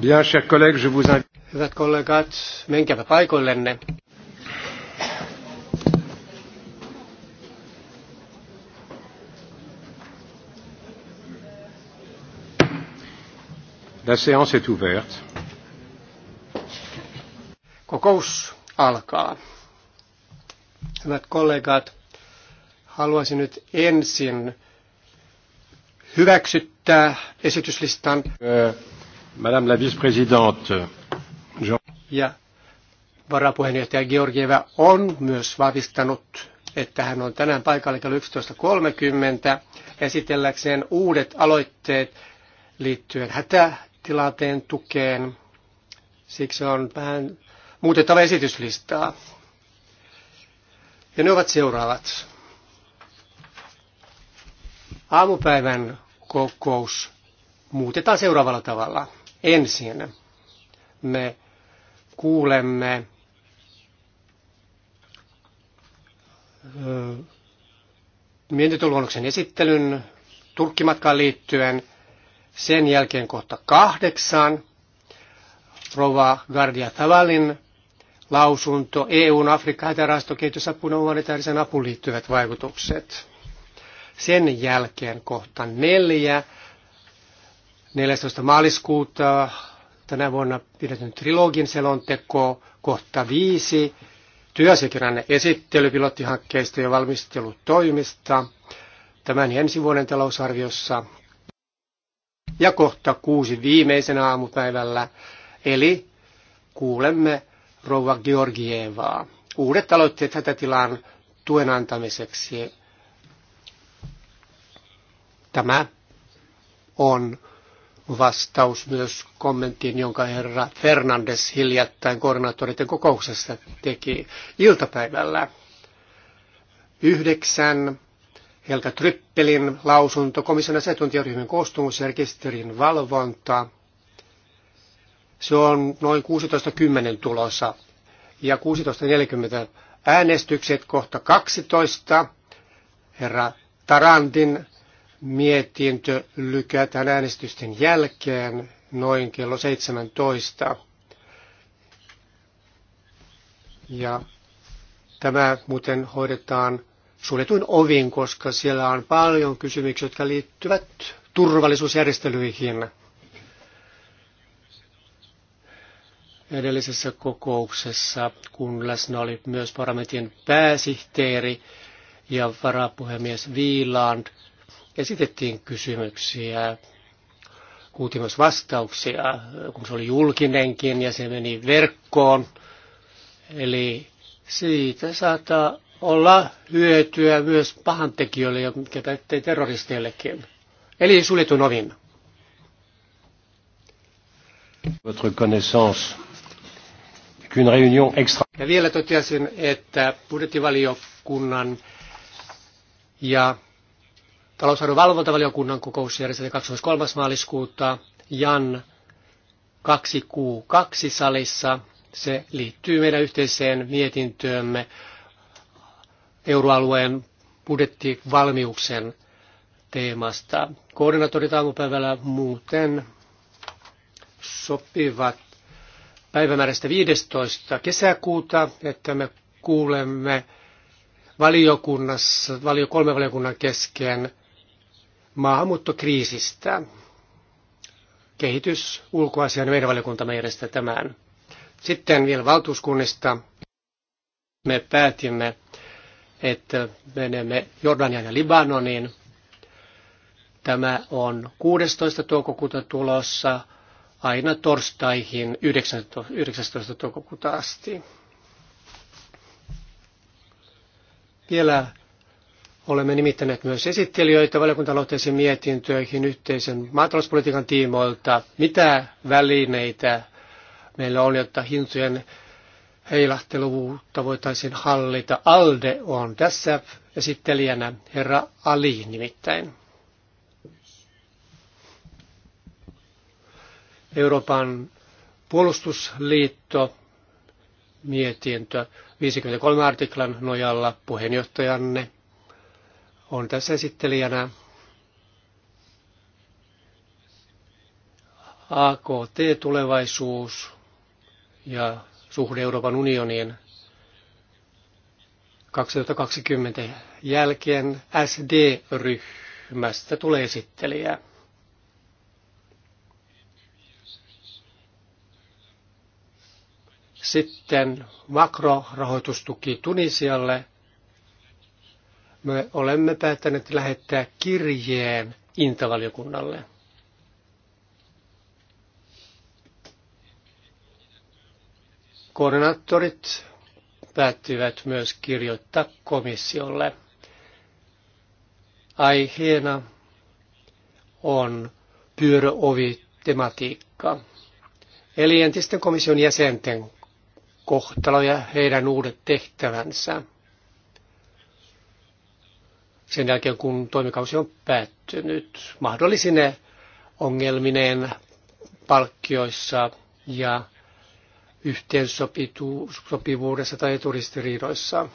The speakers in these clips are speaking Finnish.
Bien, chers collègues, je vous invite. Hyvät kollegat, menkääpä paikoillenne. La séance est ouverte. Kokous alkaa. Hyvät kollegat, haluaisin nyt ensin hyväksyttää esityslistan. Euh, Madame la vice-présidente. Ja varapuheenjohtaja Georgieva on myös vahvistanut, että hän on tänään paikalla kello 11.30 esitelläkseen uudet aloitteet liittyen hätätilanteen tukeen. Siksi on vähän muutettava esityslistaa. Ja ne ovat seuraavat. Aamupäivän kokous muutetaan seuraavalla tavalla. Ensin me kuulemme mietintöluonnoksen esittelyn Turkkimatkaan liittyen. Sen jälkeen kohta kahdeksan Rova Gardia Tavalin lausunto EUn Afrikka hätärahasto kehitysapuun ja humanitaarisen apuun liittyvät vaikutukset. Sen jälkeen kohta neljä 14. maaliskuuta tänä vuonna pidetyn trilogin selonteko kohta 5 työasiakirjan esittely pilottihankkeista ja valmistelutoimista tämän ensi vuoden talousarviossa ja kohta kuusi viimeisenä aamupäivällä, eli kuulemme rouva Georgievaa. Uudet aloitteet hätätilan tuen antamiseksi. Tämä on vastaus myös kommenttiin, jonka herra Fernandes hiljattain koordinaattoreiden kokouksessa teki iltapäivällä. Yhdeksän Helka Tryppelin lausunto, komission asiantuntijaryhmän koostumusrekisterin valvonta. Se on noin 16.10 tulossa ja 16.40 äänestykset kohta 12. Herra Tarantin mietintö lykätään äänestysten jälkeen noin kello 17. Ja tämä muuten hoidetaan suljetuin ovin, koska siellä on paljon kysymyksiä, jotka liittyvät turvallisuusjärjestelyihin. Edellisessä kokouksessa, kun läsnä oli myös parlamentin pääsihteeri ja varapuhemies Viiland, esitettiin kysymyksiä, kuultiin myös vastauksia, kun se oli julkinenkin ja se meni verkkoon. Eli siitä saattaa olla hyötyä myös pahantekijöille ja mikä päättää terroristeillekin. Eli suljetun ovin. Votre connaissance qu'une réunion extra... Ja vielä totesin, että budjettivaliokunnan ja talousarvon valvontavaliokunnan kokous järjestetään 23. maaliskuuta Jan 2 salissa. Se liittyy meidän yhteiseen mietintöömme euroalueen budjettivalmiuksen teemasta. Koordinaattorit aamupäivällä muuten sopivat päivämäärästä 15. kesäkuuta, että me kuulemme valiokunnassa, valio, kolmen valiokunnan kesken maahanmuuttokriisistä. Kehitys, ulkoasian meidän valiokuntamme järjestää tämän. Sitten vielä valtuuskunnista me päätimme, että menemme Jordanian ja Libanoniin. Tämä on 16. toukokuuta tulossa aina torstaihin 19. toukokuuta asti. Vielä Olemme nimittäneet myös esittelijöitä valiokuntaloitteisiin mietintöihin yhteisen maatalouspolitiikan tiimoilta. Mitä välineitä meillä on, jotta hintojen heilahteluvuutta voitaisiin hallita? Alde on tässä esittelijänä, herra Ali nimittäin. Euroopan puolustusliitto mietintö 53 artiklan nojalla puheenjohtajanne on tässä esittelijänä AKT-tulevaisuus ja suhde Euroopan unionin 2020 jälkeen SD-ryhmästä tulee esittelijä. Sitten makrorahoitustuki Tunisialle – me olemme päättäneet lähettää kirjeen Intavaliokunnalle. Koordinaattorit päättyvät myös kirjoittaa komissiolle. Aiheena on pyöröovi-tematiikka. Eli entisten komission jäsenten kohtalo ja heidän uudet tehtävänsä sen jälkeen, kun toimikausi on päättynyt mahdollisine ongelmineen palkkioissa ja yhteensopivuudessa tai turistiriidoissa.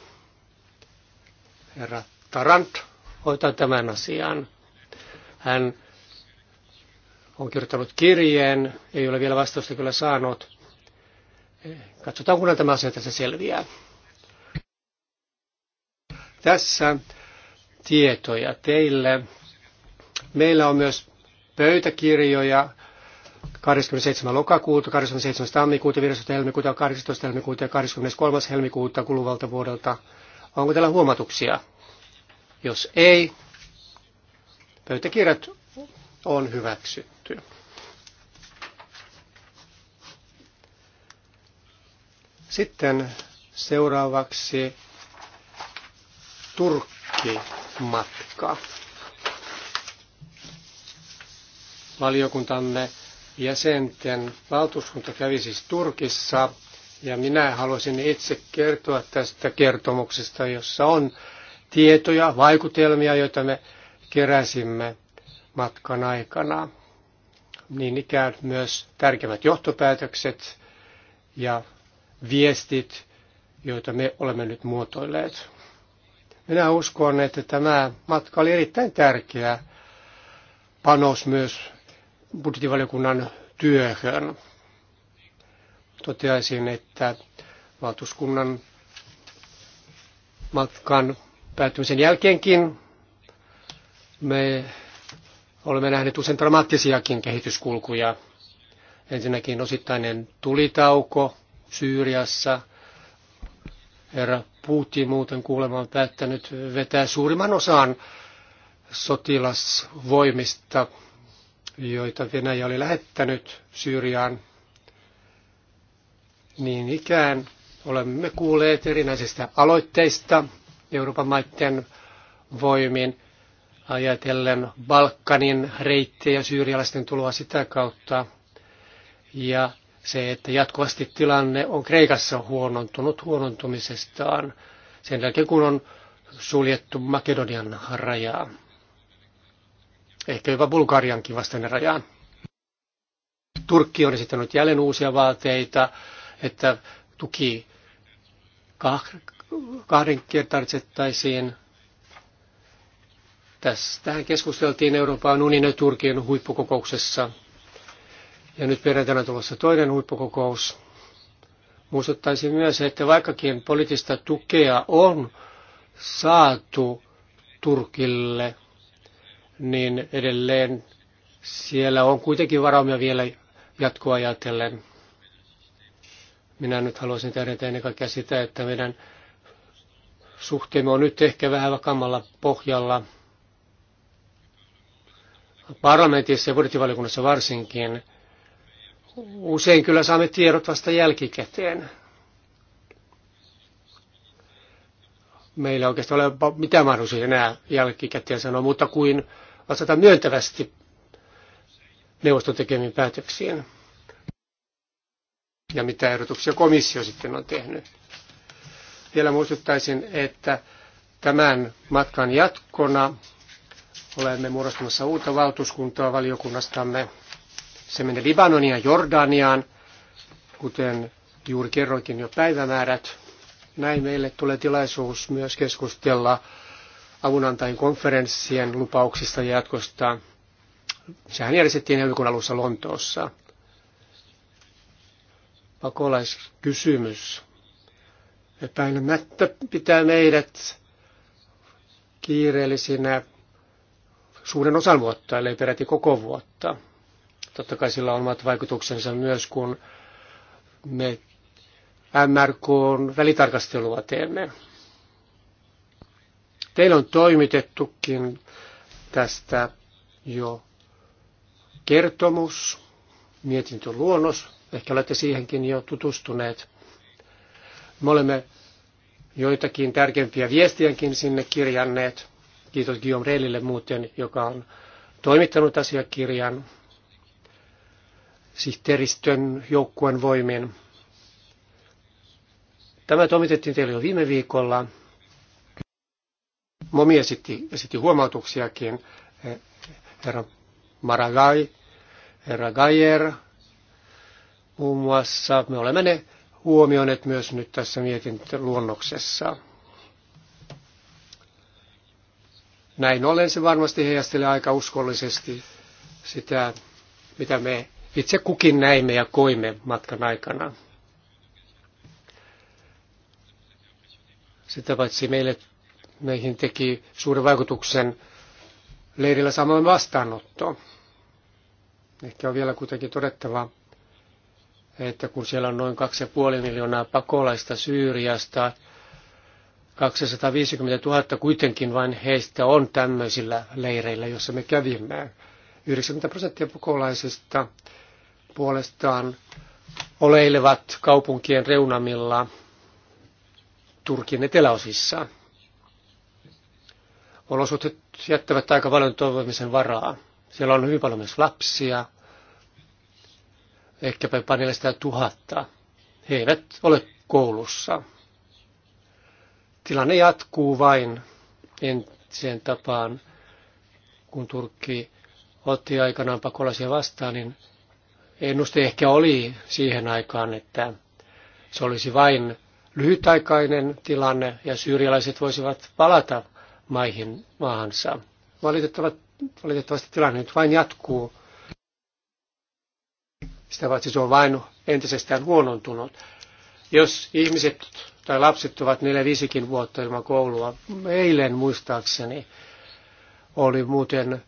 Herra Tarant hoitaa tämän asian. Hän on kirjoittanut kirjeen, ei ole vielä vastausta kyllä saanut. Katsotaan, kun tämä asia tässä selviää. Tässä tietoja teille. Meillä on myös pöytäkirjoja 27. lokakuuta, 27. tammikuuta, 15. helmikuuta, 18. helmikuuta ja 23. helmikuuta kuluvalta vuodelta. Onko teillä huomatuksia? Jos ei, pöytäkirjat on hyväksytty. Sitten seuraavaksi Turkki matka. Valiokuntamme jäsenten valtuuskunta kävi siis Turkissa ja minä haluaisin itse kertoa tästä kertomuksesta, jossa on tietoja, vaikutelmia, joita me keräsimme matkan aikana. Niin ikään myös tärkeimmät johtopäätökset ja viestit, joita me olemme nyt muotoilleet. Minä uskon, että tämä matka oli erittäin tärkeä panos myös budjettivaliokunnan työhön. Toteaisin, että valtuuskunnan matkan päättymisen jälkeenkin me olemme nähneet usein dramaattisiakin kehityskulkuja. Ensinnäkin osittainen tulitauko Syyriassa – Herra Putin muuten kuulemma on päättänyt vetää suurimman osan sotilasvoimista, joita Venäjä oli lähettänyt Syyriaan. Niin ikään olemme kuulleet erinäisistä aloitteista Euroopan maiden voimin ajatellen Balkanin reittejä syyrialaisten tuloa sitä kautta. Ja se, että jatkuvasti tilanne on Kreikassa huonontunut huonontumisestaan sen jälkeen, kun on suljettu Makedonian rajaa. Ehkä jopa Bulgariankin vastainen rajaan. Turkki on esittänyt jälleen uusia vaateita, että tuki kahden kertaisettaisiin. tähän keskusteltiin Euroopan unionin ja Turkin huippukokouksessa – ja nyt perjantaina on tulossa toinen huippukokous. Muistuttaisin myös, että vaikkakin poliittista tukea on saatu Turkille, niin edelleen siellä on kuitenkin varaumia vielä jatkoa ajatellen. Minä nyt haluaisin tähdentää ennen kaikkea sitä, että meidän suhteemme on nyt ehkä vähän vakammalla pohjalla. Parlamentissa ja budjettivaliokunnassa varsinkin Usein kyllä saamme tiedot vasta jälkikäteen. Meillä oikeastaan ole mitään mahdollisuus enää jälkikäteen sanoa, mutta kuin vastata myöntävästi neuvoston tekemiin päätöksiin. Ja mitä ehdotuksia komissio sitten on tehnyt. Vielä muistuttaisin, että tämän matkan jatkona olemme muodostamassa uutta valtuuskuntaa valiokunnastamme se menee Libanonia Jordaniaan, kuten juuri kerroinkin jo päivämäärät. Näin meille tulee tilaisuus myös keskustella avunantajien konferenssien lupauksista ja jatkosta. Sehän järjestettiin helmikuun alussa Lontoossa. Pakolaiskysymys. Epäilemättä pitää meidät kiireellisinä suuren osan vuotta, eli peräti koko vuotta. Totta kai sillä on omat vaikutuksensa myös, kun me MRKn välitarkastelua teemme. Teillä on toimitettukin tästä jo kertomus, mietintöluonnos. Ehkä olette siihenkin jo tutustuneet. Me olemme joitakin tärkeimpiä viestiäkin sinne kirjanneet. Kiitos Guillaume Reilille muuten, joka on toimittanut asiakirjan sihteeristön joukkueen voimin. Tämä toimitettiin teille jo viime viikolla. Momi esitti, esitti huomautuksiakin. Herra Maragai, herra Gayer, muun muassa. Me olemme ne huomioineet myös nyt tässä mietintöluonnoksessa. Näin ollen se varmasti heijastelee aika uskollisesti sitä, mitä me itse kukin näimme ja koimme matkan aikana. Sitä paitsi meille, meihin teki suuren vaikutuksen leirillä samoin vastaanotto. Ehkä on vielä kuitenkin todettava, että kun siellä on noin 2,5 miljoonaa pakolaista Syyriasta, 250 000 kuitenkin vain heistä on tämmöisillä leireillä, joissa me kävimme. 90 prosenttia pakolaisista puolestaan oleilevat kaupunkien reunamilla Turkin eteläosissa. Olosuhteet jättävät aika paljon toivomisen varaa. Siellä on hyvin paljon myös lapsia, ehkäpä jopa 400 He eivät ole koulussa. Tilanne jatkuu vain entiseen tapaan, kun Turkki otti aikanaan pakolaisia vastaan, niin Ennuste ehkä oli siihen aikaan, että se olisi vain lyhytaikainen tilanne ja syyrialaiset voisivat palata maihin, maahansa. Valitettavasti tilanne nyt vain jatkuu. Sitä paitsi se on vain entisestään huonontunut. Jos ihmiset tai lapset ovat neljä viisikin vuotta ilman koulua, eilen muistaakseni oli muuten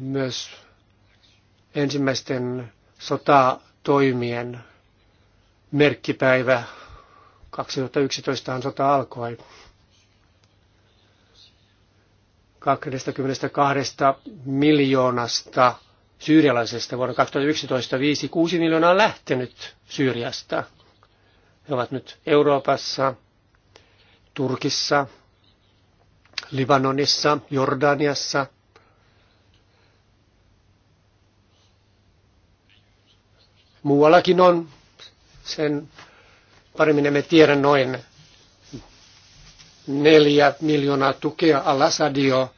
myös ensimmäisten sotatoimien merkkipäivä. 2011 sota alkoi. 22 miljoonasta syyrialaisesta vuonna 2011 5-6 miljoonaa on lähtenyt Syyriasta. He ovat nyt Euroopassa, Turkissa, Libanonissa, Jordaniassa – Muuallakin on, sen paremmin emme tiedä noin neljä miljoonaa tukea Al-Assadio,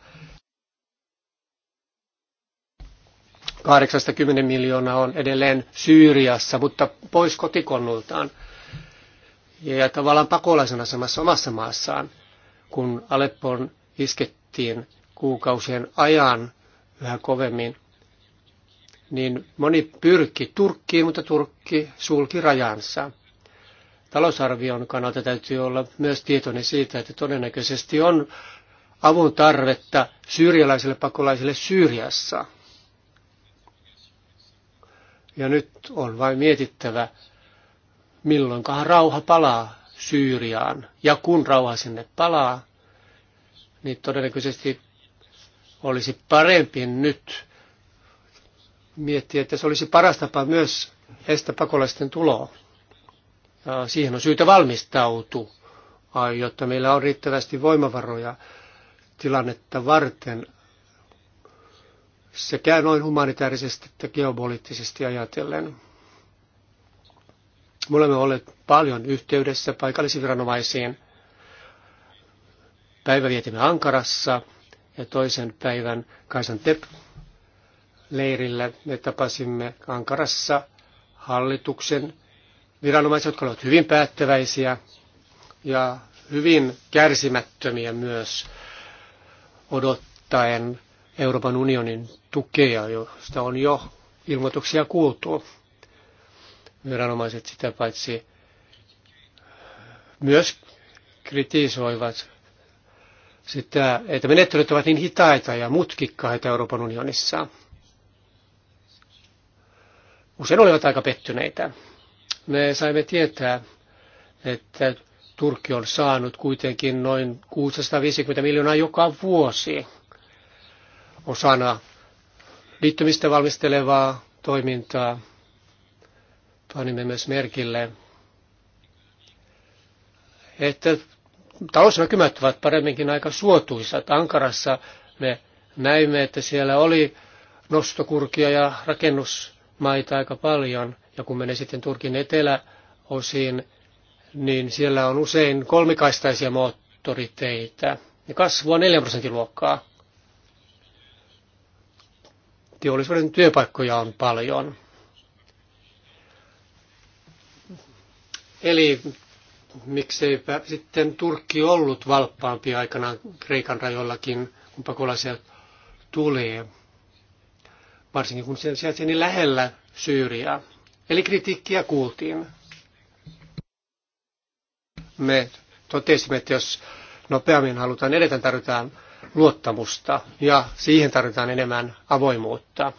80 miljoonaa on edelleen Syyriassa, mutta pois kotikonnultaan ja tavallaan pakolaisen asemassa omassa maassaan, kun Aleppoon iskettiin kuukausien ajan yhä kovemmin niin moni pyrki Turkkiin, mutta Turkki sulki rajansa. Talousarvion kannalta täytyy olla myös tietoinen siitä, että todennäköisesti on avun tarvetta syyrialaisille pakolaisille Syyriassa. Ja nyt on vain mietittävä, milloinkahan rauha palaa Syyriaan. Ja kun rauha sinne palaa, niin todennäköisesti olisi parempi nyt miettiä, että se olisi paras tapa myös estää pakolaisten tuloa. Ja siihen on syytä valmistautua, jotta meillä on riittävästi voimavaroja tilannetta varten sekä noin humanitaarisesti että geopoliittisesti ajatellen. Me olemme olleet paljon yhteydessä paikallisiviranomaisiin Päivä vietimme Ankarassa ja toisen päivän Kaisan Tep leirillä me tapasimme Ankarassa hallituksen viranomaisia, jotka olivat hyvin päättäväisiä ja hyvin kärsimättömiä myös odottaen Euroopan unionin tukea, josta on jo ilmoituksia kuultu. Viranomaiset sitä paitsi myös kritisoivat sitä, että menettelyt ovat niin hitaita ja mutkikkaita Euroopan unionissa usein olivat aika pettyneitä. Me saimme tietää, että Turkki on saanut kuitenkin noin 650 miljoonaa joka vuosi osana liittymistä valmistelevaa toimintaa. Panimme myös merkille, että talousnäkymät ovat paremminkin aika suotuisat. Ankarassa me näimme, että siellä oli nostokurkia ja rakennus maita aika paljon. Ja kun menee sitten Turkin eteläosiin, niin siellä on usein kolmikaistaisia moottoriteitä. Ja on 4 prosentin luokkaa. Teollisuuden työpaikkoja on paljon. Eli mikseipä sitten Turkki ollut valppaampi aikanaan Kreikan rajoillakin, kun pakolaisia tulee varsinkin kun se sijaitsee niin lähellä Syyriaa. Eli kritiikkiä kuultiin. Me totesimme, että jos nopeammin halutaan edetä, niin tarvitaan luottamusta ja siihen tarvitaan enemmän avoimuutta.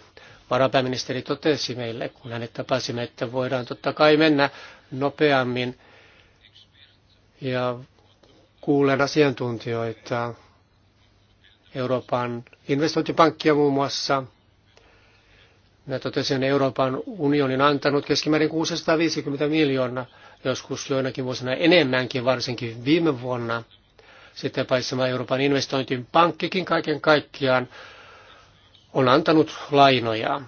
Varapääministeri totesi meille, kun hänet tapasimme, että voidaan totta kai mennä nopeammin ja kuulen asiantuntijoita, Euroopan investointipankkia muun muassa, minä totesin, että Euroopan unioni on antanut keskimäärin 650 miljoonaa, joskus joinakin vuosina enemmänkin, varsinkin viime vuonna. Sitten paitsemaan Euroopan investointipankkikin kaiken kaikkiaan on antanut lainoja.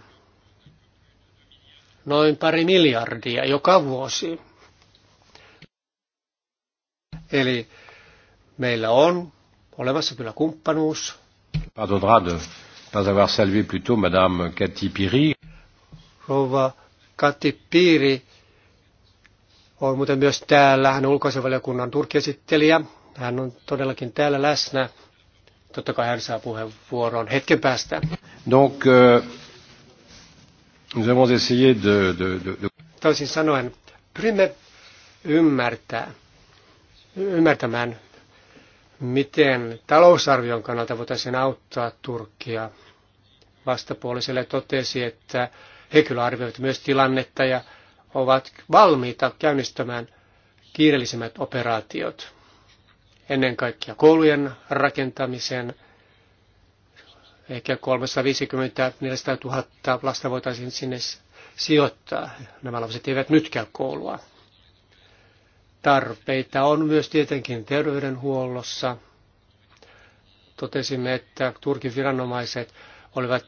Noin pari miljardia joka vuosi. Eli meillä on olemassa kyllä kumppanuus. de pas avoir salué Madame Cathy Piri. Rouva Kati Piiri on muuten myös täällä. Hän on ulkoasevaliokunnan turkiesittelijä. Hän on todellakin täällä läsnä. Totta kai hän saa puheenvuoron hetken päästä. Donc, euh, nous avons de, de, de, de... Toisin sanoen, pyrimme ymmärtää, ymmärtämään, miten talousarvion kannalta voitaisiin auttaa Turkia. Vastapuoliselle totesi, että he kyllä arvioivat myös tilannetta ja ovat valmiita käynnistämään kiireellisimmät operaatiot. Ennen kaikkea koulujen rakentamisen, ehkä 350 400 000 lasta voitaisiin sinne sijoittaa. Nämä lapset eivät nyt käy koulua. Tarpeita on myös tietenkin terveydenhuollossa. Totesimme, että Turkin viranomaiset olivat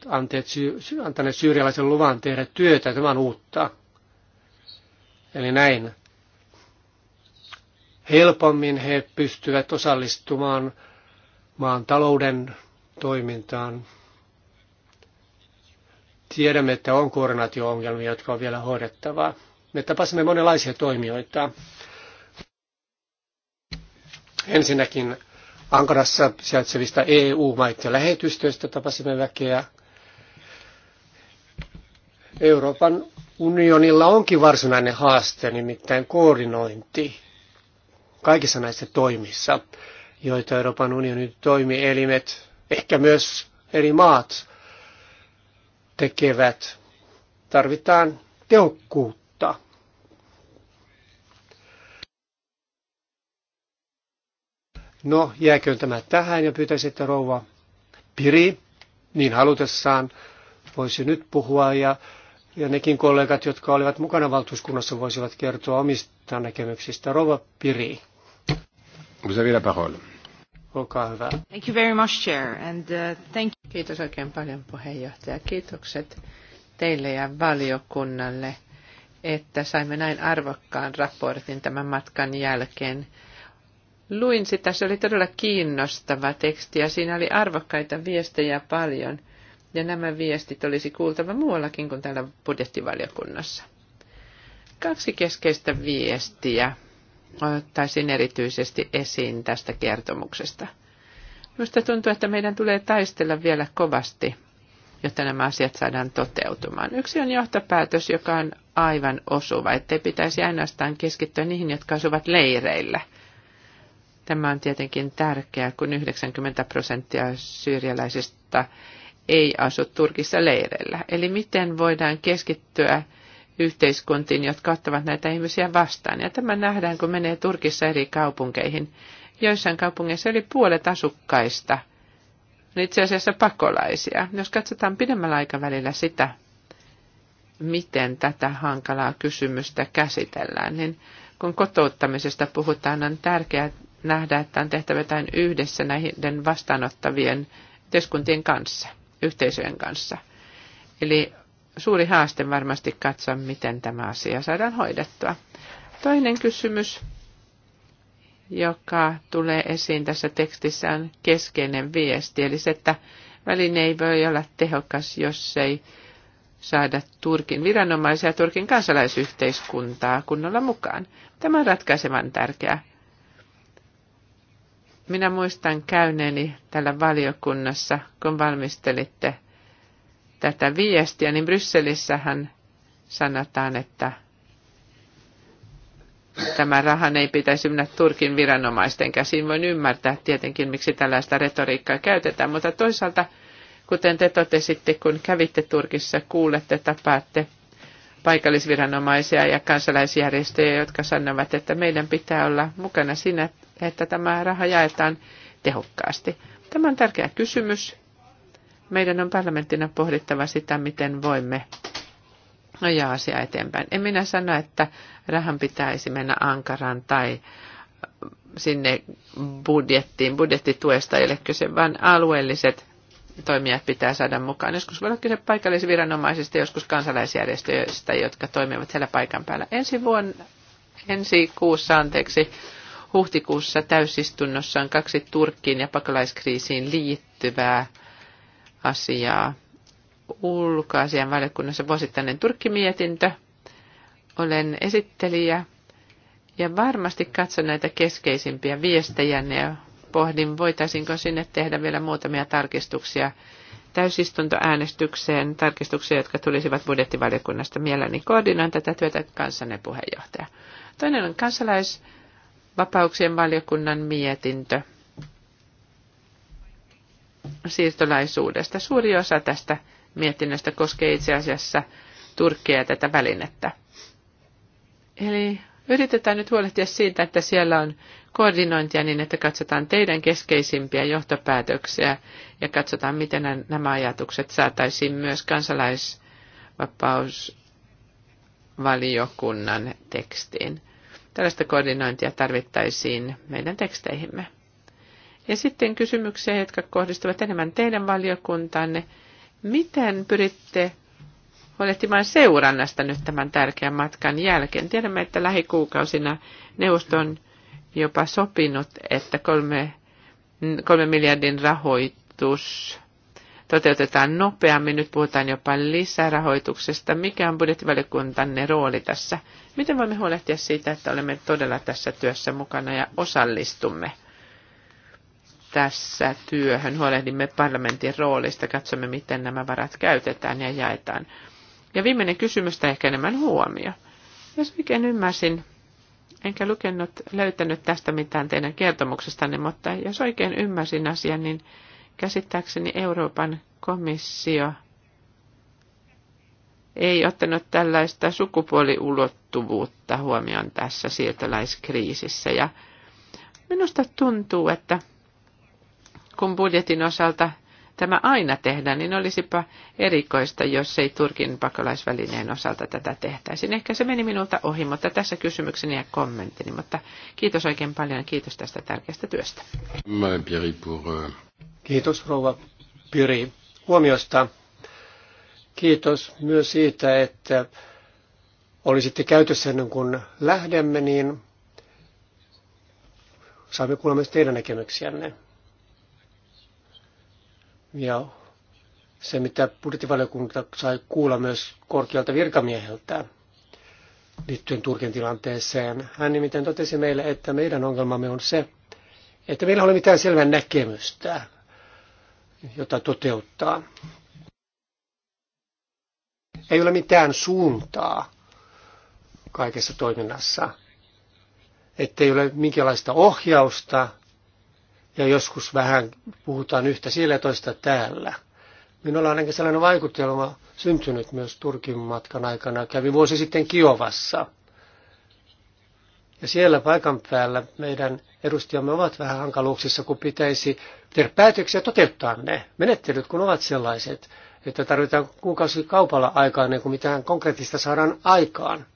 antaneet syyrialaisen luvan tehdä työtä. Tämä on uutta. Eli näin. Helpommin he pystyvät osallistumaan maan talouden toimintaan. Tiedämme, että on koordinaatio-ongelmia, jotka on vielä hoidettavaa. Me tapasimme monenlaisia toimijoita. Ensinnäkin Ankarassa sijaitsevista EU-maiden lähetystöistä tapasimme väkeä. Euroopan unionilla onkin varsinainen haaste, nimittäin koordinointi kaikissa näissä toimissa, joita Euroopan unionin toimielimet, ehkä myös eri maat tekevät. Tarvitaan tehokkuutta No, jääköön tämä tähän ja pyytäisi, että rouva Piri niin halutessaan voisi nyt puhua ja, ja nekin kollegat, jotka olivat mukana valtuuskunnassa, voisivat kertoa omista näkemyksistä. Rouva Piri. Vous avez la parole. Olkaa hyvä. Thank you very much, Chair, and uh, thank you. Kiitos oikein paljon puheenjohtaja. Kiitokset teille ja valiokunnalle, että saimme näin arvokkaan raportin tämän matkan jälkeen – luin sitä, se oli todella kiinnostava teksti ja siinä oli arvokkaita viestejä paljon. Ja nämä viestit olisi kuultava muuallakin kuin täällä budjettivaliokunnassa. Kaksi keskeistä viestiä ottaisin erityisesti esiin tästä kertomuksesta. Minusta tuntuu, että meidän tulee taistella vielä kovasti, jotta nämä asiat saadaan toteutumaan. Yksi on johtopäätös, joka on aivan osuva, ettei pitäisi ainoastaan keskittyä niihin, jotka asuvat leireillä – Tämä on tietenkin tärkeää, kun 90 prosenttia syyrialaisista ei asu Turkissa leireillä. Eli miten voidaan keskittyä yhteiskuntiin, jotka ottavat näitä ihmisiä vastaan. Ja tämä nähdään, kun menee Turkissa eri kaupunkeihin. Joissain kaupungeissa yli puolet asukkaista on itse asiassa pakolaisia. Jos katsotaan pidemmällä aikavälillä sitä, miten tätä hankalaa kysymystä käsitellään, niin kun kotouttamisesta puhutaan, on tärkeää nähdä, että on tehtävä jotain yhdessä näiden vastaanottavien yhteiskuntien kanssa, yhteisöjen kanssa. Eli suuri haaste varmasti katsoa, miten tämä asia saadaan hoidettua. Toinen kysymys, joka tulee esiin tässä tekstissä, on keskeinen viesti, eli se, että väline ei voi olla tehokas, jos ei saada Turkin viranomaisia ja Turkin kansalaisyhteiskuntaa kunnolla mukaan. Tämä on ratkaisevan tärkeää. Minä muistan käyneeni tällä valiokunnassa, kun valmistelitte tätä viestiä, niin Brysselissähän sanotaan, että tämä rahan ei pitäisi mennä Turkin viranomaisten käsiin. Voin ymmärtää tietenkin, miksi tällaista retoriikkaa käytetään, mutta toisaalta, kuten te totesitte, kun kävitte Turkissa, kuulette, tapaatte paikallisviranomaisia ja kansalaisjärjestöjä, jotka sanovat, että meidän pitää olla mukana siinä, että tämä raha jaetaan tehokkaasti. Tämä on tärkeä kysymys. Meidän on parlamenttina pohdittava sitä, miten voimme ajaa asiaa eteenpäin. En minä sano, että rahan pitäisi mennä Ankaran tai sinne budjettiin. Budjettituesta ei ole kyse, vaan alueelliset toimijat pitää saada mukaan. Joskus voi olla kyse paikallisviranomaisista, joskus kansalaisjärjestöistä, jotka toimivat siellä paikan päällä. Ensi, vuonna, ensi kuussa, anteeksi, huhtikuussa täysistunnossa on kaksi Turkkiin ja pakolaiskriisiin liittyvää asiaa. Ulkoasian valiokunnassa vuosittainen Turkki-mietintö. Olen esittelijä ja varmasti katson näitä keskeisimpiä viestejä. ja pohdin, voitaisiinko sinne tehdä vielä muutamia tarkistuksia täysistuntoäänestykseen, tarkistuksia, jotka tulisivat budjettivaliokunnasta mielelläni. Koordinoin tätä työtä kanssanne puheenjohtaja. Toinen on kansalaisvapauksien valiokunnan mietintö siirtolaisuudesta. Suuri osa tästä mietinnöstä koskee itse asiassa Turkkia ja tätä välinettä. Eli Yritetään nyt huolehtia siitä, että siellä on koordinointia niin, että katsotaan teidän keskeisimpiä johtopäätöksiä ja katsotaan, miten nämä ajatukset saataisiin myös kansalaisvapausvaliokunnan tekstiin. Tällaista koordinointia tarvittaisiin meidän teksteihimme. Ja sitten kysymyksiä, jotka kohdistuvat enemmän teidän valiokuntaanne, Miten pyritte huolehtimaan seurannasta nyt tämän tärkeän matkan jälkeen. Tiedämme, että lähikuukausina neuvosto on jopa sopinut, että kolme, kolme miljardin rahoitus toteutetaan nopeammin. Nyt puhutaan jopa lisärahoituksesta. Mikä on budjettivaliokuntanne rooli tässä? Miten voimme huolehtia siitä, että olemme todella tässä työssä mukana ja osallistumme tässä työhön? Huolehdimme parlamentin roolista, katsomme, miten nämä varat käytetään ja jaetaan. Ja viimeinen kysymys tai ehkä enemmän huomio. Jos oikein ymmärsin, enkä lukenut, löytänyt tästä mitään teidän kertomuksestanne, niin, mutta jos oikein ymmärsin asian, niin käsittääkseni Euroopan komissio ei ottanut tällaista sukupuoliulottuvuutta huomioon tässä siirtolaiskriisissä. Ja minusta tuntuu, että kun budjetin osalta – tämä aina tehdä, niin olisipa erikoista, jos ei Turkin pakolaisvälineen osalta tätä tehtäisiin. Ehkä se meni minulta ohi, mutta tässä kysymykseni ja kommenttini. Mutta kiitos oikein paljon ja kiitos tästä tärkeästä työstä. Euh, kiitos rouva Pyri huomiosta. Kiitos myös siitä, että olisitte käytössä ennen kuin lähdemme, niin saamme kuulla myös teidän näkemyksiänne. Ja se, mitä budjettivaliokunta sai kuulla myös korkealta virkamieheltä liittyen Turkin tilanteeseen, hän nimittäin totesi meille, että meidän ongelmamme on se, että meillä ei ole mitään selvää näkemystä, jota toteuttaa. Ei ole mitään suuntaa kaikessa toiminnassa, ettei ole minkäänlaista ohjausta ja joskus vähän puhutaan yhtä siellä ja toista täällä. Minulla on ainakin sellainen vaikutelma syntynyt myös Turkin matkan aikana. Kävin vuosi sitten Kiovassa. Ja siellä paikan päällä meidän edustajamme ovat vähän hankaluuksissa, kun pitäisi tehdä päätöksiä toteuttaa ne. Menettelyt kun ovat sellaiset, että tarvitaan kuukausi kaupalla aikaa ennen kuin mitään konkreettista saadaan aikaan.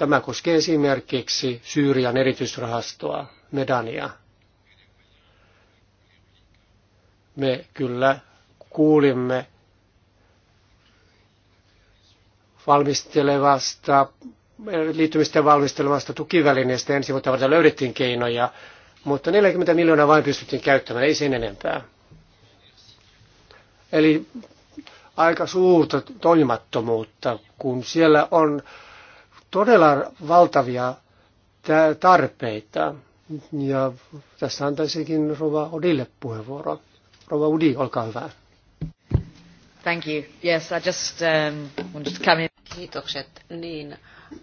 Tämä koskee esimerkiksi Syyrian erityisrahastoa, Medania. Me kyllä kuulimme valmistelevasta, liittymisten valmistelevasta tukivälineestä ensi vuotta varten löydettiin keinoja, mutta 40 miljoonaa vain pystyttiin käyttämään, ei sen enempää. Eli aika suurta toimimattomuutta, kun siellä on todella valtavia tarpeita. Ja tässä antaisinkin Rova Odille puheenvuoro. Rova Udi, olkaa hyvä. Thank you. Yes, I just, um, wanted to come in. Kiitokset. Niin,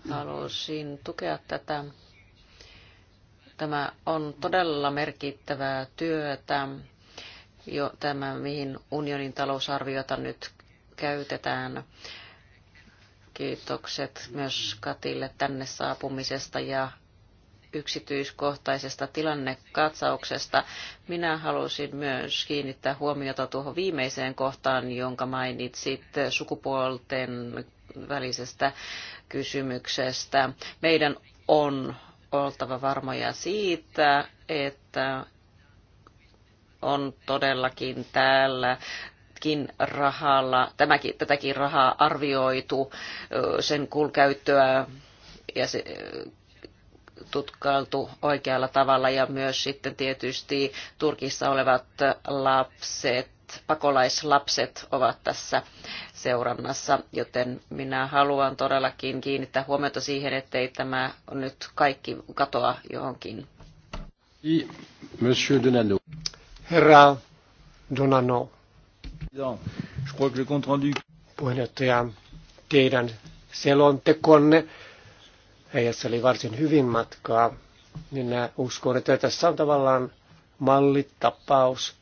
halusin tukea tätä. Tämä on todella merkittävää työtä. Jo tämä, mihin unionin talousarviota nyt käytetään Kiitokset myös Katille tänne saapumisesta ja yksityiskohtaisesta tilannekatsauksesta. Minä halusin myös kiinnittää huomiota tuohon viimeiseen kohtaan, jonka mainitsit sukupuolten välisestä kysymyksestä. Meidän on oltava varmoja siitä, että on todellakin täällä tälläkin rahalla, tämäkin, tätäkin rahaa arvioitu, sen kulkäyttöä ja se, tutkailtu oikealla tavalla ja myös sitten tietysti Turkissa olevat lapset, pakolaislapset ovat tässä seurannassa, joten minä haluan todellakin kiinnittää huomiota siihen, ettei tämä nyt kaikki katoa johonkin. Monsieur Herra Donano. Puheenjohtaja, teidän selontekonne oli varsin hyvin matkaa. Minä uskon, että tässä on tavallaan mallitapaus,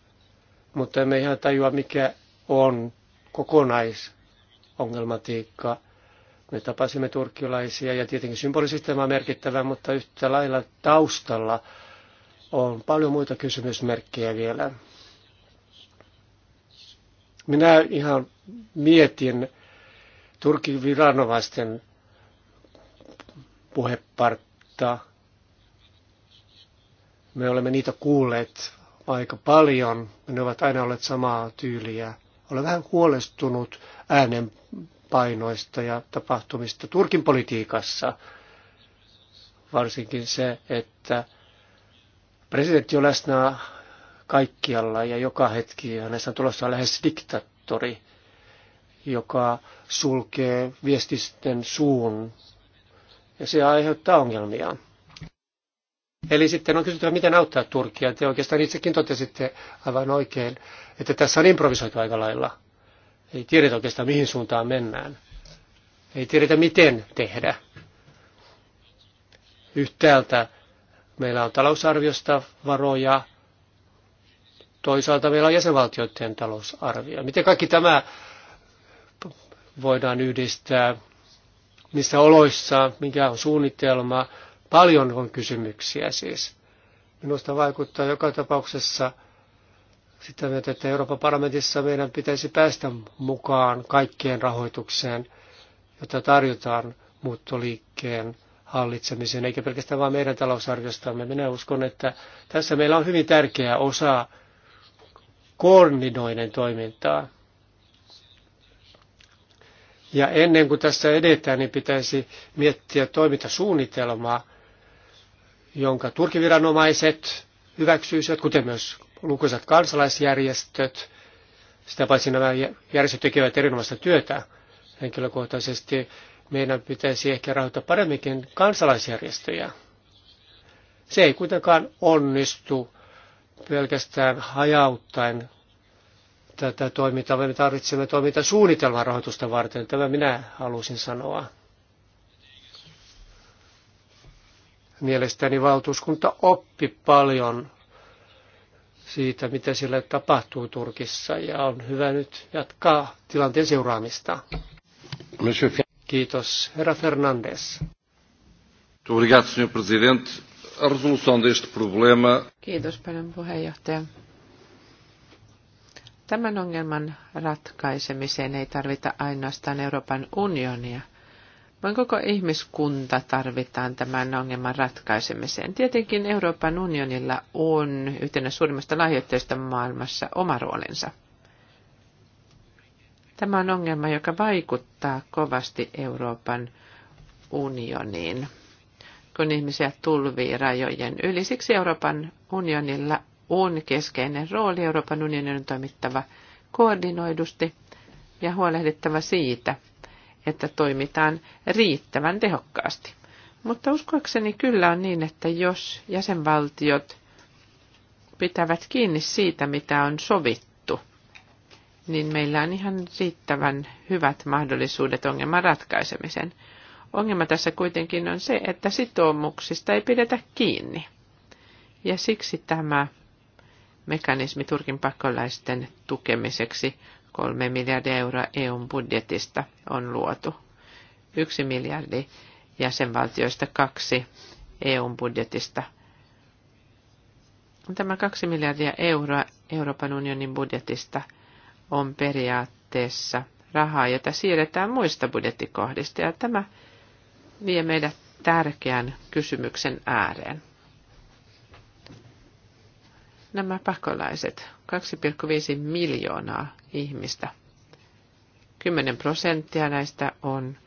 mutta emme ihan tajua, mikä on kokonaisongelmatiikka. Me tapasimme turkkilaisia ja tietenkin symbolisesti tämä on merkittävä, mutta yhtä lailla taustalla on paljon muita kysymysmerkkejä vielä. Minä ihan mietin Turkin viranomaisten puhepartta. Me olemme niitä kuulleet aika paljon. Ne ovat aina olleet samaa tyyliä. Olen vähän huolestunut äänen painoista ja tapahtumista Turkin politiikassa. Varsinkin se, että presidentti on läsnä kaikkialla ja joka hetki. Ja Hänestä on tulossa lähes diktattori, joka sulkee viestisten suun ja se aiheuttaa ongelmia. Eli sitten on kysyttävä, miten auttaa Turkia. Te oikeastaan itsekin totesitte aivan oikein, että tässä on improvisoitu aika lailla. Ei tiedetä oikeastaan, mihin suuntaan mennään. Ei tiedetä, miten tehdä. Yhtäältä meillä on talousarviosta varoja, Toisaalta meillä on jäsenvaltioiden talousarvio. Miten kaikki tämä voidaan yhdistää, missä oloissa, mikä on suunnitelma. Paljon on kysymyksiä siis. Minusta vaikuttaa joka tapauksessa sitä myötä, että Euroopan parlamentissa meidän pitäisi päästä mukaan kaikkeen rahoitukseen, jota tarjotaan muuttoliikkeen hallitsemiseen, eikä pelkästään vain meidän talousarviostamme. Minä uskon, että tässä meillä on hyvin tärkeä osa koordinoiden toimintaa. Ja ennen kuin tässä edetään, niin pitäisi miettiä toimintasuunnitelmaa, jonka turkiviranomaiset hyväksyisivät, kuten myös lukuisat kansalaisjärjestöt. Sitä paitsi nämä järjestöt tekevät erinomaista työtä henkilökohtaisesti. Meidän pitäisi ehkä rahoittaa paremminkin kansalaisjärjestöjä. Se ei kuitenkaan onnistu pelkästään hajauttaen tätä toimintaa, vaan me tarvitsemme toimintasuunnitelmaa rahoitusta varten. Tämä minä halusin sanoa. Mielestäni valtuuskunta oppi paljon siitä, mitä sille tapahtuu Turkissa, ja on hyvä nyt jatkaa tilanteen seuraamista. Kiitos. Herra Fernandes. Obrigado, senhor presidente resolução deste problema. Kiitos paljon puheenjohtaja. Tämän ongelman ratkaisemiseen ei tarvita ainoastaan Euroopan unionia, vaan koko ihmiskunta tarvitaan tämän ongelman ratkaisemiseen. Tietenkin Euroopan unionilla on yhtenä suurimmista lahjoitteista maailmassa oma roolinsa. Tämä on ongelma, joka vaikuttaa kovasti Euroopan unioniin kun ihmisiä tulvii rajojen yli. Siksi Euroopan unionilla on keskeinen rooli. Euroopan unionin on toimittava koordinoidusti ja huolehdittava siitä, että toimitaan riittävän tehokkaasti. Mutta uskoakseni kyllä on niin, että jos jäsenvaltiot pitävät kiinni siitä, mitä on sovittu, niin meillä on ihan riittävän hyvät mahdollisuudet ongelman ratkaisemiseen. Ongelma tässä kuitenkin on se, että sitoumuksista ei pidetä kiinni. Ja siksi tämä mekanismi Turkin pakolaisten tukemiseksi 3 miljardia euroa EUn budjetista on luotu. yksi miljardi jäsenvaltioista, kaksi EUn budjetista. Tämä kaksi miljardia euroa Euroopan unionin budjetista on periaatteessa rahaa, jota siirretään muista budjettikohdista, ja tämä vie meidät tärkeän kysymyksen ääreen. Nämä pakolaiset, 2,5 miljoonaa ihmistä. 10 prosenttia näistä on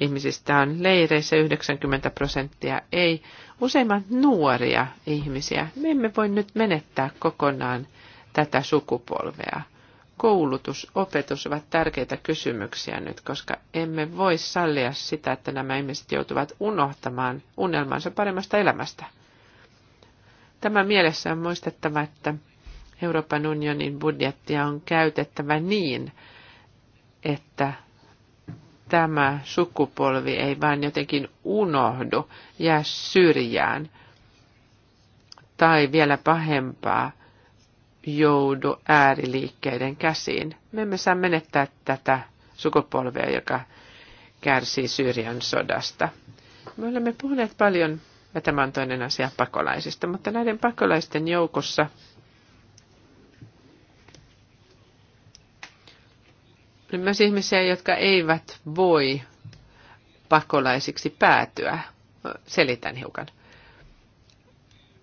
ihmisistä on leireissä, 90 prosenttia ei. Useimmat nuoria ihmisiä. Me emme voi nyt menettää kokonaan tätä sukupolvea koulutus, opetus ovat tärkeitä kysymyksiä nyt, koska emme voi sallia sitä, että nämä ihmiset joutuvat unohtamaan unelmansa paremmasta elämästä. Tämä mielessä on muistettava, että Euroopan unionin budjettia on käytettävä niin, että tämä sukupolvi ei vain jotenkin unohdu, jää syrjään. Tai vielä pahempaa, joudu ääriliikkeiden käsiin. Me emme saa menettää tätä sukupolvea, joka kärsii Syyrian sodasta. Me olemme puhuneet paljon, ja tämä on toinen asia, pakolaisista, mutta näiden pakolaisten joukossa on myös ihmisiä, jotka eivät voi pakolaisiksi päätyä. Selitän hiukan.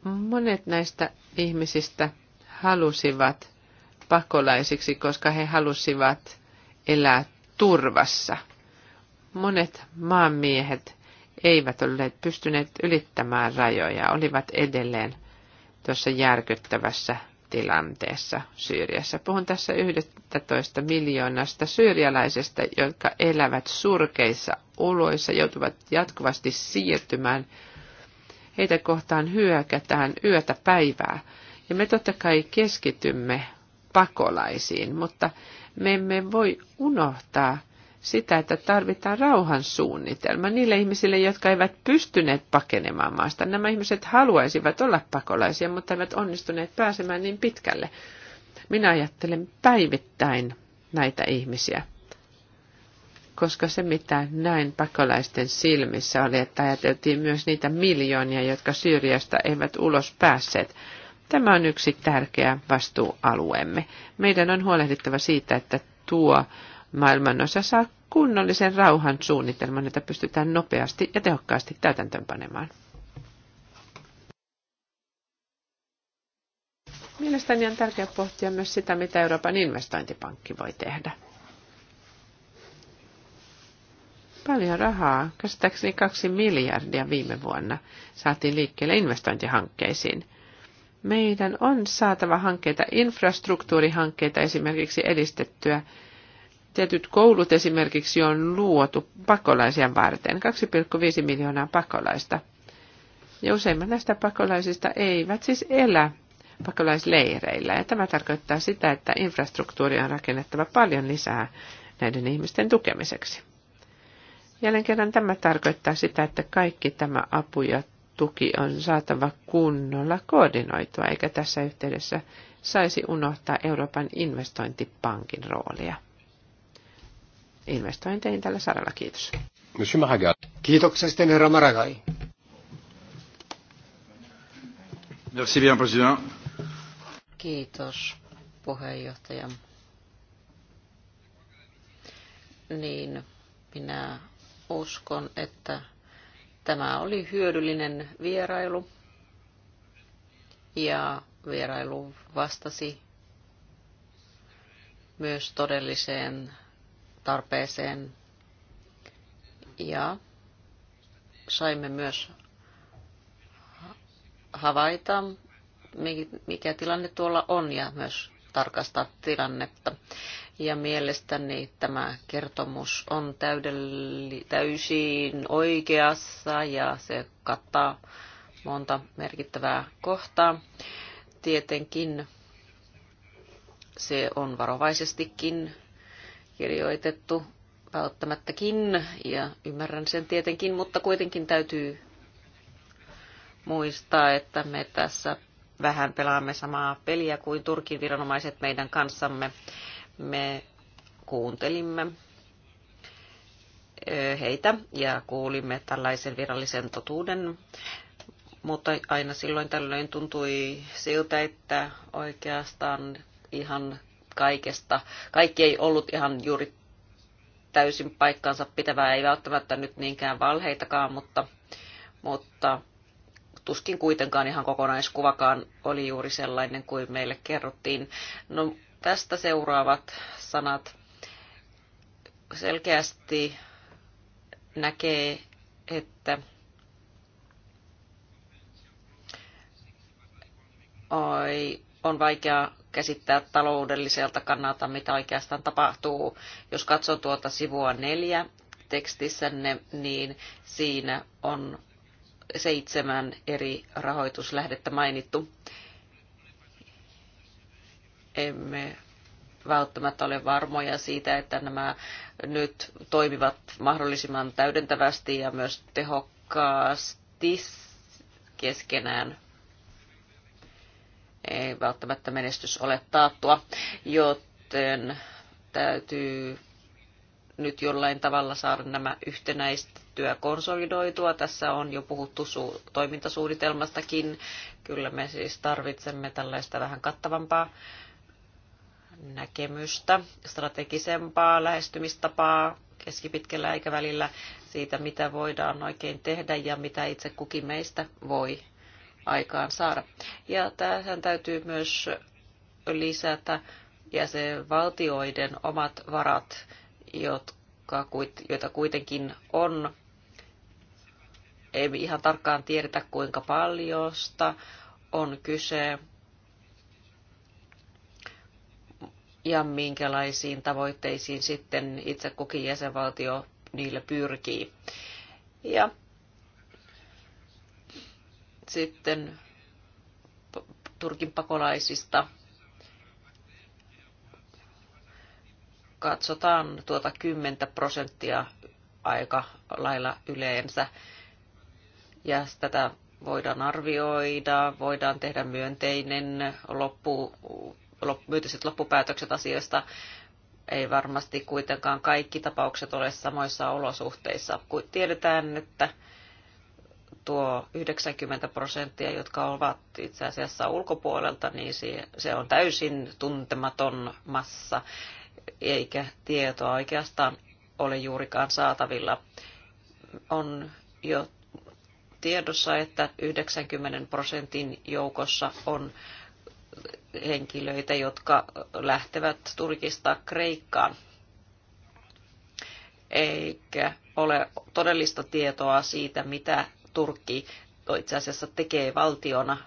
Monet näistä ihmisistä – halusivat pakolaisiksi, koska he halusivat elää turvassa. Monet maanmiehet eivät olleet pystyneet ylittämään rajoja, olivat edelleen tuossa järkyttävässä tilanteessa Syyriassa. Puhun tässä 11 miljoonasta syyrialaisesta, jotka elävät surkeissa oloissa, joutuvat jatkuvasti siirtymään. Heitä kohtaan hyökätään yötä päivää. Ja me totta kai keskitymme pakolaisiin, mutta me emme voi unohtaa sitä, että tarvitaan rauhan suunnitelma niille ihmisille, jotka eivät pystyneet pakenemaan maasta. Nämä ihmiset haluaisivat olla pakolaisia, mutta eivät onnistuneet pääsemään niin pitkälle. Minä ajattelen päivittäin näitä ihmisiä, koska se mitä näin pakolaisten silmissä oli, että ajateltiin myös niitä miljoonia, jotka Syyriasta eivät ulos päässeet. Tämä on yksi tärkeä vastuualueemme. Meidän on huolehdittava siitä, että tuo maailmanosa saa kunnollisen rauhan suunnitelman, jota pystytään nopeasti ja tehokkaasti täytäntöönpanemaan. Mielestäni on tärkeää pohtia myös sitä, mitä Euroopan investointipankki voi tehdä. Paljon rahaa, käsittääkseni kaksi miljardia viime vuonna, saatiin liikkeelle investointihankkeisiin – meidän on saatava hankkeita, infrastruktuurihankkeita esimerkiksi edistettyä. Tietyt koulut esimerkiksi on luotu pakolaisia varten, 2,5 miljoonaa pakolaista. Ja useimmat näistä pakolaisista eivät siis elä pakolaisleireillä. Ja tämä tarkoittaa sitä, että infrastruktuuria on rakennettava paljon lisää näiden ihmisten tukemiseksi. Jälleen kerran tämä tarkoittaa sitä, että kaikki tämä apu, tuki on saatava kunnolla koordinoitua, eikä tässä yhteydessä saisi unohtaa Euroopan investointipankin roolia. Investointeihin tällä saralla kiitos. Kiitoksia sitten herra Maragai. Merci bien, president. Kiitos puheenjohtaja. Niin, minä uskon, että Tämä oli hyödyllinen vierailu ja vierailu vastasi myös todelliseen tarpeeseen ja saimme myös havaita, mikä tilanne tuolla on ja myös tarkastaa tilannetta. Ja mielestäni tämä kertomus on täydelli, täysin oikeassa ja se kattaa monta merkittävää kohtaa. Tietenkin se on varovaisestikin kirjoitettu välttämättäkin, ja ymmärrän sen tietenkin, mutta kuitenkin täytyy muistaa, että me tässä vähän pelaamme samaa peliä kuin Turkin viranomaiset meidän kanssamme. Me kuuntelimme heitä ja kuulimme tällaisen virallisen totuuden, mutta aina silloin tällöin tuntui siltä, että oikeastaan ihan kaikesta, kaikki ei ollut ihan juuri täysin paikkaansa pitävää, ei välttämättä nyt niinkään valheitakaan, mutta, mutta tuskin kuitenkaan ihan kokonaiskuvakaan oli juuri sellainen kuin meille kerrottiin. No tästä seuraavat sanat selkeästi näkee, että oi, on vaikea käsittää taloudelliselta kannalta, mitä oikeastaan tapahtuu. Jos katsoo tuota sivua neljä tekstissänne, niin siinä on seitsemän eri rahoituslähdettä mainittu. Emme välttämättä ole varmoja siitä, että nämä nyt toimivat mahdollisimman täydentävästi ja myös tehokkaasti keskenään. Ei välttämättä menestys ole taattua, joten täytyy nyt jollain tavalla saada nämä yhtenäistettyä konsolidoitua. Tässä on jo puhuttu su- toimintasuunnitelmastakin. Kyllä me siis tarvitsemme tällaista vähän kattavampaa näkemystä, strategisempaa lähestymistapaa keskipitkällä aikavälillä siitä, mitä voidaan oikein tehdä ja mitä itse kukin meistä voi aikaan saada. Ja tähän täytyy myös lisätä jäsenvaltioiden omat varat jotka, joita kuitenkin on. Ei ihan tarkkaan tiedetä, kuinka paljosta on kyse ja minkälaisiin tavoitteisiin sitten itse kukin jäsenvaltio niillä pyrkii. Ja sitten Turkin pakolaisista – katsotaan tuota 10 prosenttia aika lailla yleensä. Ja tätä voidaan arvioida, voidaan tehdä myönteinen loppu, lop, myönteiset loppupäätökset asioista. Ei varmasti kuitenkaan kaikki tapaukset ole samoissa olosuhteissa. Kun tiedetään, että tuo 90 prosenttia, jotka ovat itse asiassa ulkopuolelta, niin se on täysin tuntematon massa eikä tietoa oikeastaan ole juurikaan saatavilla. On jo tiedossa, että 90 prosentin joukossa on henkilöitä, jotka lähtevät Turkista Kreikkaan. Eikä ole todellista tietoa siitä, mitä Turkki itse asiassa tekee valtiona.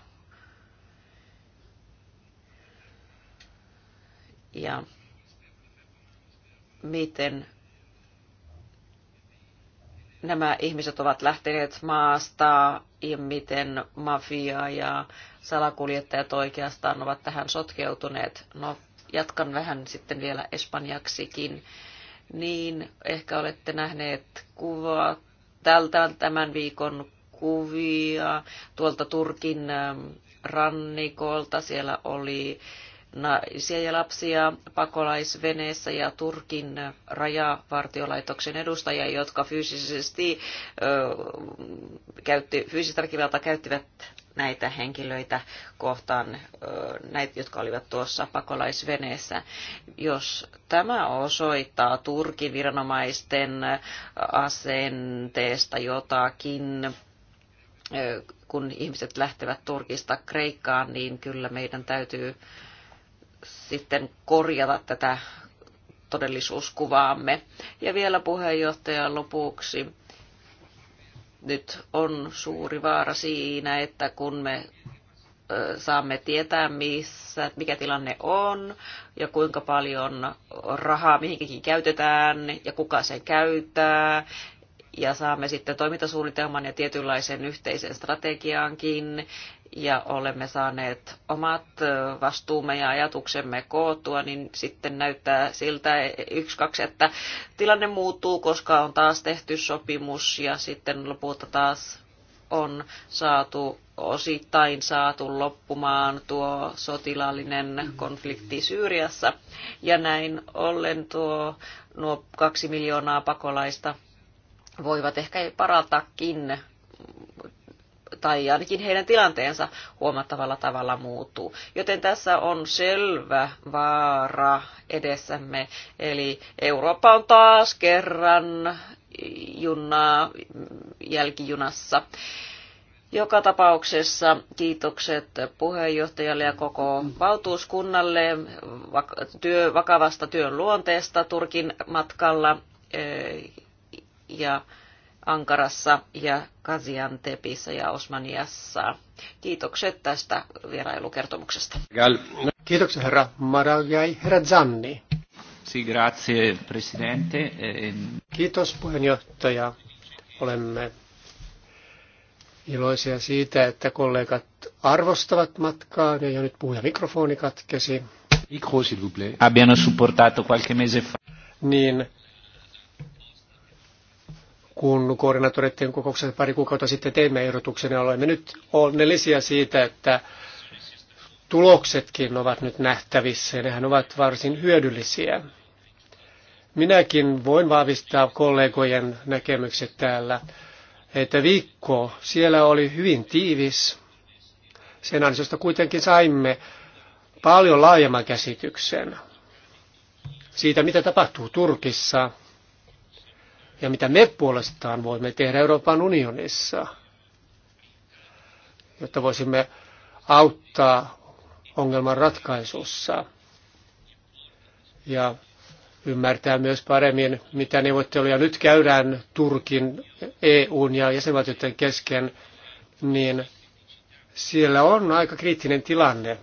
Ja miten nämä ihmiset ovat lähteneet maasta ja miten mafia ja salakuljettajat oikeastaan ovat tähän sotkeutuneet. No, jatkan vähän sitten vielä espanjaksikin. Niin, ehkä olette nähneet kuvaa tältä tämän viikon kuvia tuolta Turkin rannikolta. Siellä oli naisia ja lapsia pakolaisveneessä ja Turkin rajavartiolaitoksen edustajia, jotka fyysisesti ö, käytti, fyysistä väkivaltaa käyttivät näitä henkilöitä kohtaan, näitä, jotka olivat tuossa pakolaisveneessä. Jos tämä osoittaa Turkin viranomaisten asenteesta jotakin, kun ihmiset lähtevät Turkista Kreikkaan, niin kyllä meidän täytyy sitten korjata tätä todellisuuskuvaamme. Ja vielä puheenjohtajan lopuksi. Nyt on suuri vaara siinä, että kun me saamme tietää, missä, mikä tilanne on ja kuinka paljon rahaa mihinkin käytetään ja kuka sen käyttää. Ja saamme sitten toimintasuunnitelman ja tietynlaisen yhteisen strategiaankin ja olemme saaneet omat vastuumme ja ajatuksemme koottua, niin sitten näyttää siltä yksi, kaksi, että tilanne muuttuu, koska on taas tehty sopimus ja sitten lopulta taas on saatu osittain saatu loppumaan tuo sotilaallinen konflikti Syyriassa. Ja näin ollen tuo, nuo kaksi miljoonaa pakolaista voivat ehkä paratakin tai ainakin heidän tilanteensa huomattavalla tavalla muuttuu. Joten tässä on selvä vaara edessämme. Eli Eurooppa on taas kerran junnaa jälkijunassa. Joka tapauksessa kiitokset puheenjohtajalle ja koko valtuuskunnalle työ, vakavasta työn luonteesta Turkin matkalla. Ja Ankarassa ja Kaziantepissa ja Osmaniassa. Kiitokset tästä vierailukertomuksesta. Kiitoksia herra Maragai, herra Zanni. Si, grazie, presidente. Eh, eh, Kiitos puheenjohtaja. Olemme iloisia siitä, että kollegat arvostavat matkaa ja jo nyt puhuja mikrofoni katkesi. s'il vous plaît. Abbiano supportato qualche mese fa. Niin, kun koordinaattoreiden kokouksessa pari kuukautta sitten teimme ehdotuksen, ja niin olemme nyt onnellisia siitä, että tuloksetkin ovat nyt nähtävissä, ja nehän ovat varsin hyödyllisiä. Minäkin voin vahvistaa kollegojen näkemykset täällä, että viikko siellä oli hyvin tiivis. Sen ansiosta kuitenkin saimme paljon laajemman käsityksen siitä, mitä tapahtuu Turkissa – ja mitä me puolestaan voimme tehdä Euroopan unionissa, jotta voisimme auttaa ongelman ratkaisussa ja ymmärtää myös paremmin, mitä neuvotteluja nyt käydään Turkin, EUn ja jäsenvaltioiden kesken, niin siellä on aika kriittinen tilanne.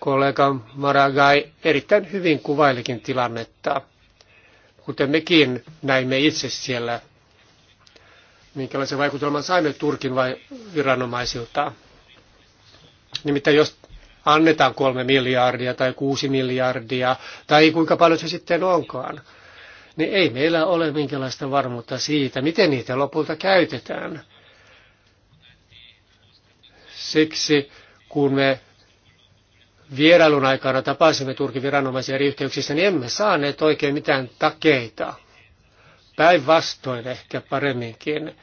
Kollega Maragai erittäin hyvin kuvailikin tilannetta kuten mekin näimme itse siellä, minkälaisen vaikutelman saimme Turkin vai viranomaisilta. Nimittäin jos annetaan kolme miljardia tai kuusi miljardia, tai kuinka paljon se sitten onkaan, niin ei meillä ole minkälaista varmuutta siitä, miten niitä lopulta käytetään. Siksi kun me vierailun aikana tapasimme Turkin viranomaisia eri yhteyksissä, niin emme saaneet oikein mitään takeita. Päinvastoin ehkä paremminkin.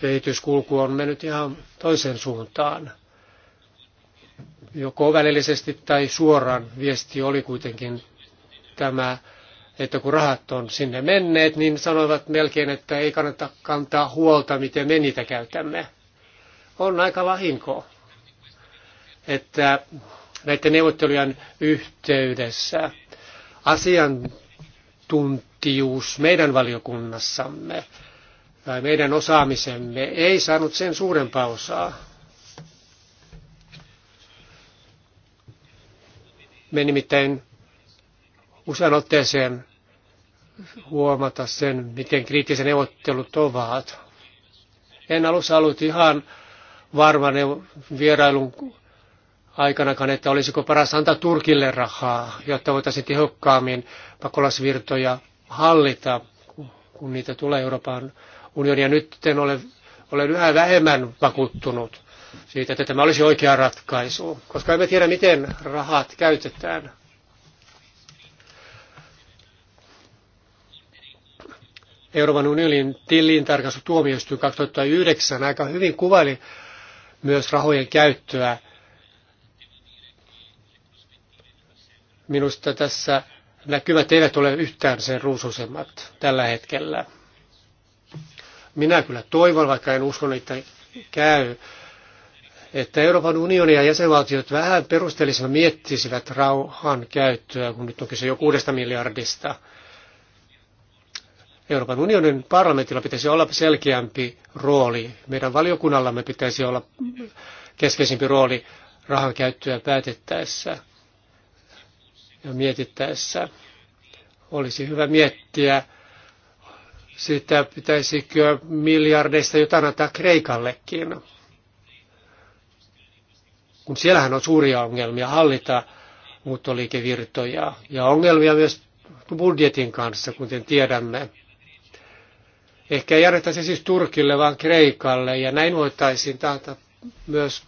Kehityskulku on mennyt ihan toisen suuntaan. Joko välillisesti tai suoraan viesti oli kuitenkin tämä, että kun rahat on sinne menneet, niin sanoivat melkein, että ei kannata kantaa huolta, miten me niitä käytämme. On aika vahinko, että näiden neuvottelujen yhteydessä. Asiantuntijuus meidän valiokunnassamme tai meidän osaamisemme ei saanut sen suurempaa osaa. Me nimittäin usean otteeseen huomata sen, miten kriittiset neuvottelut ovat. En alussa ollut ihan varma vierailun aikanakaan, että olisiko paras antaa Turkille rahaa, jotta voitaisiin tehokkaammin pakolasvirtoja hallita, kun niitä tulee Euroopan unionia. Ja nyt en ole, olen yhä vähemmän vakuuttunut siitä, että tämä olisi oikea ratkaisu, koska emme tiedä, miten rahat käytetään. Euroopan unionin tilintarkastustuomioistuin 2009 aika hyvin kuvaili myös rahojen käyttöä Minusta tässä näkymät eivät ole yhtään sen ruusuisemmat tällä hetkellä. Minä kyllä toivon, vaikka en usko, että käy, että Euroopan unioni ja jäsenvaltiot vähän perusteellisemmin miettisivät rauhan käyttöä, kun nyt on kyse jo kuudesta miljardista. Euroopan unionin parlamentilla pitäisi olla selkeämpi rooli. Meidän valiokunnallamme pitäisi olla keskeisempi rooli rahan käyttöä päätettäessä ja mietittäessä olisi hyvä miettiä, sitä pitäisikö miljardeista jotain antaa Kreikallekin. Kun siellähän on suuria ongelmia hallita muuttoliikevirtoja ja ongelmia myös budjetin kanssa, kuten tiedämme. Ehkä ei se siis Turkille, vaan Kreikalle, ja näin voitaisiin taata myös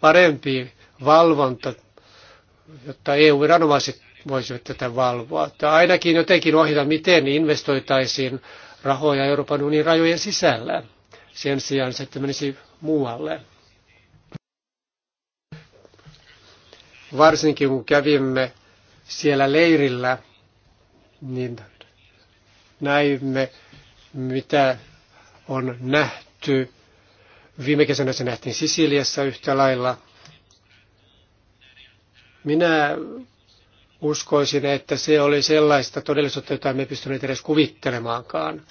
parempi valvonta jotta EU-viranomaiset voisivat tätä valvoa. Tai ainakin jotenkin ohjata, miten investoitaisiin rahoja Euroopan unionin rajojen sisällä. Sen sijaan se, että menisi muualle. Varsinkin kun kävimme siellä leirillä, niin näimme, mitä on nähty. Viime kesänä se nähtiin Sisiliassa yhtä lailla – minä uskoisin, että se oli sellaista todellisuutta, jota emme pystyneet edes kuvittelemaankaan.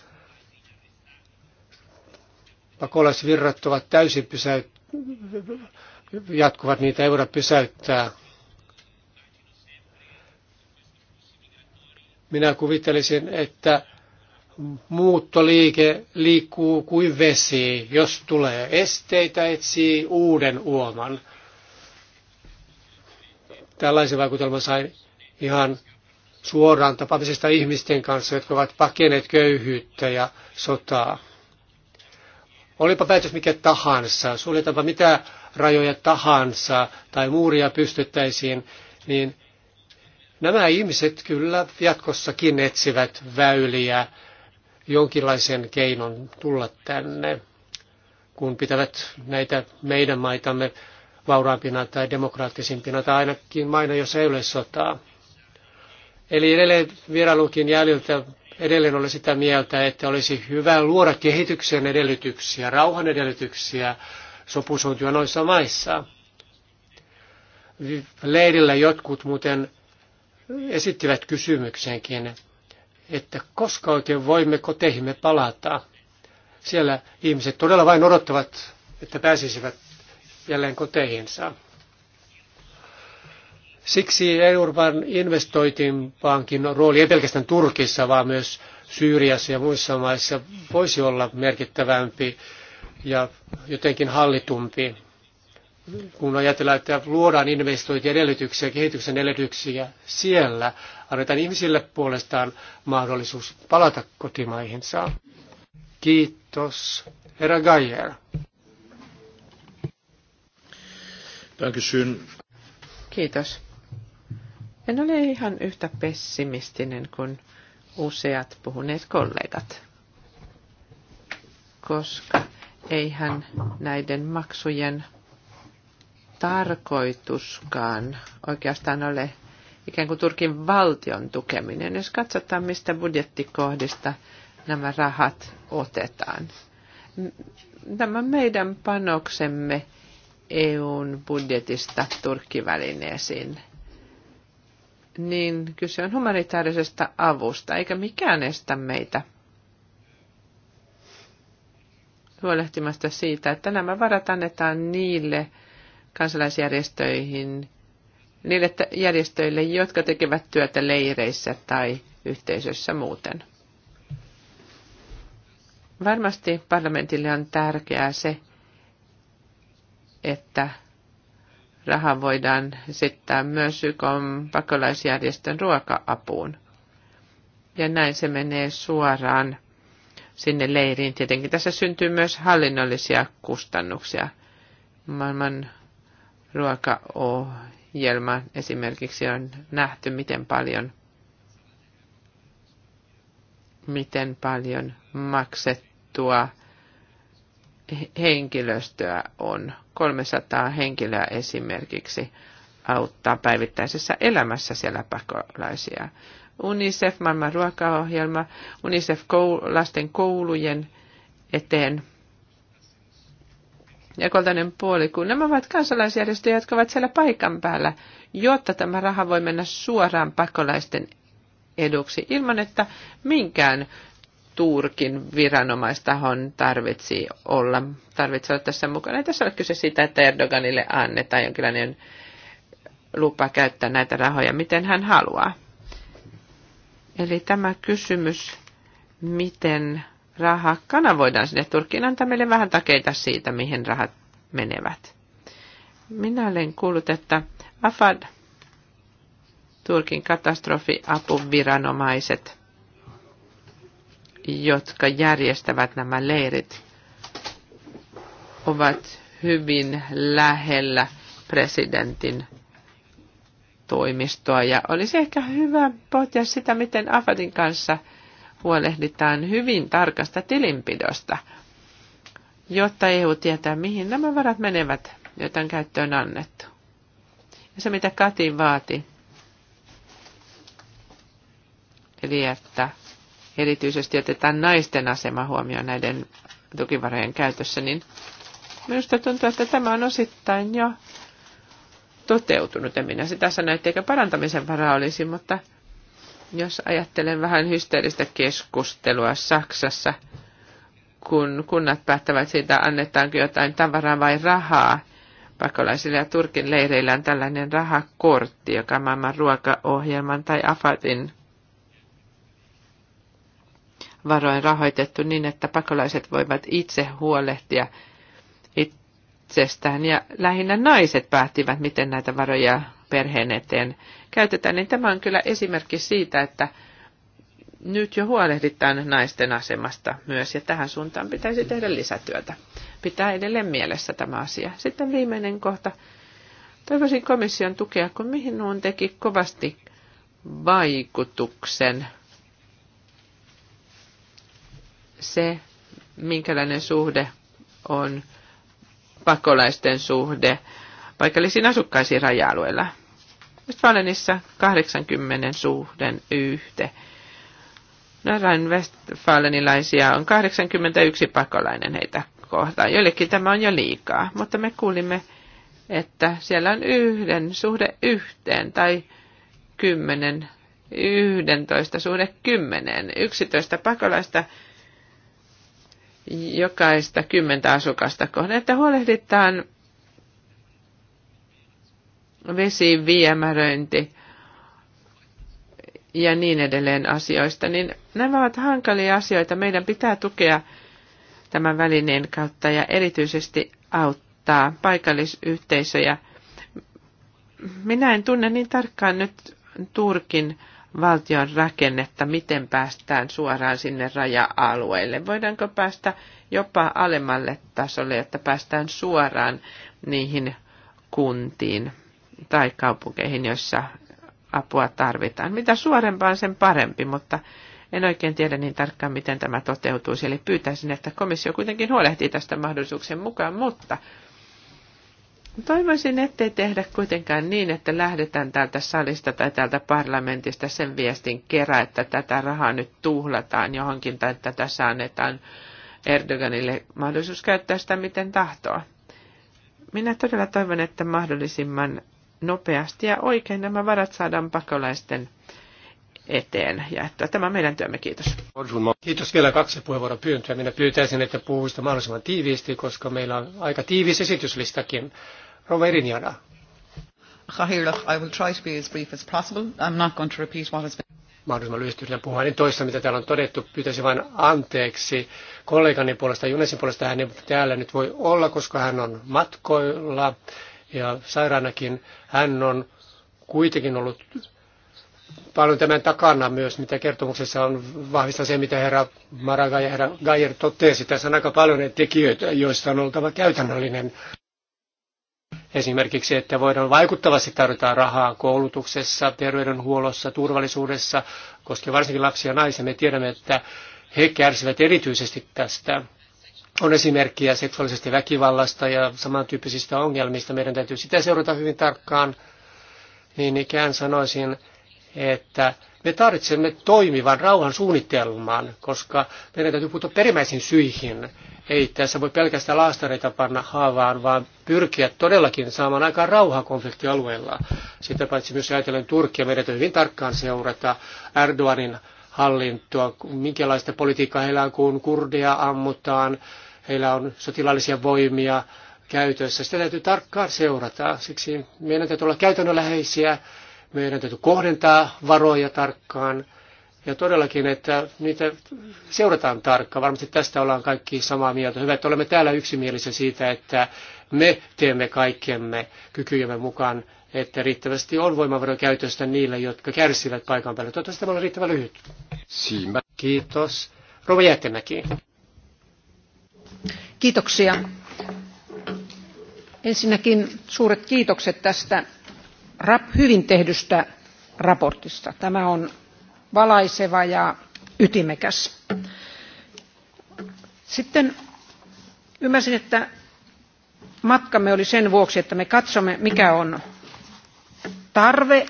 Pakolaisvirrat ovat täysin pysäyt... jatkuvat, niitä ei voida pysäyttää. Minä kuvittelisin, että muuttoliike liikkuu kuin vesi, jos tulee esteitä, etsii uuden uoman. Tällaisen vaikutelman sain ihan suoraan tapaamisesta ihmisten kanssa, jotka ovat pakeneet köyhyyttä ja sotaa. Olipa päätös mikä tahansa, suljetaanpa mitä rajoja tahansa tai muuria pystyttäisiin, niin nämä ihmiset kyllä jatkossakin etsivät väyliä jonkinlaisen keinon tulla tänne, kun pitävät näitä meidän maitamme vauraampina tai demokraattisimpina, tai ainakin maina, jossa ei ole sotaa. Eli edelleen vierailukin jäljiltä edelleen oli sitä mieltä, että olisi hyvä luoda kehityksen edellytyksiä, rauhan edellytyksiä sopusuuntua noissa maissa. Leirillä jotkut muuten esittivät kysymyksenkin, että koska oikein voimme koteihimme palata. Siellä ihmiset todella vain odottavat, että pääsisivät jälleen koteihinsa. Siksi Euroopan investointipankin rooli ei pelkästään Turkissa, vaan myös Syyriassa ja muissa maissa voisi olla merkittävämpi ja jotenkin hallitumpi. Kun ajatellaan, että luodaan investointiedellytyksiä, kehityksen edellytyksiä siellä, annetaan ihmisille puolestaan mahdollisuus palata kotimaihinsa. Kiitos, herra Gajer. Dankeschön. Kiitos. En ole ihan yhtä pessimistinen kuin useat puhuneet kollegat, koska eihän näiden maksujen tarkoituskaan oikeastaan ole ikään kuin Turkin valtion tukeminen, jos katsotaan, mistä budjettikohdista nämä rahat otetaan. Tämä meidän panoksemme EUn budjetista Turkkivälineisiin, niin kyse on humanitaarisesta avusta, eikä mikään estä meitä huolehtimasta siitä, että nämä varat annetaan niille kansalaisjärjestöihin, niille järjestöille, jotka tekevät työtä leireissä tai yhteisössä muuten. Varmasti parlamentille on tärkeää se, että raha voidaan esittää myös YK pakolaisjärjestön ruoka-apuun. Ja näin se menee suoraan sinne leiriin. Tietenkin tässä syntyy myös hallinnollisia kustannuksia. Maailman ruokaohjelma esimerkiksi on nähty, miten paljon, miten paljon maksettua henkilöstöä on, 300 henkilöä esimerkiksi, auttaa päivittäisessä elämässä siellä pakolaisia. UNICEF, maailman ruokaohjelma, UNICEF lasten koulujen eteen ja koltainen puoli, kun nämä ovat kansalaisjärjestöjä, jotka ovat siellä paikan päällä, jotta tämä raha voi mennä suoraan pakolaisten eduksi, ilman että minkään Turkin viranomaistahon tarvitsi olla, tarvitsi olla tässä mukana. Ei tässä ole kyse siitä, että Erdoganille annetaan jonkinlainen lupa käyttää näitä rahoja, miten hän haluaa. Eli tämä kysymys, miten raha kanavoidaan sinne Turkkiin, antaa meille vähän takeita siitä, mihin rahat menevät. Minä olen kuullut, että AFAD, Turkin katastrofiapuviranomaiset, jotka järjestävät nämä leirit, ovat hyvin lähellä presidentin toimistoa. Ja olisi ehkä hyvä pohtia sitä, miten AFADin kanssa huolehditaan hyvin tarkasta tilinpidosta, jotta EU tietää, mihin nämä varat menevät, joita on käyttöön annettu. Ja se, mitä Kati vaati, eli että erityisesti otetaan naisten asema huomioon näiden tukivarojen käytössä, niin minusta tuntuu, että tämä on osittain jo toteutunut. En minä sitä sano, etteikö parantamisen varaa olisi, mutta jos ajattelen vähän hysteeristä keskustelua Saksassa, kun kunnat päättävät siitä, annetaanko jotain tavaraa vai rahaa, pakolaisille ja Turkin leireillä on tällainen rahakortti, joka maailman ruokaohjelman tai AFATin varoin rahoitettu niin, että pakolaiset voivat itse huolehtia itsestään. Ja lähinnä naiset päättivät, miten näitä varoja perheen eteen käytetään. Niin tämä on kyllä esimerkki siitä, että nyt jo huolehditaan naisten asemasta myös, ja tähän suuntaan pitäisi tehdä lisätyötä. Pitää edelleen mielessä tämä asia. Sitten viimeinen kohta. Toivoisin komission tukea, kun mihin on teki kovasti vaikutuksen – se, minkälainen suhde on pakolaisten suhde paikallisiin asukkaisiin raja-alueilla. Westfalenissa 80 suhden yhte. Norrain Westfalenilaisia on 81 pakolainen heitä kohtaan. Joillekin tämä on jo liikaa, mutta me kuulimme, että siellä on yhden suhde yhteen tai kymmenen, 11 suhde 10, 11 pakolaista jokaista kymmentä asukasta kohden, että huolehditaan vesi, viemäröinti ja niin edelleen asioista, niin nämä ovat hankalia asioita. Meidän pitää tukea tämän välineen kautta ja erityisesti auttaa paikallisyhteisöjä. Minä en tunne niin tarkkaan nyt Turkin valtion rakennetta, miten päästään suoraan sinne raja-alueille. Voidaanko päästä jopa alemmalle tasolle, että päästään suoraan niihin kuntiin tai kaupunkeihin, joissa apua tarvitaan. Mitä suorempaan, sen parempi, mutta en oikein tiedä niin tarkkaan, miten tämä toteutuisi. Eli pyytäisin, että komissio kuitenkin huolehtii tästä mahdollisuuksien mukaan, mutta Toivoisin, ettei tehdä kuitenkaan niin, että lähdetään täältä salista tai täältä parlamentista sen viestin kerran, että tätä rahaa nyt tuhlataan johonkin tai tätä annetaan Erdoganille mahdollisuus käyttää sitä miten tahtoa. Minä todella toivon, että mahdollisimman nopeasti ja oikein nämä varat saadaan pakolaisten eteen ja että tämä on meidän työmme. Kiitos. Kiitos vielä kaksi pyyntöä. Minä pyytäisin, että puhuista mahdollisimman tiiviisti, koska meillä on aika tiivis esityslistakin. Rova Erinjana. I will try to be as brief as possible. I'm not going to repeat what has been mahdollisimman lyhyesti yritän puhua niin toista, mitä täällä on todettu. Pyytäisin vain anteeksi kollegani puolesta, Junesin puolesta hän ei täällä nyt voi olla, koska hän on matkoilla ja sairaanakin. Hän on kuitenkin ollut paljon tämän takana myös, mitä kertomuksessa on vahvista se, mitä herra Maraga ja herra Gajer totesi. Tässä on aika paljon näitä tekijöitä, joista on oltava käytännöllinen. Esimerkiksi, että voidaan vaikuttavasti tarvitaan rahaa koulutuksessa, terveydenhuollossa, turvallisuudessa, koska varsinkin lapsia ja naisia. Me tiedämme, että he kärsivät erityisesti tästä. On esimerkkiä seksuaalisesta väkivallasta ja samantyyppisistä ongelmista. Meidän täytyy sitä seurata hyvin tarkkaan. Niin ikään sanoisin, että me tarvitsemme toimivan rauhan suunnitelman, koska meidän täytyy puuttua perimmäisiin syihin. Ei tässä voi pelkästään laastareita panna haavaan, vaan pyrkiä todellakin saamaan aikaan rauhaa konfliktialueella. Sitä paitsi myös ajatellen Turkia, meidän täytyy hyvin tarkkaan seurata Erdoganin hallintoa, minkälaista politiikkaa heillä on, kun kurdeja ammutaan, heillä on sotilaallisia voimia käytössä. Sitä täytyy tarkkaan seurata, siksi meidän täytyy olla käytännönläheisiä meidän täytyy kohdentaa varoja tarkkaan ja todellakin, että niitä seurataan tarkkaan. Varmasti tästä ollaan kaikki samaa mieltä. Hyvä, että olemme täällä yksimielisiä siitä, että me teemme kaikkemme kykyjemme mukaan, että riittävästi on voimavaroja käytöstä niille, jotka kärsivät paikan päällä. Toivottavasti tämä on riittävän lyhyt. Siima. Kiitos. Rova Jättemäki. Kiitoksia. Ensinnäkin suuret kiitokset tästä hyvin tehdystä mietinnöstä. tämä on valaiseva ja ytimekäs. sitten ymmärsin että matkamme oli sen vuoksi että me katsomme mikä on tarve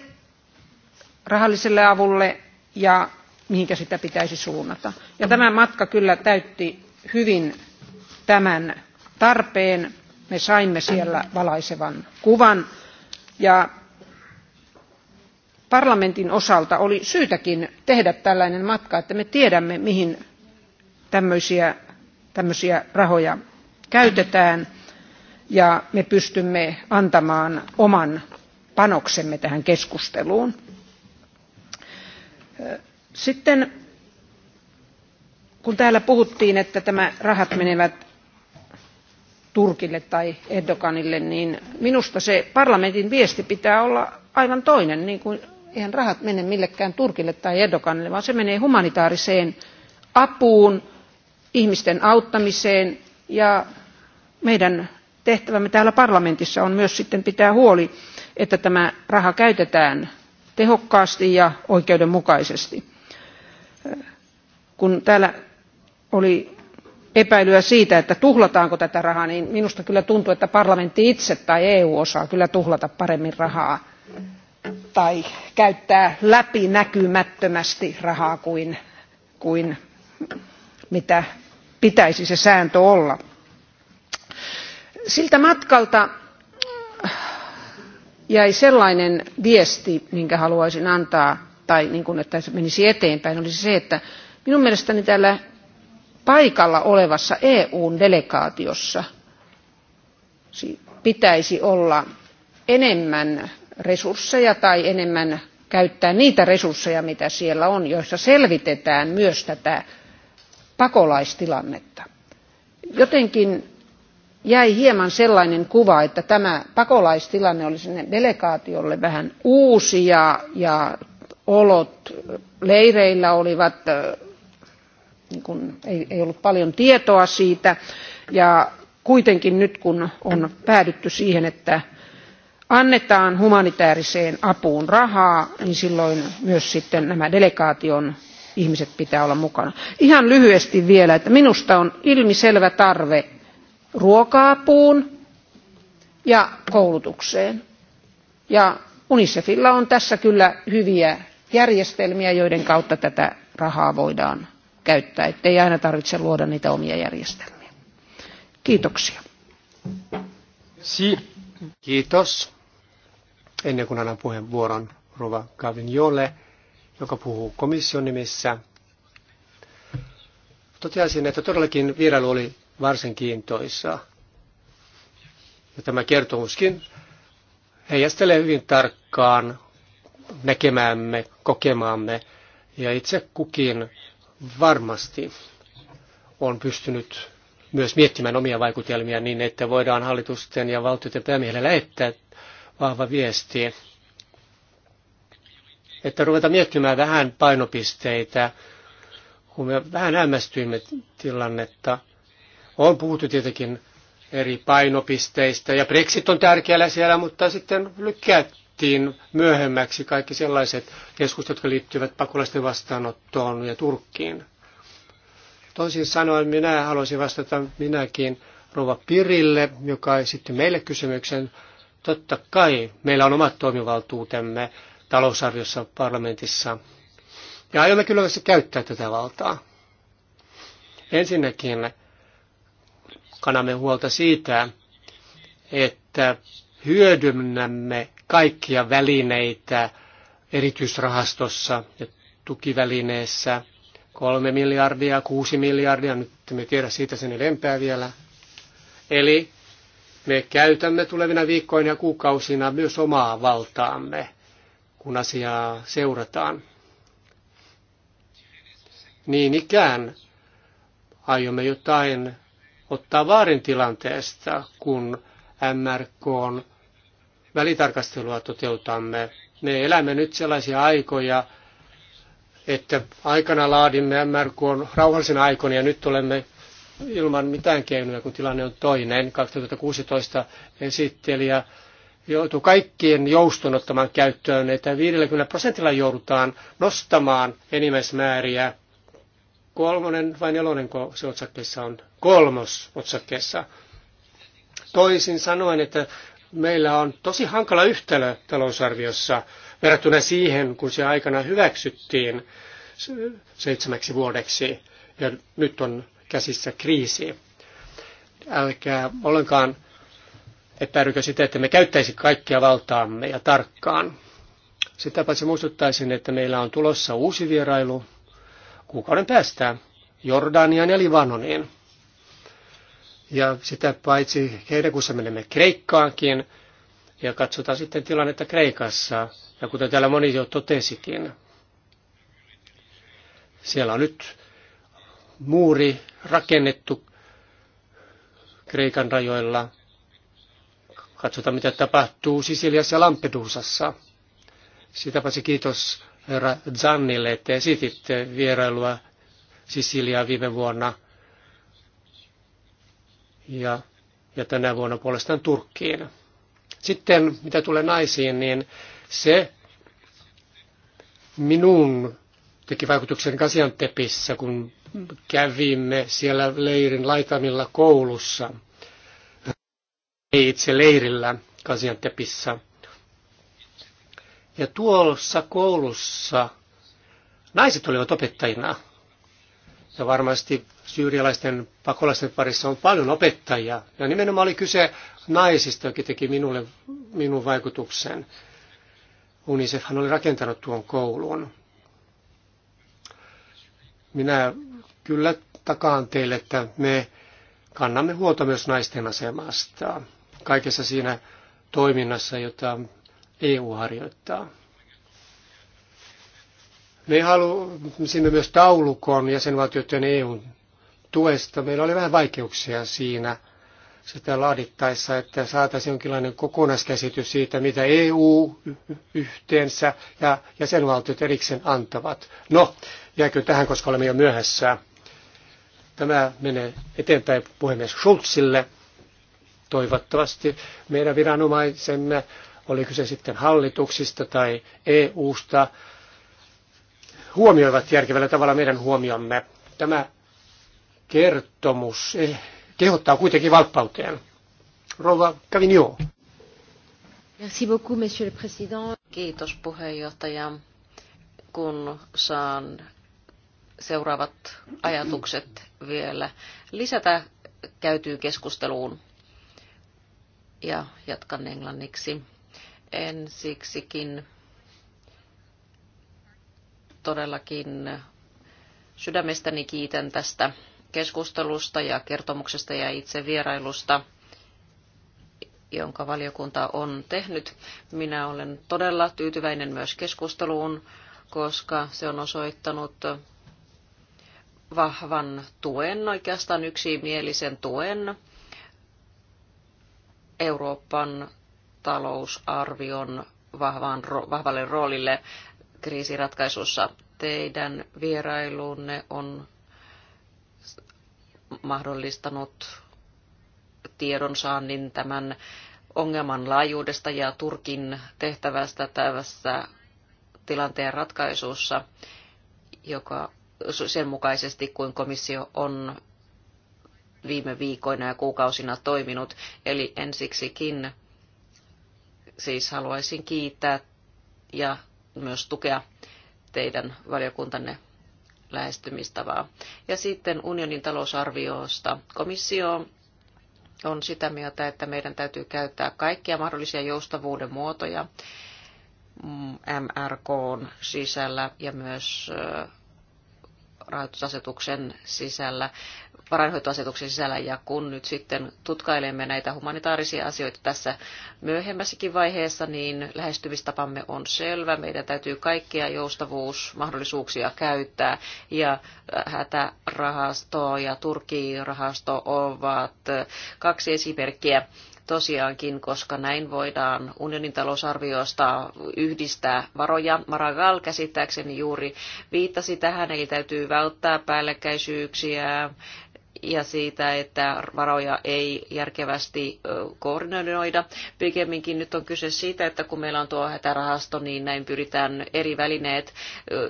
rahalliselle avulle ja mihin sitä pitäisi suunnata. Ja tämä matka kyllä täytti hyvin tämän tarpeen. Me saimme siellä valaisevan kuvan ja parlamentin osalta oli syytäkin tehdä tällainen matka että me tiedämme mihin tämmöisiä, rahoja käytetään ja me pystymme antamaan oman panoksemme tähän keskusteluun. Sitten kun täällä puhuttiin, että tämä rahat menevät Turkille tai Erdoganille, niin minusta se parlamentin viesti pitää olla aivan toinen, niin kuin eihän rahat mene millekään Turkille tai Erdoganille, vaan se menee humanitaariseen apuun, ihmisten auttamiseen ja meidän tehtävämme täällä parlamentissa on myös sitten pitää huoli, että tämä raha käytetään tehokkaasti ja oikeudenmukaisesti. Kun täällä oli epäilyä siitä, että tuhlataanko tätä rahaa, niin minusta kyllä tuntuu, että parlamentti itse tai EU osaa kyllä tuhlata paremmin rahaa tai käyttää läpinäkymättömästi rahaa kuin, kuin mitä pitäisi se sääntö olla. Siltä matkalta jäi sellainen viesti, minkä haluaisin antaa, tai niin kuin, että se menisi eteenpäin, olisi se, että minun mielestäni täällä paikalla olevassa EUn delegaatiossa pitäisi olla enemmän resursseja tai enemmän käyttää niitä resursseja, mitä siellä on, joissa selvitetään myös tätä pakolaistilannetta. Jotenkin jäi hieman sellainen kuva, että tämä pakolaistilanne oli sinne delegaatiolle vähän uusi ja, ja olot leireillä olivat, niin kuin, ei, ei ollut paljon tietoa siitä. Ja kuitenkin nyt kun on päädytty siihen, että annetaan humanitaariseen apuun rahaa, niin silloin myös sitten nämä delegaation ihmiset pitää olla mukana. Ihan lyhyesti vielä, että minusta on ilmiselvä tarve ruoka-apuun ja koulutukseen. Ja UNICEFilla on tässä kyllä hyviä järjestelmiä, joiden kautta tätä rahaa voidaan käyttää, ettei aina tarvitse luoda niitä omia järjestelmiä. Kiitoksia. Kiitos ennen kuin annan puheenvuoron Rova Gavignolle, joka puhuu komission nimissä. Toteaisin, että todellakin vierailu oli varsin kiintoisaa. Ja tämä kertomuskin heijastelee hyvin tarkkaan näkemäämme, kokemaamme ja itse kukin varmasti on pystynyt myös miettimään omia vaikutelmia niin, että voidaan hallitusten ja valtioiden päämiehelle lähettää vahva viesti, että ruveta miettimään vähän painopisteitä, kun me vähän hämmästyimme tilannetta. On puhuttu tietenkin eri painopisteistä ja Brexit on tärkeällä siellä, mutta sitten lykkäättiin myöhemmäksi kaikki sellaiset keskustelut, jotka liittyvät pakolaisten vastaanottoon ja Turkkiin. Toisin sanoen minä haluaisin vastata minäkin Rova Pirille, joka esitti meille kysymyksen Totta kai meillä on omat toimivaltuutemme talousarviossa parlamentissa. Ja aiomme kyllä myös käyttää tätä valtaa. Ensinnäkin kannamme huolta siitä, että hyödynnämme kaikkia välineitä erityisrahastossa ja tukivälineessä. Kolme miljardia, kuusi miljardia, nyt emme tiedä siitä sen enempää vielä. Eli me käytämme tulevina viikkoina ja kuukausina myös omaa valtaamme, kun asiaa seurataan. Niin ikään aiomme jotain ottaa vaarin tilanteesta, kun MRK on välitarkastelua toteutamme. Me elämme nyt sellaisia aikoja, että aikana laadimme MRK on rauhallisen aikana ja nyt olemme ilman mitään keinoja, kun tilanne on toinen. 2016 esittelijä joutuu kaikkien jouston ottamaan käyttöön, että 50 prosentilla joudutaan nostamaan enimmäismääriä. Kolmonen vai nelonen, kun se otsakkeessa on? Kolmos otsakkeessa. Toisin sanoen, että meillä on tosi hankala yhtälö talousarviossa verrattuna siihen, kun se aikana hyväksyttiin seitsemäksi vuodeksi. Ja nyt on käsissä kriisi. Älkää ollenkaan epäilykö sitä, että me käyttäisi kaikkia valtaamme ja tarkkaan. Sitä paitsi muistuttaisin, että meillä on tulossa uusi vierailu kuukauden päästä Jordanian ja Libanoniin. Ja sitä paitsi heinäkuussa menemme Kreikkaankin ja katsotaan sitten tilannetta Kreikassa. Ja kuten täällä moni jo totesikin, siellä on nyt muuri rakennettu Kreikan rajoilla. Katsotaan, mitä tapahtuu Sisiliassa ja Lampedusassa. Sitäpä se kiitos herra Zannille, että esititte vierailua Sisiliaa viime vuonna ja, ja tänä vuonna puolestaan Turkkiin. Sitten mitä tulee naisiin, niin se minun teki vaikutuksen Kasiantepissä, kun kävimme siellä leirin laitamilla koulussa, ei itse leirillä Kasiantepissa. Ja tuossa koulussa naiset olivat opettajina. Ja varmasti syyrialaisten pakolaisten parissa on paljon opettajia. Ja nimenomaan oli kyse naisista, joka teki minulle, minun vaikutuksen. UNICEFhan oli rakentanut tuon koulun. Minä kyllä takaan teille, että me kannamme huolta myös naisten asemasta kaikessa siinä toiminnassa, jota EU harjoittaa. Me halusimme myös taulukon jäsenvaltioiden EUn tuesta. Meillä oli vähän vaikeuksia siinä sitä laadittaessa, että saataisiin jonkinlainen kokonaiskäsitys siitä, mitä EU yhteensä ja jäsenvaltiot erikseen antavat. No, jääkö tähän, koska olemme jo myöhässä. Tämä menee eteenpäin puhemies Schulzille. Toivottavasti meidän viranomaisemme, oli kyse sitten hallituksista tai EU-sta, huomioivat järkevällä tavalla meidän huomiomme. Tämä kertomus eh, kehottaa kuitenkin valppauteen. Rouva Cavignon. Merci beaucoup, monsieur le président. Kiitos puheenjohtaja. Kun saan seuraavat ajatukset vielä lisätä käytyy keskusteluun. Ja jatkan englanniksi. Ensiksikin todellakin sydämestäni kiitän tästä keskustelusta ja kertomuksesta ja itse vierailusta, jonka valiokunta on tehnyt. Minä olen todella tyytyväinen myös keskusteluun, koska se on osoittanut vahvan tuen, oikeastaan yksimielisen tuen Euroopan talousarvion vahvan, vahvalle roolille kriisiratkaisussa. Teidän vierailunne on mahdollistanut tiedonsaannin tämän ongelman laajuudesta ja Turkin tehtävästä tässä tilanteen ratkaisussa, joka sen mukaisesti kuin komissio on viime viikoina ja kuukausina toiminut. Eli ensiksikin siis haluaisin kiittää ja myös tukea teidän valiokuntanne lähestymistavaa. Ja sitten unionin talousarviosta. Komissio on sitä mieltä, että meidän täytyy käyttää kaikkia mahdollisia joustavuuden muotoja MRK mm, sisällä ja myös rahoitusasetuksen sisällä, varainhoitoasetuksen sisällä, ja kun nyt sitten tutkailemme näitä humanitaarisia asioita tässä myöhemmässäkin vaiheessa, niin lähestymistapamme on selvä. Meidän täytyy kaikkia joustavuusmahdollisuuksia käyttää, ja äh, hätärahasto ja Turkirahasto ovat äh, kaksi esimerkkiä tosiaankin, koska näin voidaan unionin talousarviosta yhdistää varoja. Maragall käsittääkseni juuri viittasi tähän, eli täytyy välttää päällekkäisyyksiä ja siitä, että varoja ei järkevästi koordinoida. Pikemminkin nyt on kyse siitä, että kun meillä on tuo hätärahasto, niin näin pyritään eri välineet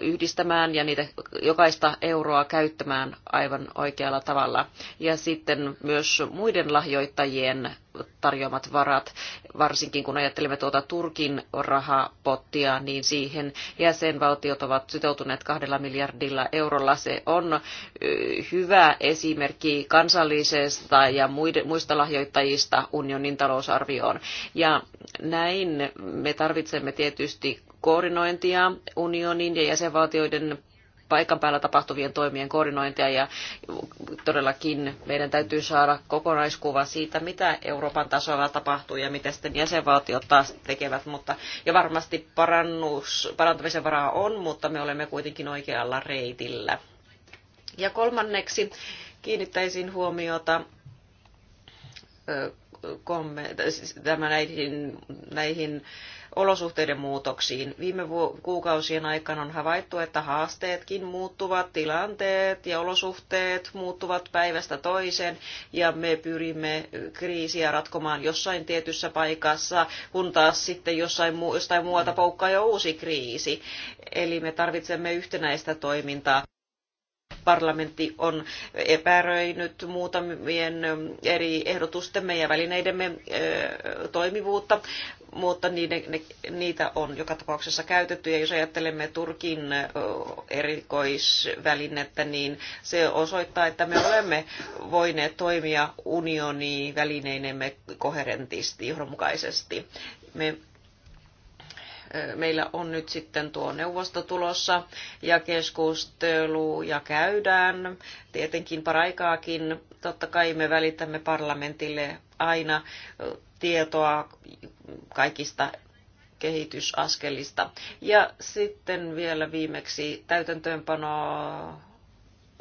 yhdistämään ja niitä jokaista euroa käyttämään aivan oikealla tavalla. Ja sitten myös muiden lahjoittajien tarjoamat varat, varsinkin kun ajattelemme tuota Turkin rahapottia, niin siihen jäsenvaltiot ovat sitoutuneet kahdella miljardilla eurolla. Se on hyvä esimerkki kansallisesta ja muista lahjoittajista unionin talousarvioon. Ja näin me tarvitsemme tietysti koordinointia unionin ja jäsenvaltioiden paikan päällä tapahtuvien toimien koordinointia ja todellakin meidän täytyy saada kokonaiskuva siitä, mitä Euroopan tasolla tapahtuu ja mitä sitten jäsenvaltiot taas tekevät. Mutta, ja varmasti parannus, parantamisen varaa on, mutta me olemme kuitenkin oikealla reitillä. Ja kolmanneksi kiinnittäisin huomiota Siis tämä näihin, näihin olosuhteiden muutoksiin. Viime kuukausien aikana on havaittu, että haasteetkin muuttuvat, tilanteet ja olosuhteet muuttuvat päivästä toiseen ja me pyrimme kriisiä ratkomaan jossain tietyssä paikassa, kun taas sitten jossain mu- jostain muualta poukkaa jo uusi kriisi. Eli me tarvitsemme yhtenäistä toimintaa parlamentti on epäröinyt muutamien ähm, eri ehdotustemme ja välineidemme äh, toimivuutta, mutta niin niitä on joka tapauksessa käytetty. Ja jos ajattelemme Turkin äh, erikoisvälinettä, niin se osoittaa, että me olemme voineet toimia unioni välineinemme koherentisti, johdonmukaisesti. Me meillä on nyt sitten tuo neuvosto tulossa ja keskustelu ja käydään. Tietenkin paraikaakin, totta kai me välitämme parlamentille aina tietoa kaikista kehitysaskelista. Ja sitten vielä viimeksi täytäntöönpano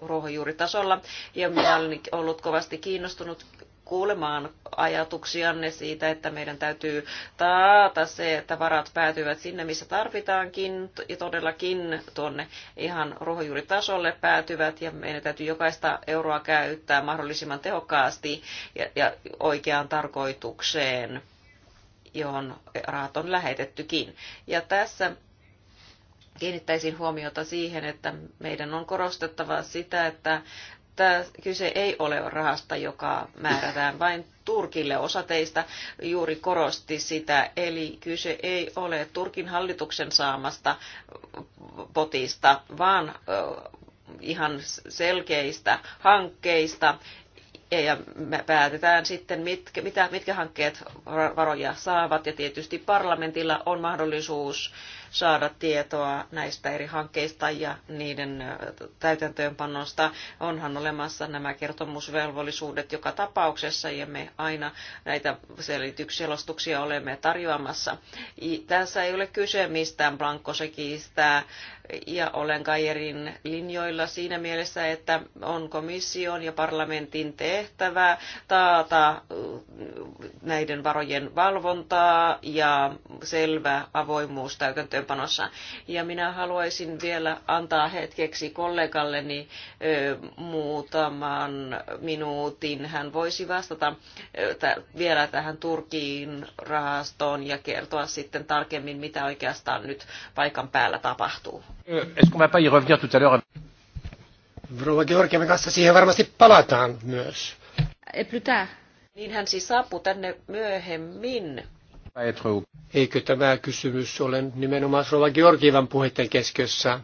ruohonjuuritasolla ja minä olen ollut kovasti kiinnostunut kuulemaan ajatuksianne siitä, että meidän täytyy taata se, että varat päätyvät sinne, missä tarvitaankin ja todellakin tuonne ihan ruohonjuuritasolle päätyvät ja meidän täytyy jokaista euroa käyttää mahdollisimman tehokkaasti ja, ja oikeaan tarkoitukseen johon rahat on lähetettykin. Ja tässä kiinnittäisin huomiota siihen, että meidän on korostettava sitä, että että kyse ei ole rahasta, joka määrätään vain Turkille. Osa teistä juuri korosti sitä, eli kyse ei ole Turkin hallituksen saamasta potista, vaan ihan selkeistä hankkeista, ja me päätetään sitten, mitkä, mitä, mitkä hankkeet varoja saavat. Ja tietysti parlamentilla on mahdollisuus saada tietoa näistä eri hankkeista ja niiden täytäntöönpanosta Onhan olemassa nämä kertomusvelvollisuudet joka tapauksessa ja me aina näitä selitykselostuksia olemme tarjoamassa. Tässä ei ole kyse mistään blankkosekistä ja olen Kajerin linjoilla siinä mielessä, että on komission ja parlamentin tehtävä taata näiden varojen valvontaa ja selvä avoimuus täytäntöön täytäntöönpanossa. Ja minä haluaisin vielä antaa hetkeksi kollegalleni muutaman minuutin. Hän voisi vastata vielä tähän Turkiin rahastoon ja kertoa sitten tarkemmin, mitä oikeastaan nyt paikan päällä tapahtuu. Rouva Georgiamme kanssa siihen varmasti palataan myös. Niin hän siis saapuu tänne myöhemmin. Eikö tämä kysymys ole nimenomaan Slova Georgievan puheiden keskiössä?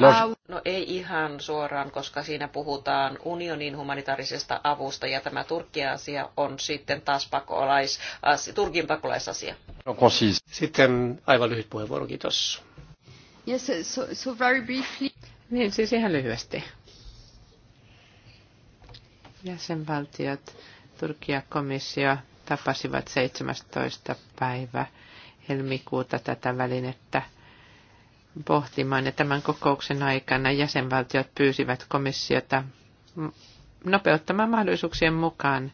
No, no ei ihan suoraan, koska siinä puhutaan unionin humanitaarisesta avusta ja tämä Turkki asia on sitten taas pakolais, Turkin pakolaisasia. No, sitten aivan lyhyt puheenvuoro, kiitos. Yes, so, so very briefly. Niin, siis ihan lyhyesti. Jäsenvaltiot, Turkia komissio tapasivat 17. päivä helmikuuta tätä välinettä pohtimaan. Ja tämän kokouksen aikana jäsenvaltiot pyysivät komissiota nopeuttamaan mahdollisuuksien mukaan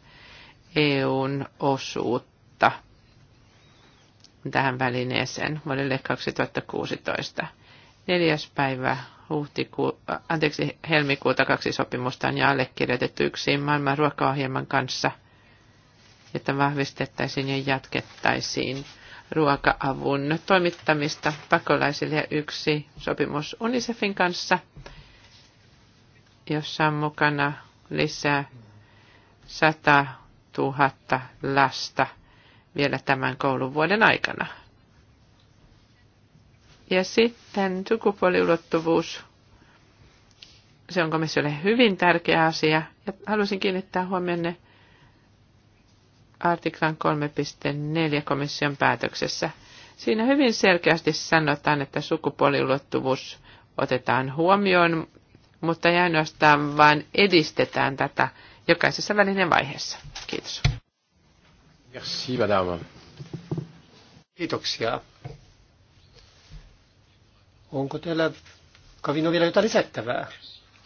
EUn osuutta tähän välineeseen vuodelle 2016. Neljäs päivä huhtiku, äh, anteeksi, helmikuuta kaksi sopimusta on jo allekirjoitettu yksi maailman ruokaohjelman kanssa – että vahvistettaisiin ja jatkettaisiin ruoka-avun toimittamista pakolaisille ja yksi sopimus UNICEFin kanssa, jossa on mukana lisää 100 000 lasta vielä tämän kouluvuoden aikana. Ja sitten sukupuoliulottuvuus. Se on komissiolle hyvin tärkeä asia. Ja halusin kiinnittää huomioon artiklan 3.4 komission päätöksessä. Siinä hyvin selkeästi sanotaan, että sukupuoliulottuvuus otetaan huomioon, mutta ei ainoastaan vain edistetään tätä jokaisessa välinen vaiheessa. Kiitos. Merci, madame. Kiitoksia. Onko teillä Kavino vielä jotain lisättävää?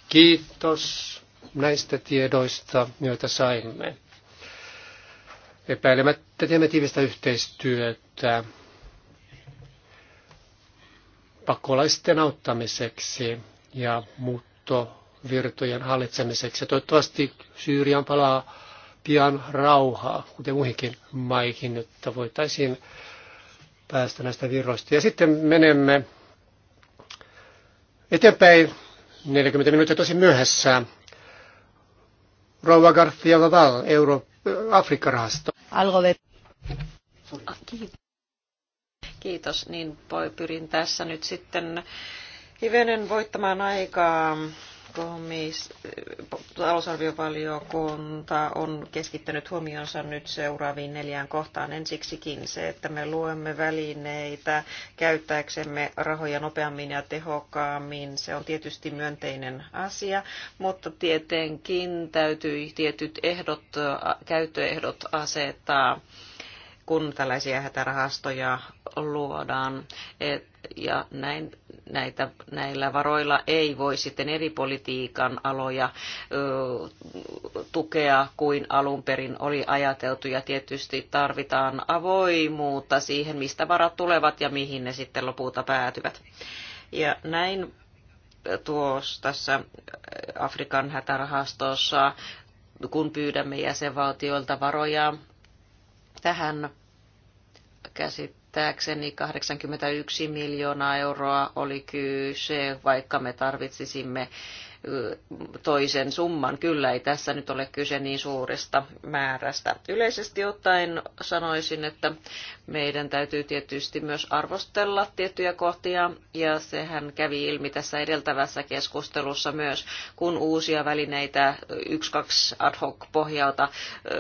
Kiitos näistä tiedoista, joita saimme. Epäilemättä teemme tiivistä yhteistyötä pakolaisten auttamiseksi ja muuttovirtojen hallitsemiseksi. Toivottavasti Syyrian palaa pian rauhaa, kuten muihinkin maihin, että voitaisiin päästä näistä virroista. Ja sitten menemme eteenpäin 40 minuuttia tosi myöhässä. Rouva Garcia Vaval, Euroopan Afrikka-rahasto. Kiitos, niin pyrin tässä nyt sitten hivenen voittamaan aikaa komis, talousarviovaliokunta on keskittänyt huomionsa nyt seuraaviin neljään kohtaan. Ensiksikin se, että me luemme välineitä käyttääksemme rahoja nopeammin ja tehokkaammin. Se on tietysti myönteinen asia, mutta tietenkin täytyy tietyt ehdot, käyttöehdot asettaa kun tällaisia hätärahastoja luodaan. Et, ja näin, näitä, näillä varoilla ei voi sitten eri politiikan aloja ö, tukea kuin alun perin oli ajateltu. Ja tietysti tarvitaan avoimuutta siihen, mistä varat tulevat ja mihin ne sitten lopulta päätyvät. Ja näin tuossa tässä Afrikan hätärahastossa kun pyydämme jäsenvaltioilta varoja Tähän käsittääkseni 81 miljoonaa euroa oli kyse, vaikka me tarvitsisimme toisen summan. Kyllä ei tässä nyt ole kyse niin suuresta määrästä. Yleisesti ottaen sanoisin, että meidän täytyy tietysti myös arvostella tiettyjä kohtia, ja sehän kävi ilmi tässä edeltävässä keskustelussa myös, kun uusia välineitä 1-2 ad hoc pohjalta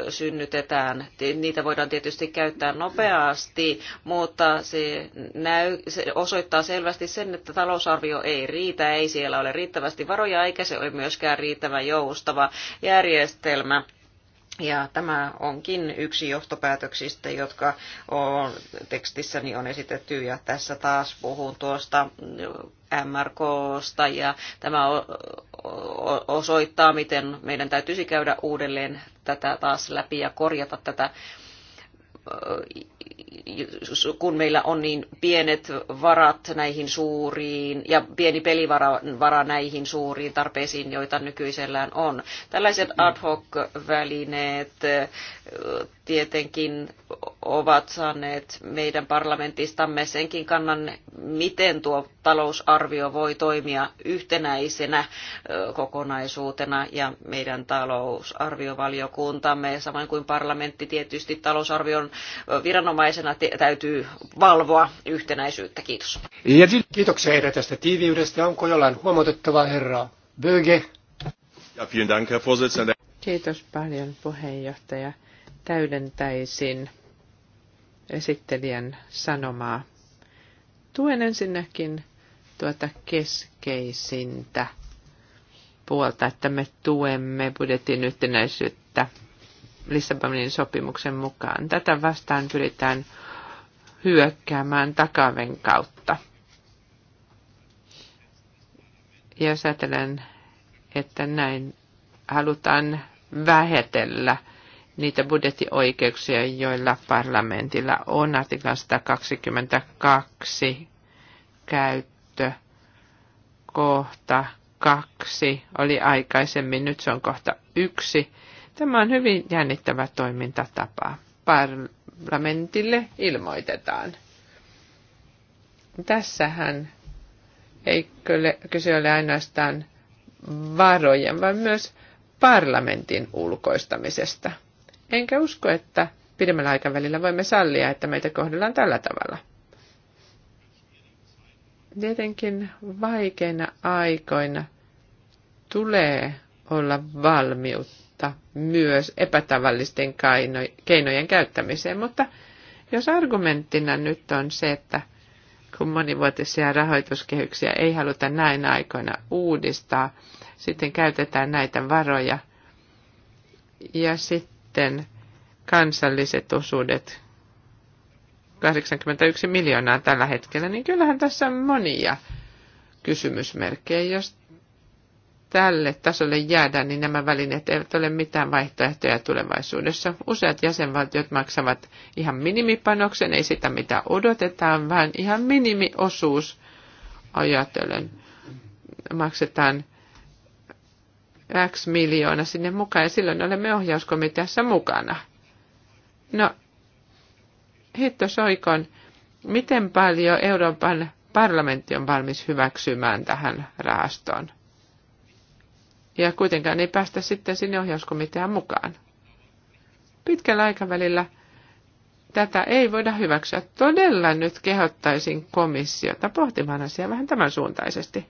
synnytetään. Niitä voidaan tietysti käyttää nopeasti, mutta se, näy, se osoittaa selvästi sen, että talousarvio ei riitä, ei siellä ole riittävästi varoja, eikä se ole myöskään riittävä joustava järjestelmä. Ja tämä onkin yksi johtopäätöksistä, jotka on, tekstissäni niin on esitetty ja tässä taas puhun tuosta MRKsta ja tämä osoittaa, miten meidän täytyisi käydä uudelleen tätä taas läpi ja korjata tätä kun meillä on niin pienet varat näihin suuriin ja pieni pelivara vara näihin suuriin tarpeisiin, joita nykyisellään on. Tällaiset ad hoc-välineet tietenkin ovat saaneet meidän parlamentistamme senkin kannan, miten tuo talousarvio voi toimia yhtenäisenä kokonaisuutena ja meidän talousarviovaliokuntamme, samoin kuin parlamentti tietysti talousarvion viranomaisuudessa viranomaisena täytyy valvoa yhtenäisyyttä. Kiitos. Kiitoksia herra tästä tiiviydestä. Onko jollain huomautettavaa herra Böge? Ja, dank, herr Kiitos paljon puheenjohtaja. Täydentäisin esittelijän sanomaa. Tuen ensinnäkin tuota keskeisintä puolta, että me tuemme budjetin yhtenäisyyttä Lissabonin sopimuksen mukaan. Tätä vastaan pyritään hyökkäämään takaven kautta. Ja jos että näin halutaan vähetellä niitä budjettioikeuksia, joilla parlamentilla on artikla 122 käyttö kohta kaksi oli aikaisemmin, nyt se on kohta yksi Tämä on hyvin jännittävä toimintatapa. Parlamentille ilmoitetaan. Tässähän ei kyse ole ainoastaan varojen, vaan myös parlamentin ulkoistamisesta. Enkä usko, että pidemmällä aikavälillä voimme sallia, että meitä kohdellaan tällä tavalla. Tietenkin vaikeina aikoina tulee olla valmiutta valmiutta myös epätavallisten keinojen käyttämiseen, mutta jos argumenttina nyt on se, että kun monivuotisia rahoituskehyksiä ei haluta näin aikoina uudistaa, sitten käytetään näitä varoja ja sitten kansalliset osuudet 81 miljoonaa tällä hetkellä, niin kyllähän tässä on monia kysymysmerkkejä, jos tälle tasolle jäädään, niin nämä välineet eivät ole mitään vaihtoehtoja tulevaisuudessa. Useat jäsenvaltiot maksavat ihan minimipanoksen, ei sitä mitä odotetaan, vaan ihan minimiosuus ajatellen maksetaan X miljoona sinne mukaan ja silloin olemme ohjauskomiteassa mukana. No, hitto soikon, miten paljon Euroopan parlamentti on valmis hyväksymään tähän rahastoon? ja kuitenkaan ei päästä sitten sinne ohjauskomitean mukaan. Pitkällä aikavälillä tätä ei voida hyväksyä. Todella nyt kehottaisin komissiota pohtimaan asiaa vähän tämän suuntaisesti,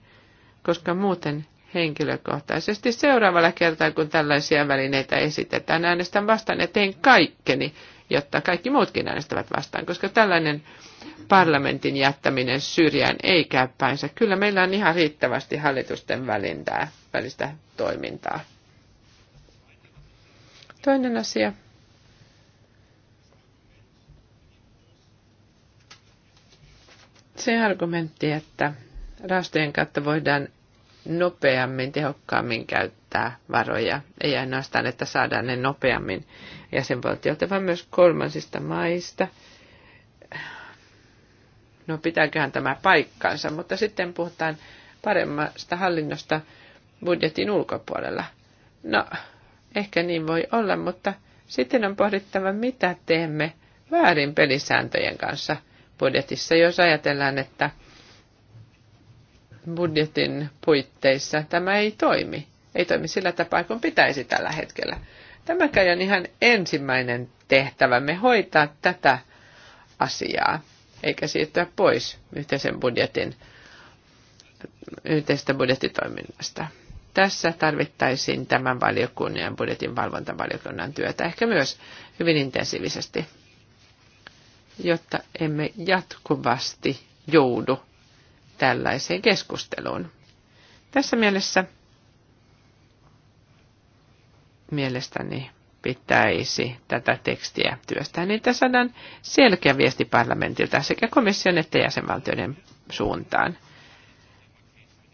koska muuten henkilökohtaisesti seuraavalla kertaa, kun tällaisia välineitä esitetään, äänestän vastaan ja teen kaikkeni, jotta kaikki muutkin äänestävät vastaan, koska tällainen parlamentin jättäminen syrjään ei käy päinsä. Kyllä meillä on ihan riittävästi hallitusten välintää, välistä toimintaa. Toinen asia. Se argumentti, että rastojen kautta voidaan nopeammin, tehokkaammin käyttää varoja. Ei ainoastaan, että saadaan ne nopeammin jäsenvaltiolta, vaan myös kolmansista maista. No pitääköhän tämä paikkansa, mutta sitten puhutaan paremmasta hallinnosta budjetin ulkopuolella. No, ehkä niin voi olla, mutta sitten on pohdittava, mitä teemme väärin pelisääntöjen kanssa budjetissa, jos ajatellaan, että – budjetin puitteissa tämä ei toimi. Ei toimi sillä tapaa, kun pitäisi tällä hetkellä. Tämäkään on ihan ensimmäinen tehtävämme hoitaa tätä asiaa, eikä siirtyä pois yhteisen budjetin, yhteisestä budjettitoiminnasta. Tässä tarvittaisiin tämän valiokunnan budjetin valvontavaliokunnan työtä ehkä myös hyvin intensiivisesti, jotta emme jatkuvasti joudu tällaiseen keskusteluun. Tässä mielessä mielestäni pitäisi tätä tekstiä työstää, niin että saadaan selkeä viesti parlamentilta sekä komission että jäsenvaltioiden suuntaan,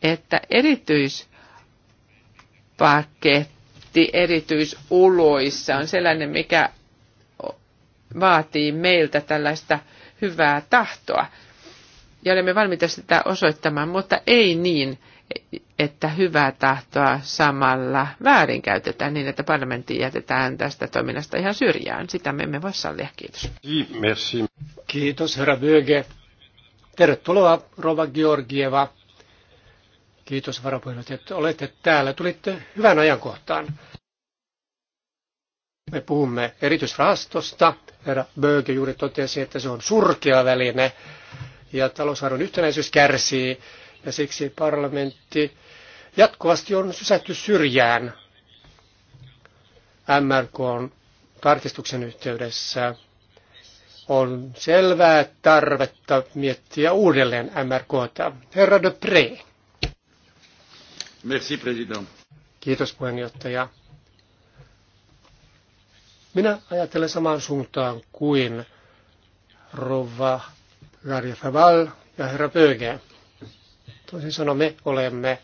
että erityispaketti erityisuloissa on sellainen, mikä vaatii meiltä tällaista hyvää tahtoa ja olemme valmiita sitä osoittamaan, mutta ei niin, että hyvää tahtoa samalla väärinkäytetään niin, että parlamentti jätetään tästä toiminnasta ihan syrjään. Sitä me emme voi sallia. Kiitos. Merci. Kiitos, herra Böge. Tervetuloa, Rova Georgieva. Kiitos, varapuheenjohtaja, että olette täällä. Tulitte hyvän ajankohtaan. Me puhumme erityisrahastosta. Herra Böge juuri totesi, että se on surkea väline ja talousarvon yhtenäisyys kärsii ja siksi parlamentti jatkuvasti on sysätty syrjään MRKn tarkistuksen yhteydessä. On selvää tarvetta miettiä uudelleen MRKta. Herra de Pre. Merci, president. Kiitos puheenjohtaja. Minä ajattelen samaan suuntaan kuin Rova Radio Faval ja herra Böge. Toisin sanoen me olemme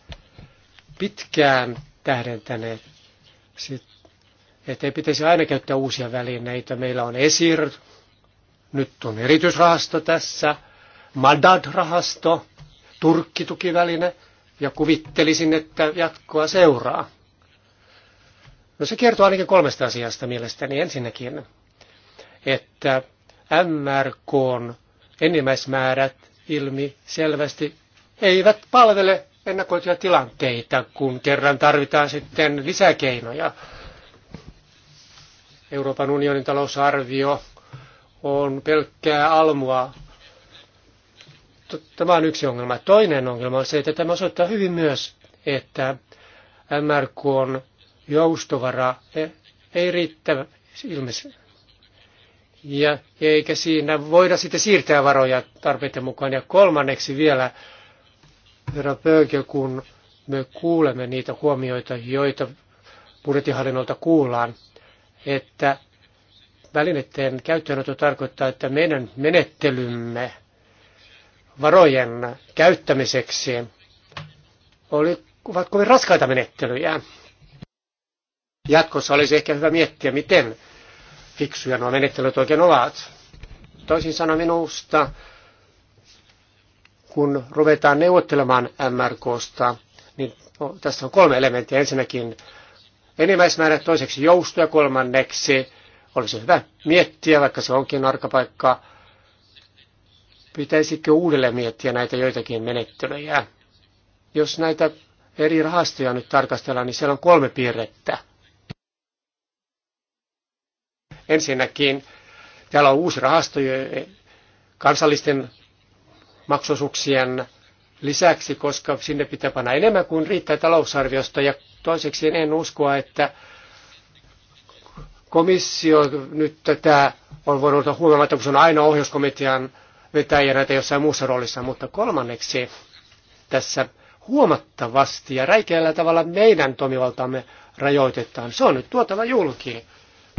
pitkään tähdentäneet, että ei pitäisi aina käyttää uusia välineitä. Meillä on ESIR, nyt on erityisrahasto tässä, Madad-rahasto, Turkki-tukiväline, ja kuvittelisin, että jatkoa seuraa. No se kertoo ainakin kolmesta asiasta mielestäni. Ensinnäkin, että MRK on enimmäismäärät ilmi selvästi eivät palvele ennakoituja tilanteita, kun kerran tarvitaan sitten lisäkeinoja. Euroopan unionin talousarvio on pelkkää almua. Tämä on yksi ongelma. Toinen ongelma on se, että tämä osoittaa hyvin myös, että MRK on joustovara e- ei riittävä ilmeisesti ja eikä siinä voida sitten siirtää varoja tarpeiden mukaan. Ja kolmanneksi vielä, herra Pöökö, kun me kuulemme niitä huomioita, joita budjettihallinnolta kuullaan, että välineiden käyttöönotto tarkoittaa, että meidän menettelymme varojen käyttämiseksi oli, ovat kovin raskaita menettelyjä. Jatkossa olisi ehkä hyvä miettiä, miten fiksuja nuo menettelyt oikein ovat. Toisin sanoen minusta, kun ruvetaan neuvottelemaan MRKsta, niin no, tässä on kolme elementtiä. Ensinnäkin enimmäismäärä, toiseksi jousto ja kolmanneksi olisi hyvä miettiä, vaikka se onkin arkapaikka, pitäisikö uudelleen miettiä näitä joitakin menettelyjä. Jos näitä eri rahastoja nyt tarkastellaan, niin siellä on kolme piirrettä – Ensinnäkin täällä on uusi rahasto kansallisten maksuosuuksien lisäksi, koska sinne pitää panna enemmän kuin riittää talousarviosta. Ja toiseksi en uskoa, että komissio nyt tätä on voinut olla huomioon, kun se on aina ohjauskomitean vetäjänä tai jossain muussa roolissa. Mutta kolmanneksi tässä huomattavasti ja räikeällä tavalla meidän toimivaltaamme rajoitetaan. Se on nyt tuotava julki.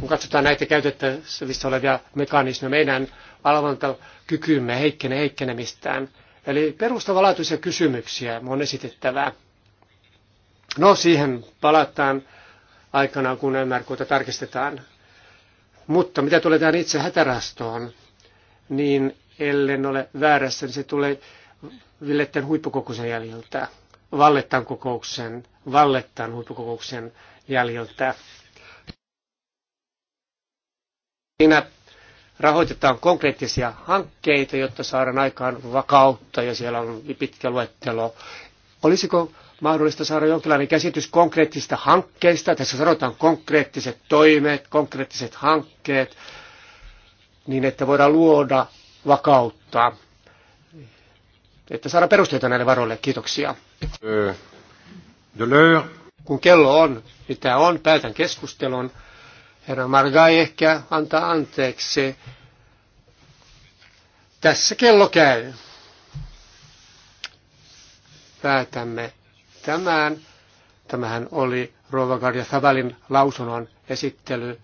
Kun katsotaan näitä käytettävissä olevia mekanismeja, meidän valvontakykymme heikkenee heikkenemistään. Eli perustavanlaatuisia kysymyksiä on esitettävää. No siihen palataan aikana, kun MRKta tarkistetaan. Mutta mitä tulee tähän itse hätärastoon, niin ellen ole väärässä, niin se tulee Villetten huippukokouksen jäljiltä, Vallettan kokouksen, Vallettan huippukokouksen jäljiltä. Siinä rahoitetaan konkreettisia hankkeita, jotta saadaan aikaan vakautta ja siellä on pitkä luettelo. Olisiko mahdollista saada jonkinlainen käsitys konkreettista hankkeista? Tässä sanotaan konkreettiset toimet, konkreettiset hankkeet, niin että voidaan luoda vakautta. Että saada perusteita näille varoille. Kiitoksia. Kun kello on, mitä on, päätän keskustelun. Herra Margai ehkä antaa anteeksi. Tässä kello käy. Päätämme tämän. Tämähän oli Rovagarja Savalin lausunnon esittely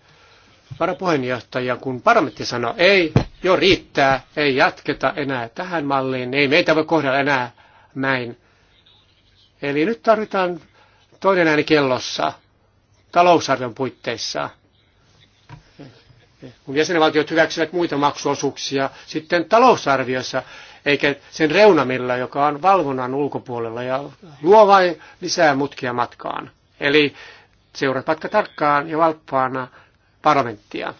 varapuheenjohtaja, kun parlamentti sanoi, ei, jo riittää, ei jatketa enää tähän malliin, ei meitä voi kohdella enää näin. Eli nyt tarvitaan toinen ääni kellossa, talousarvion puitteissa kun jäsenvaltiot hyväksyvät muita maksuosuuksia sitten talousarviossa, eikä sen reunamilla, joka on valvonnan ulkopuolella ja luo vain lisää mutkia matkaan. Eli seuraatpa tarkkaan ja valppaana parlamenttia.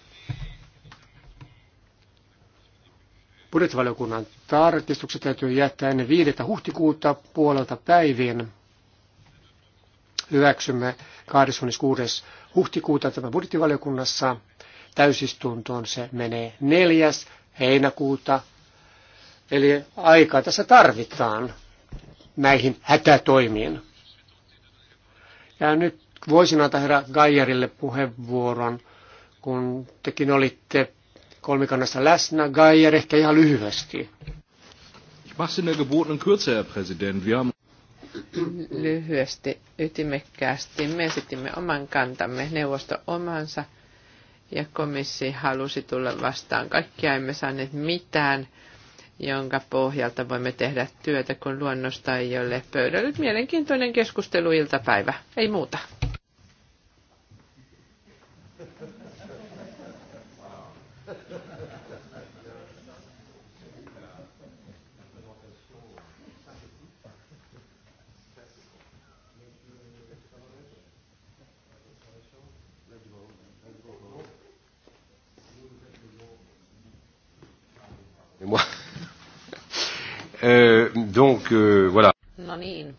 Budjettivaliokunnan tarkistukset täytyy jättää ennen 5. huhtikuuta puolelta päivin. Hyväksymme 26. huhtikuuta tämä budjettivaliokunnassa täysistuntoon se menee 4. heinäkuuta. Eli aikaa tässä tarvitaan näihin hätätoimiin. Ja nyt voisin antaa herra Gaijarille puheenvuoron, kun tekin olitte kolmikannassa läsnä. Gaijar ehkä ihan lyhyesti. Lyhyesti, ytimekkäästi. Me esitimme oman kantamme, neuvosto omansa – ja komissi halusi tulla vastaan. Kaikkia emme saaneet mitään, jonka pohjalta voimme tehdä työtä, kun luonnosta ei ole pöydällä. Mielenkiintoinen keskusteluiltapäivä, ei muuta. Euh, donc, euh, voilà. No niin.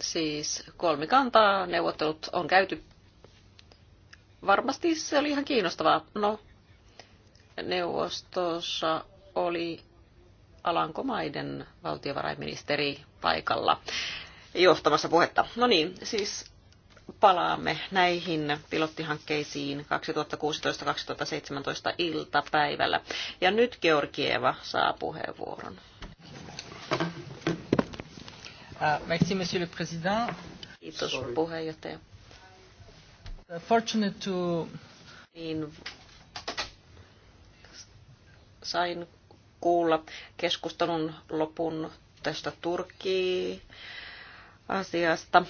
Siis kolmikantaa neuvottelut on käyty. Varmasti se oli ihan kiinnostavaa. No, neuvostossa oli Alankomaiden valtiovarainministeri paikalla johtamassa puhetta. No niin, siis palaamme näihin pilottihankkeisiin 2016-2017 iltapäivällä. Ja nyt Georgieva saa puheenvuoron. Ah, merci, monsieur le président. Kiitos puheenjohtaja. Uh, fortunate to... Niin, sain kuulla keskustelun lopun tästä Turkki-asiasta.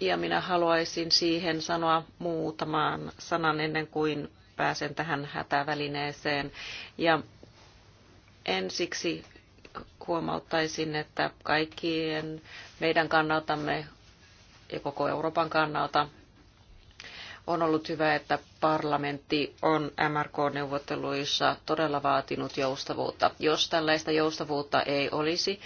Ja minä haluaisin siihen sanoa muutaman sanan ennen kuin pääsen tähän hätävälineeseen. Ja ensiksi huomauttaisin, että kaikkien meidän kannaltamme ja koko Euroopan kannalta on ollut hyvä, että parlamentti on MRK-neuvotteluissa todella vaatinut joustavuutta. Jos tällaista joustavuutta ei olisi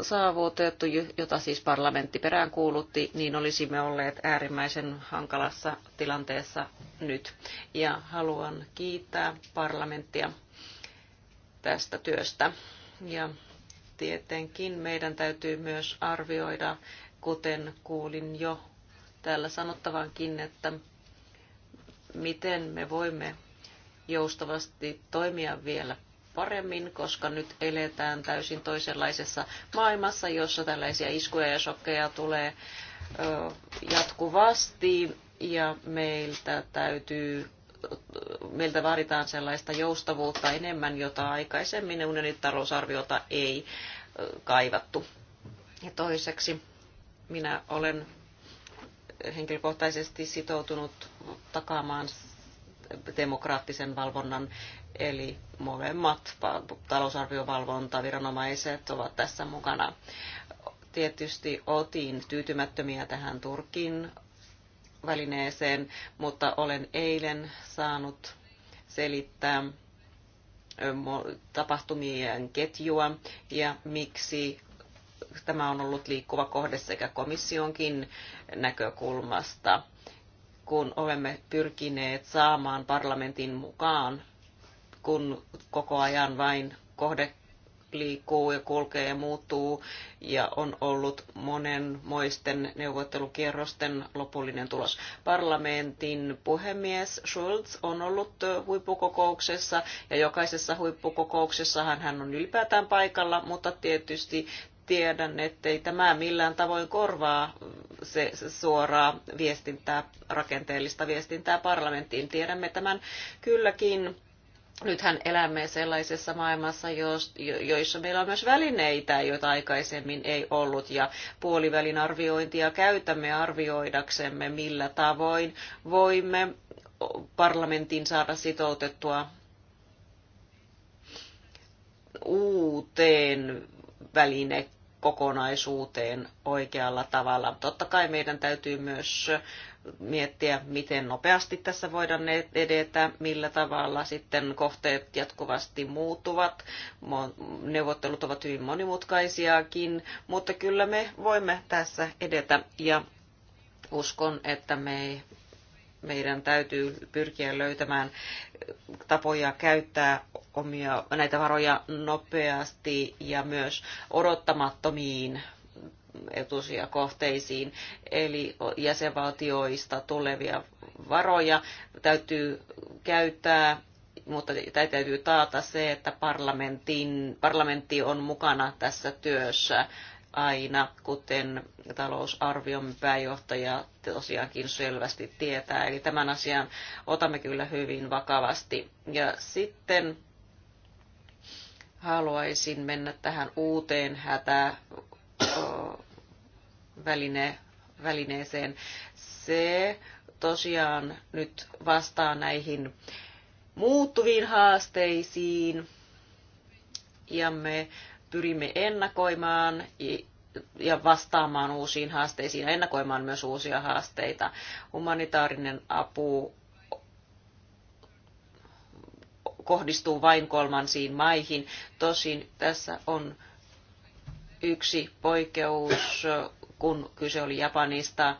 saavutettu, jota siis parlamentti peräänkuulutti, niin olisimme olleet äärimmäisen hankalassa tilanteessa nyt. Ja haluan kiittää parlamenttia tästä työstä. Ja tietenkin meidän täytyy myös arvioida, kuten kuulin jo täällä sanottavankin, että miten me voimme joustavasti toimia vielä paremmin, koska nyt eletään täysin toisenlaisessa maailmassa, jossa tällaisia iskuja ja sokkeja tulee jatkuvasti ja meiltä täytyy meiltä vaaditaan sellaista joustavuutta enemmän, jota aikaisemmin unionin talousarviota ei kaivattu. Ja toiseksi minä olen henkilökohtaisesti sitoutunut takaamaan demokraattisen valvonnan, eli molemmat viranomaiset ovat tässä mukana. Tietysti otin tyytymättömiä tähän Turkin välineeseen, mutta olen eilen saanut selittää tapahtumien ketjua ja miksi tämä on ollut liikkuva kohde sekä komissionkin näkökulmasta, kun olemme pyrkineet saamaan parlamentin mukaan, kun koko ajan vain kohde liikkuu ja kulkee ja muuttuu ja on ollut monenmoisten neuvottelukierrosten lopullinen tulos. Parlamentin puhemies Schulz on ollut huippukokouksessa ja jokaisessa huippukokouksessahan hän on ylipäätään paikalla, mutta tietysti tiedän, ettei tämä millään tavoin korvaa se, se suoraa viestintää, rakenteellista viestintää parlamenttiin. Tiedämme tämän kylläkin Nythän elämme sellaisessa maailmassa, joissa meillä on myös välineitä, joita aikaisemmin ei ollut, ja puolivälin arviointia käytämme arvioidaksemme, millä tavoin voimme parlamentin saada sitoutettua uuteen välinekokonaisuuteen oikealla tavalla. Totta kai meidän täytyy myös miettiä, miten nopeasti tässä voidaan edetä, millä tavalla sitten kohteet jatkuvasti muuttuvat. Neuvottelut ovat hyvin monimutkaisiakin, mutta kyllä me voimme tässä edetä ja uskon, että me meidän täytyy pyrkiä löytämään tapoja käyttää omia näitä varoja nopeasti ja myös odottamattomiin etusia kohteisiin, eli jäsenvaltioista tulevia varoja täytyy käyttää mutta täytyy taata se, että parlamentin, parlamentti on mukana tässä työssä aina, kuten talousarvion pääjohtaja tosiaankin selvästi tietää. Eli tämän asian otamme kyllä hyvin vakavasti. Ja sitten haluaisin mennä tähän uuteen hätä väline, välineeseen. Se tosiaan nyt vastaa näihin muuttuviin haasteisiin ja me pyrimme ennakoimaan ja vastaamaan uusiin haasteisiin ja ennakoimaan myös uusia haasteita. Humanitaarinen apu kohdistuu vain kolmansiin maihin. Tosin tässä on yksi poikkeus kun kyse oli Japanista.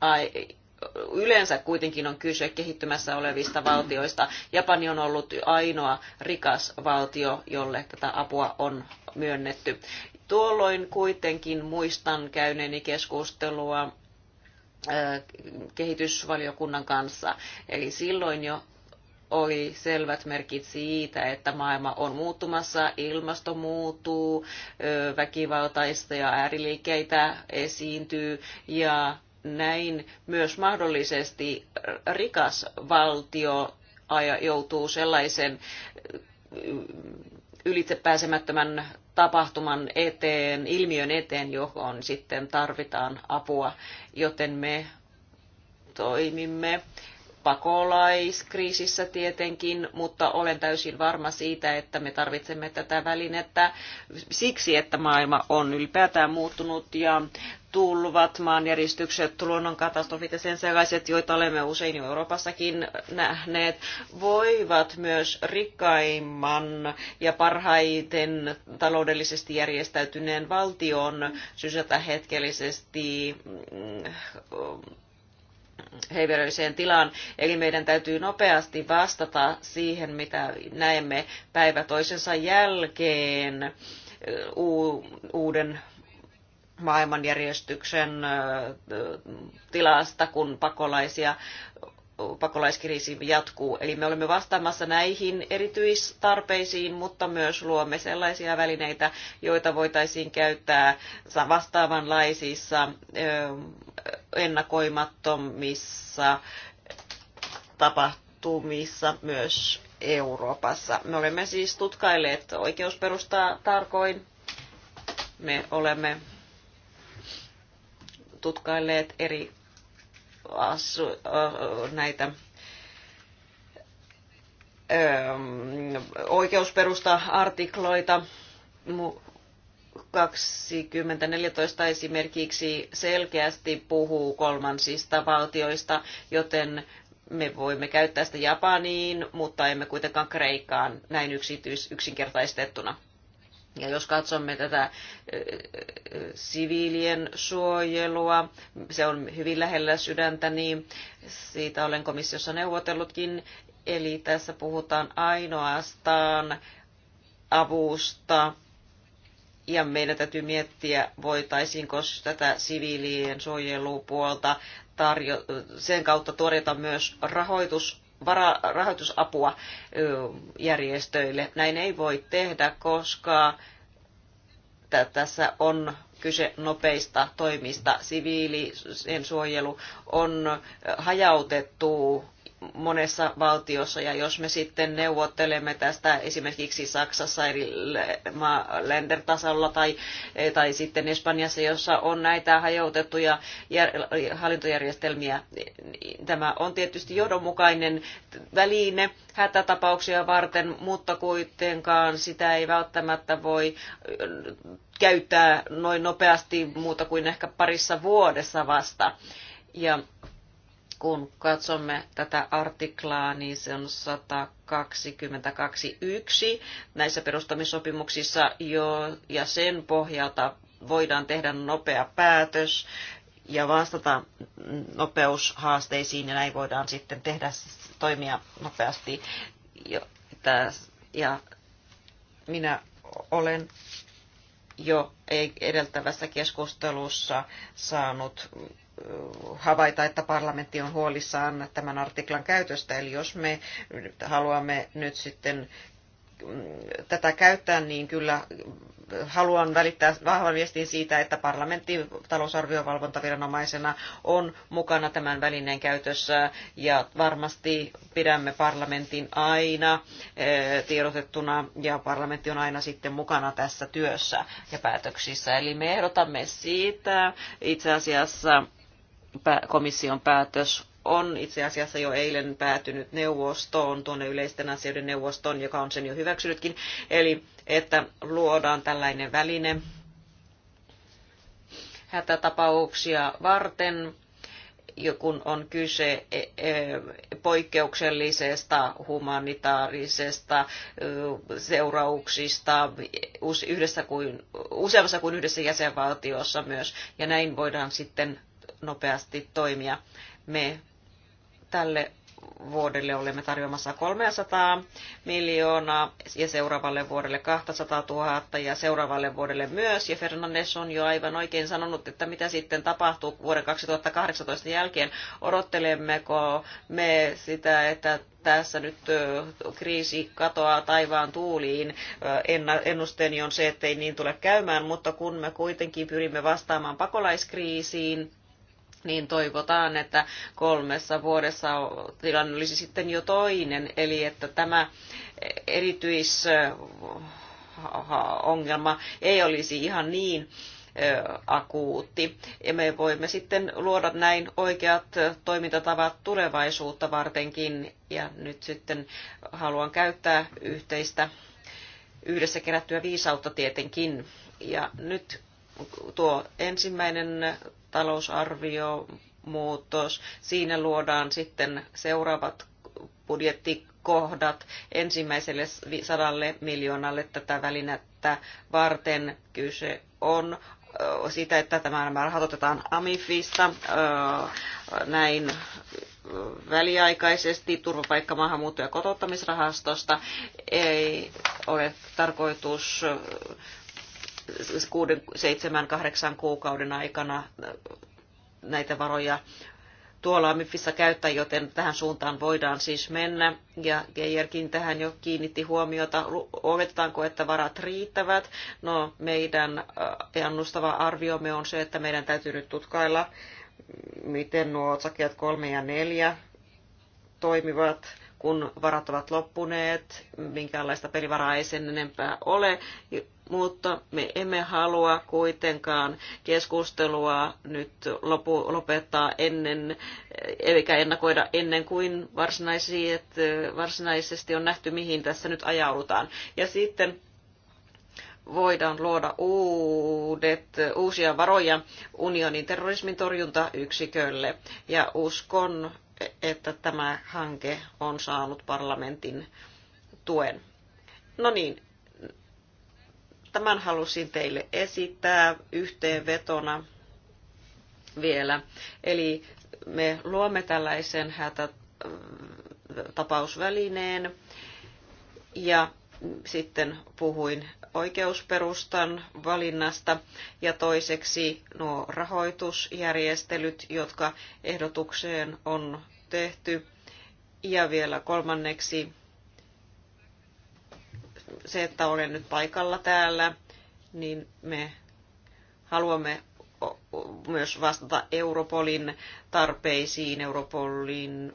Ai, yleensä kuitenkin on kyse kehittymässä olevista valtioista. Japani on ollut ainoa rikas valtio, jolle tätä apua on myönnetty. Tuolloin kuitenkin muistan käyneeni keskustelua äh, kehitysvaliokunnan kanssa. Eli silloin jo oli selvät merkit siitä, että maailma on muuttumassa, ilmasto muuttuu, väkivaltaista ja ääriliikkeitä esiintyy ja näin myös mahdollisesti rikas valtio joutuu sellaisen ylitsepääsemättömän tapahtuman eteen, ilmiön eteen, johon sitten tarvitaan apua, joten me toimimme pakolaiskriisissä tietenkin, mutta olen täysin varma siitä, että me tarvitsemme tätä välinettä siksi, että maailma on ylipäätään muuttunut ja tulvat, maanjäristykset, luonnonkatastrofit ja sen sellaiset, joita olemme usein jo Euroopassakin nähneet, voivat myös rikkaimman ja parhaiten taloudellisesti järjestäytyneen valtion sysätä hetkellisesti mm, heiveröiseen tilaan. Eli meidän täytyy nopeasti vastata siihen, mitä näemme päivä toisensa jälkeen uuden maailmanjärjestyksen tilasta, kun pakolaisia pakolaiskriisi jatkuu. Eli me olemme vastaamassa näihin erityistarpeisiin, mutta myös luomme sellaisia välineitä, joita voitaisiin käyttää vastaavanlaisissa ennakoimattomissa tapahtumissa myös Euroopassa. Me olemme siis tutkailleet oikeusperustaa tarkoin. Me olemme tutkailleet eri asu, näitä oikeusperusta artikloita 2014 esimerkiksi selkeästi puhuu kolmansista valtioista, joten me voimme käyttää sitä Japaniin, mutta emme kuitenkaan Kreikkaan näin yksityis- yksinkertaistettuna. Ja jos katsomme tätä siviilien suojelua, se on hyvin lähellä sydäntä, niin siitä olen komissiossa neuvotellutkin. Eli tässä puhutaan ainoastaan avusta ja meidän täytyy miettiä, voitaisiinko tätä siviilien suojelupuolta tarjo- sen kautta torjata myös rahoitus rahoitusapua järjestöille. Näin ei voi tehdä, koska tässä on kyse nopeista toimista. Siviilien suojelu on hajautettu monessa valtiossa. Ja jos me sitten neuvottelemme tästä esimerkiksi Saksassa eri ländertasolla tai, tai sitten Espanjassa, jossa on näitä hajautettuja hallintojärjestelmiä, niin tämä on tietysti johdonmukainen väline hätätapauksia varten, mutta kuitenkaan sitä ei välttämättä voi käyttää noin nopeasti muuta kuin ehkä parissa vuodessa vasta. Ja kun katsomme tätä artiklaa, niin se on 122.1 näissä perustamissopimuksissa jo, ja sen pohjalta voidaan tehdä nopea päätös ja vastata nopeushaasteisiin ja näin voidaan sitten tehdä toimia nopeasti. Ja minä olen jo edeltävässä keskustelussa saanut havaita, että parlamentti on huolissaan tämän artiklan käytöstä. Eli jos me haluamme nyt sitten mm, tätä käyttää, niin kyllä haluan välittää vahvan viestin siitä, että parlamentti talousarviovalvontaviranomaisena on mukana tämän välineen käytössä ja varmasti pidämme parlamentin aina eh, tiedotettuna ja parlamentti on aina sitten mukana tässä työssä ja päätöksissä. Eli me ehdotamme siitä itse asiassa komission päätös on itse asiassa jo eilen päätynyt neuvostoon, tuonne yleisten asioiden neuvostoon, joka on sen jo hyväksynytkin. Eli että luodaan tällainen väline hätätapauksia varten, kun on kyse e, e, poikkeuksellisesta humanitaarisesta seurauksista yhdessä kuin, useammassa kuin yhdessä jäsenvaltiossa myös. Ja näin voidaan sitten nopeasti toimia. Me tälle vuodelle olemme tarjoamassa 300 miljoonaa ja seuraavalle vuodelle 200 000 ja seuraavalle vuodelle myös. Ja Fernandes on jo aivan oikein sanonut, että mitä sitten tapahtuu vuoden 2018 jälkeen. Odottelemmeko me sitä, että tässä nyt kriisi katoaa taivaan tuuliin. Ennusteeni on se, ettei niin tule käymään, mutta kun me kuitenkin pyrimme vastaamaan pakolaiskriisiin, niin toivotaan, että kolmessa vuodessa tilanne olisi sitten jo toinen, eli että tämä erityisongelma ei olisi ihan niin akuutti. Ja me voimme sitten luoda näin oikeat toimintatavat tulevaisuutta vartenkin. Ja nyt sitten haluan käyttää yhteistä yhdessä kerättyä viisautta tietenkin. Ja nyt tuo ensimmäinen talousarvio muutos. Siinä luodaan sitten seuraavat budjettikohdat ensimmäiselle sadalle miljoonalle tätä välinettä varten. Kyse on siitä, että tämä rahat otetaan Amifista näin väliaikaisesti turvapaikka, maahanmuutto- ja kotouttamisrahastosta ei ole tarkoitus kuuden, seitsemän, kahdeksan kuukauden aikana näitä varoja tuolla MIFissä käyttää, joten tähän suuntaan voidaan siis mennä. Ja Geijerkin tähän jo kiinnitti huomiota, oletetaanko, että varat riittävät. No, meidän äh, ennustava arviomme on se, että meidän täytyy nyt tutkailla, miten nuo otsakkeet kolme ja neljä toimivat kun varat ovat loppuneet, minkäänlaista pelivaraa ei sen enempää ole, mutta me emme halua kuitenkaan keskustelua nyt lopu, lopettaa ennen, eikä ennakoida ennen kuin varsinaisesti on nähty, mihin tässä nyt ajaudutaan. Ja sitten voidaan luoda uudet, uusia varoja unionin terrorismin torjuntayksikölle. Ja uskon, että tämä hanke on saanut parlamentin tuen. No niin, tämän halusin teille esittää yhteenvetona vielä. Eli me luomme tällaisen hätätapausvälineen ja sitten puhuin oikeusperustan valinnasta ja toiseksi nuo rahoitusjärjestelyt, jotka ehdotukseen on tehty. Ja vielä kolmanneksi se, että olen nyt paikalla täällä, niin me haluamme myös vastata Europolin tarpeisiin, Europolin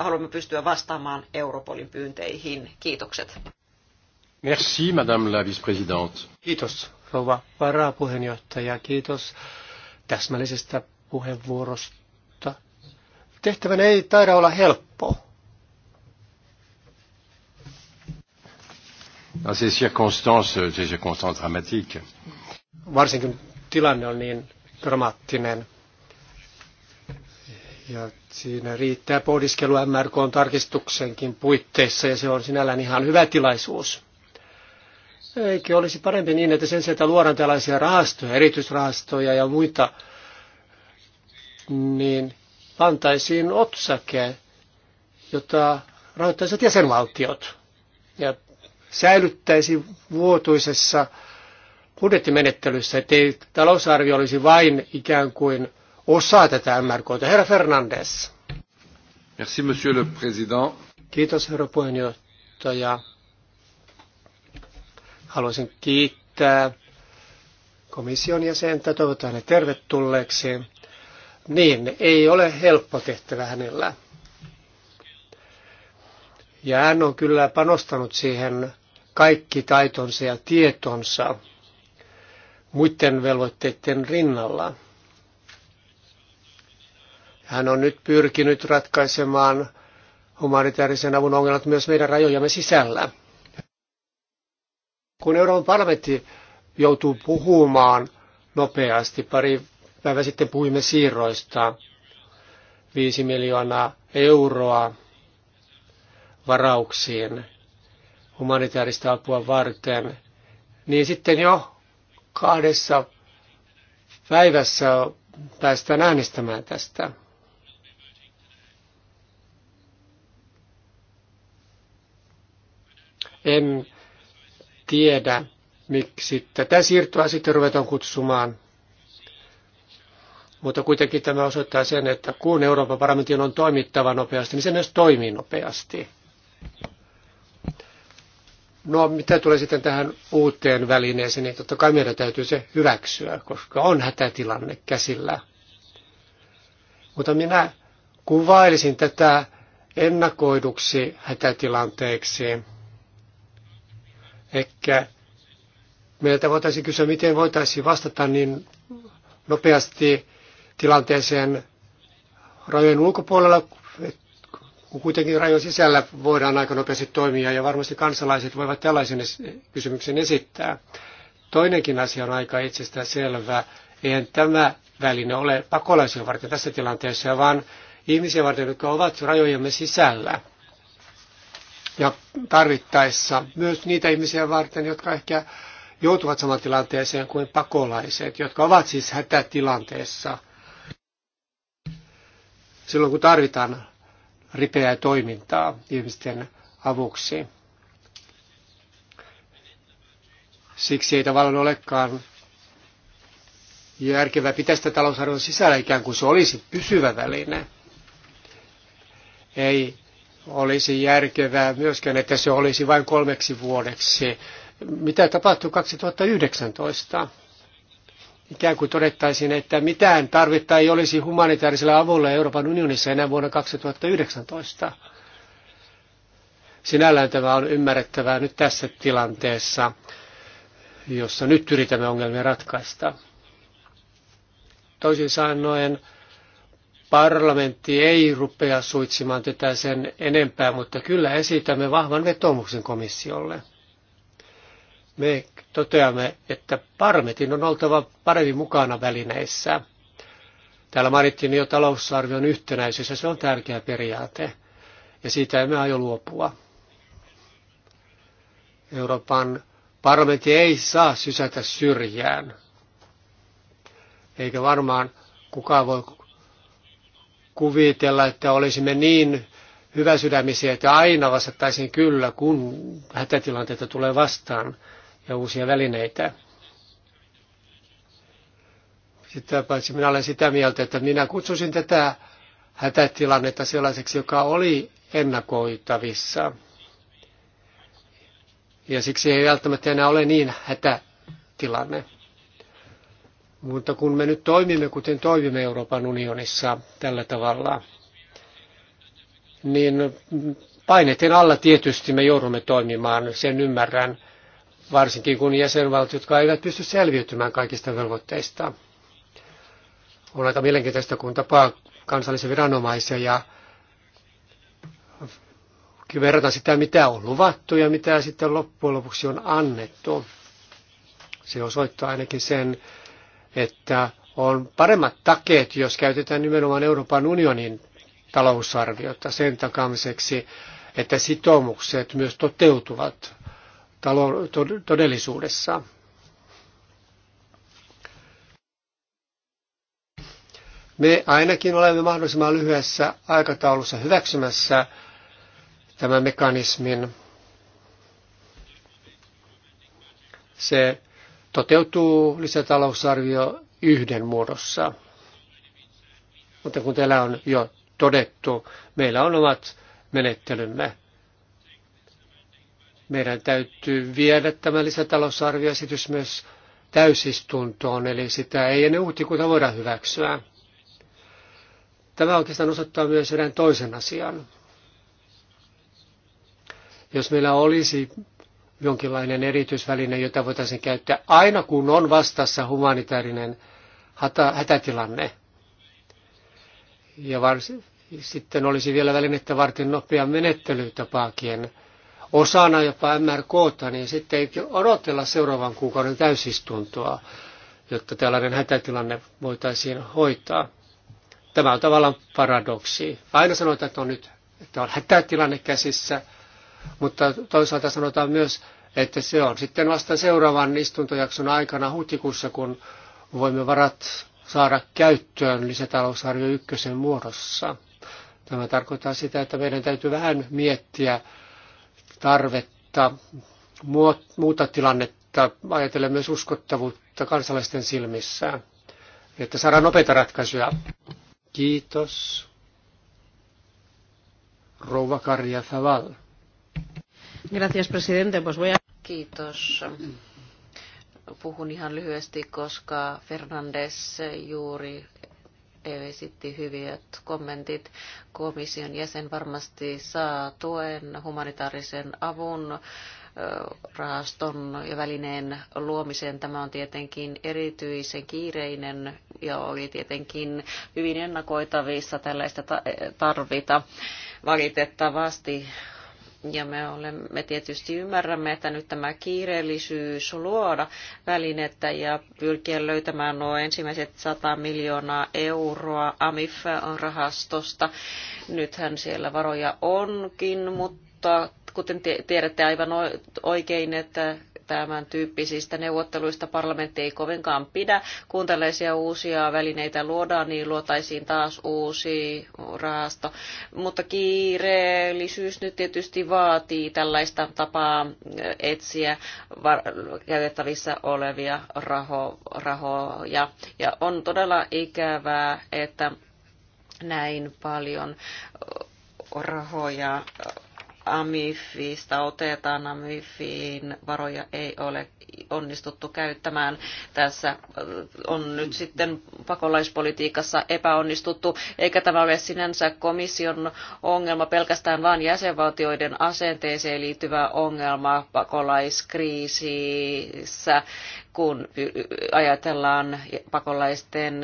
haluamme pystyä vastaamaan Europolin pyynteihin. Kiitokset. Merci, madame la vice-présidente. Kiitos, rouva varapuheenjohtaja. Kiitos täsmällisestä puheenvuorosta. Tehtävän ei taida olla helppo. Dans ces circonstances, ces circonstances dramatiques. Varsinkin tilanne on niin dramaattinen. Ja siinä riittää pohdiskelu on tarkistuksenkin puitteissa ja se on sinällään ihan hyvä tilaisuus. Eikö olisi parempi niin, että sen sijaan, luodaan tällaisia rahastoja, erityisrahastoja ja muita, niin antaisiin otsake, jota rahoittaisivat jäsenvaltiot ja säilyttäisi vuotuisessa budjettimenettelyssä, ettei talousarvio olisi vain ikään kuin osa tätä MRKta. Herra Fernandes. Merci, monsieur le président. Kiitos, herra puheenjohtaja. Haluaisin kiittää komission jäsentä, toivotan hänet tervetulleeksi. Niin, ei ole helppo tehtävä hänellä. Ja hän on kyllä panostanut siihen kaikki taitonsa ja tietonsa muiden velvoitteiden rinnalla. Hän on nyt pyrkinyt ratkaisemaan humanitaarisen avun ongelmat myös meidän rajojamme sisällä. Kun Euroopan parlamentti joutuu puhumaan nopeasti, pari päivä sitten puhuimme siirroista, 5 miljoonaa euroa varauksiin humanitaarista apua varten, niin sitten jo kahdessa päivässä päästään äänestämään tästä. En tiedä, miksi tätä siirtoa sitten ruvetaan kutsumaan. Mutta kuitenkin tämä osoittaa sen, että kun Euroopan parlamentin on toimittava nopeasti, niin se myös toimii nopeasti. No mitä tulee sitten tähän uuteen välineeseen, niin totta kai meidän täytyy se hyväksyä, koska on hätätilanne käsillä. Mutta minä kuvailisin tätä ennakoiduksi hätätilanteeksi. Ehkä meiltä voitaisiin kysyä, miten voitaisiin vastata niin nopeasti tilanteeseen rajojen ulkopuolella, kun kuitenkin rajojen sisällä voidaan aika nopeasti toimia ja varmasti kansalaiset voivat tällaisen kysymyksen esittää. Toinenkin asia on aika itsestään selvä. Eihän tämä väline ole pakolaisia varten tässä tilanteessa, vaan ihmisiä varten, jotka ovat rajojemme sisällä ja tarvittaessa myös niitä ihmisiä varten, jotka ehkä joutuvat samaan tilanteeseen kuin pakolaiset, jotka ovat siis hätätilanteessa silloin, kun tarvitaan ripeää toimintaa ihmisten avuksi. Siksi ei tavallaan olekaan järkevää pitää sitä talousarvon sisällä ikään kuin se olisi pysyvä väline. Ei olisi järkevää myöskään, että se olisi vain kolmeksi vuodeksi. Mitä tapahtui 2019? Ikään kuin todettaisiin, että mitään tarvetta ei olisi humanitaarisella avulla Euroopan unionissa enää vuonna 2019. Sinällään tämä on ymmärrettävää nyt tässä tilanteessa, jossa nyt yritämme ongelmia ratkaista. Toisin sanoen, Parlamentti ei rupea suitsimaan tätä sen enempää, mutta kyllä esitämme vahvan vetomuksen komissiolle. Me toteamme, että parlamentin on oltava paremmin mukana välineissä. Täällä mainittiin jo talousarvion yhtenäisyys ja se on tärkeä periaate. Ja siitä emme aio luopua. Euroopan parlamentti ei saa sysätä syrjään. Eikä varmaan kukaan voi kuvitella, että olisimme niin hyväsydämisiä, että aina vastattaisiin kyllä, kun hätätilanteita tulee vastaan ja uusia välineitä. Sitä paitsi minä olen sitä mieltä, että minä kutsusin tätä hätätilannetta sellaiseksi, joka oli ennakoitavissa. Ja siksi ei välttämättä enää ole niin hätätilanne. Mutta kun me nyt toimimme, kuten toimimme Euroopan unionissa tällä tavalla, niin paineiden alla tietysti me joudumme toimimaan, sen ymmärrän, varsinkin kun jäsenvaltiot, jotka eivät pysty selviytymään kaikista velvoitteista. On aika mielenkiintoista, kun tapaa kansallisia viranomaisia ja verrata sitä, mitä on luvattu ja mitä sitten loppujen lopuksi on annettu. Se osoittaa ainakin sen, että on paremmat takeet, jos käytetään nimenomaan Euroopan unionin talousarviota sen takamiseksi, että sitoumukset myös toteutuvat todellisuudessa. Me ainakin olemme mahdollisimman lyhyessä aikataulussa hyväksymässä tämän mekanismin. Se toteutuu lisätalousarvio yhden muodossa. Mutta kun täällä on jo todettu, meillä on omat menettelymme. Meidän täytyy viedä tämä lisätalousarvioesitys myös täysistuntoon, eli sitä ei ennen huhtikuuta voida hyväksyä. Tämä oikeastaan osoittaa myös erään toisen asian. Jos meillä olisi jonkinlainen erityisväline, jota voitaisiin käyttää aina kun on vastassa humanitaarinen hätätilanne. Ja vars, sitten olisi vielä välinettä varten nopea menettelytapaakin osana jopa MRK, niin sitten ei odotella seuraavan kuukauden täysistuntoa, jotta tällainen hätätilanne voitaisiin hoitaa. Tämä on tavallaan paradoksi. Aina sanotaan, että on nyt että on hätätilanne käsissä – mutta toisaalta sanotaan myös, että se on sitten vasta seuraavan istuntojakson aikana huhtikuussa, kun voimme varat saada käyttöön lisätalousarvio ykkösen muodossa. Tämä tarkoittaa sitä, että meidän täytyy vähän miettiä tarvetta muuta tilannetta, ajatella myös uskottavuutta kansalaisten silmissä, että saadaan nopeita ratkaisuja. Kiitos. Rouva Karja Faval. Gracias, presidente. Pues voy a... Kiitos. Puhun ihan lyhyesti, koska Fernandes juuri esitti hyviät kommentit. Komission jäsen varmasti saa tuen humanitaarisen avun rahaston ja välineen luomiseen. Tämä on tietenkin erityisen kiireinen ja oli tietenkin hyvin ennakoitavissa tällaista tarvita. Valitettavasti ja me, olemme, me tietysti ymmärrämme, että nyt tämä kiireellisyys luoda välinettä ja pyrkiä löytämään nuo ensimmäiset 100 miljoonaa euroa AMIF-rahastosta. Nythän siellä varoja onkin, mutta kuten tiedätte aivan oikein, että tämän tyyppisistä neuvotteluista parlamentti ei kovinkaan pidä. Kun tällaisia uusia välineitä luodaan, niin luotaisiin taas uusi rahasto. Mutta kiireellisyys nyt tietysti vaatii tällaista tapaa eh, etsiä käytettävissä olevia raho- rahoja. Ja on todella ikävää, että näin paljon eh, rahoja eh, AMIFista otetaan, amifiin varoja ei ole onnistuttu käyttämään. Tässä äh, on nyt sitten pakolaispolitiikassa epäonnistuttu, eikä tämä ole sinänsä komission ongelma pelkästään, vain jäsenvaltioiden asenteeseen liittyvä ongelma pakolaiskriisissä kun ajatellaan pakolaisten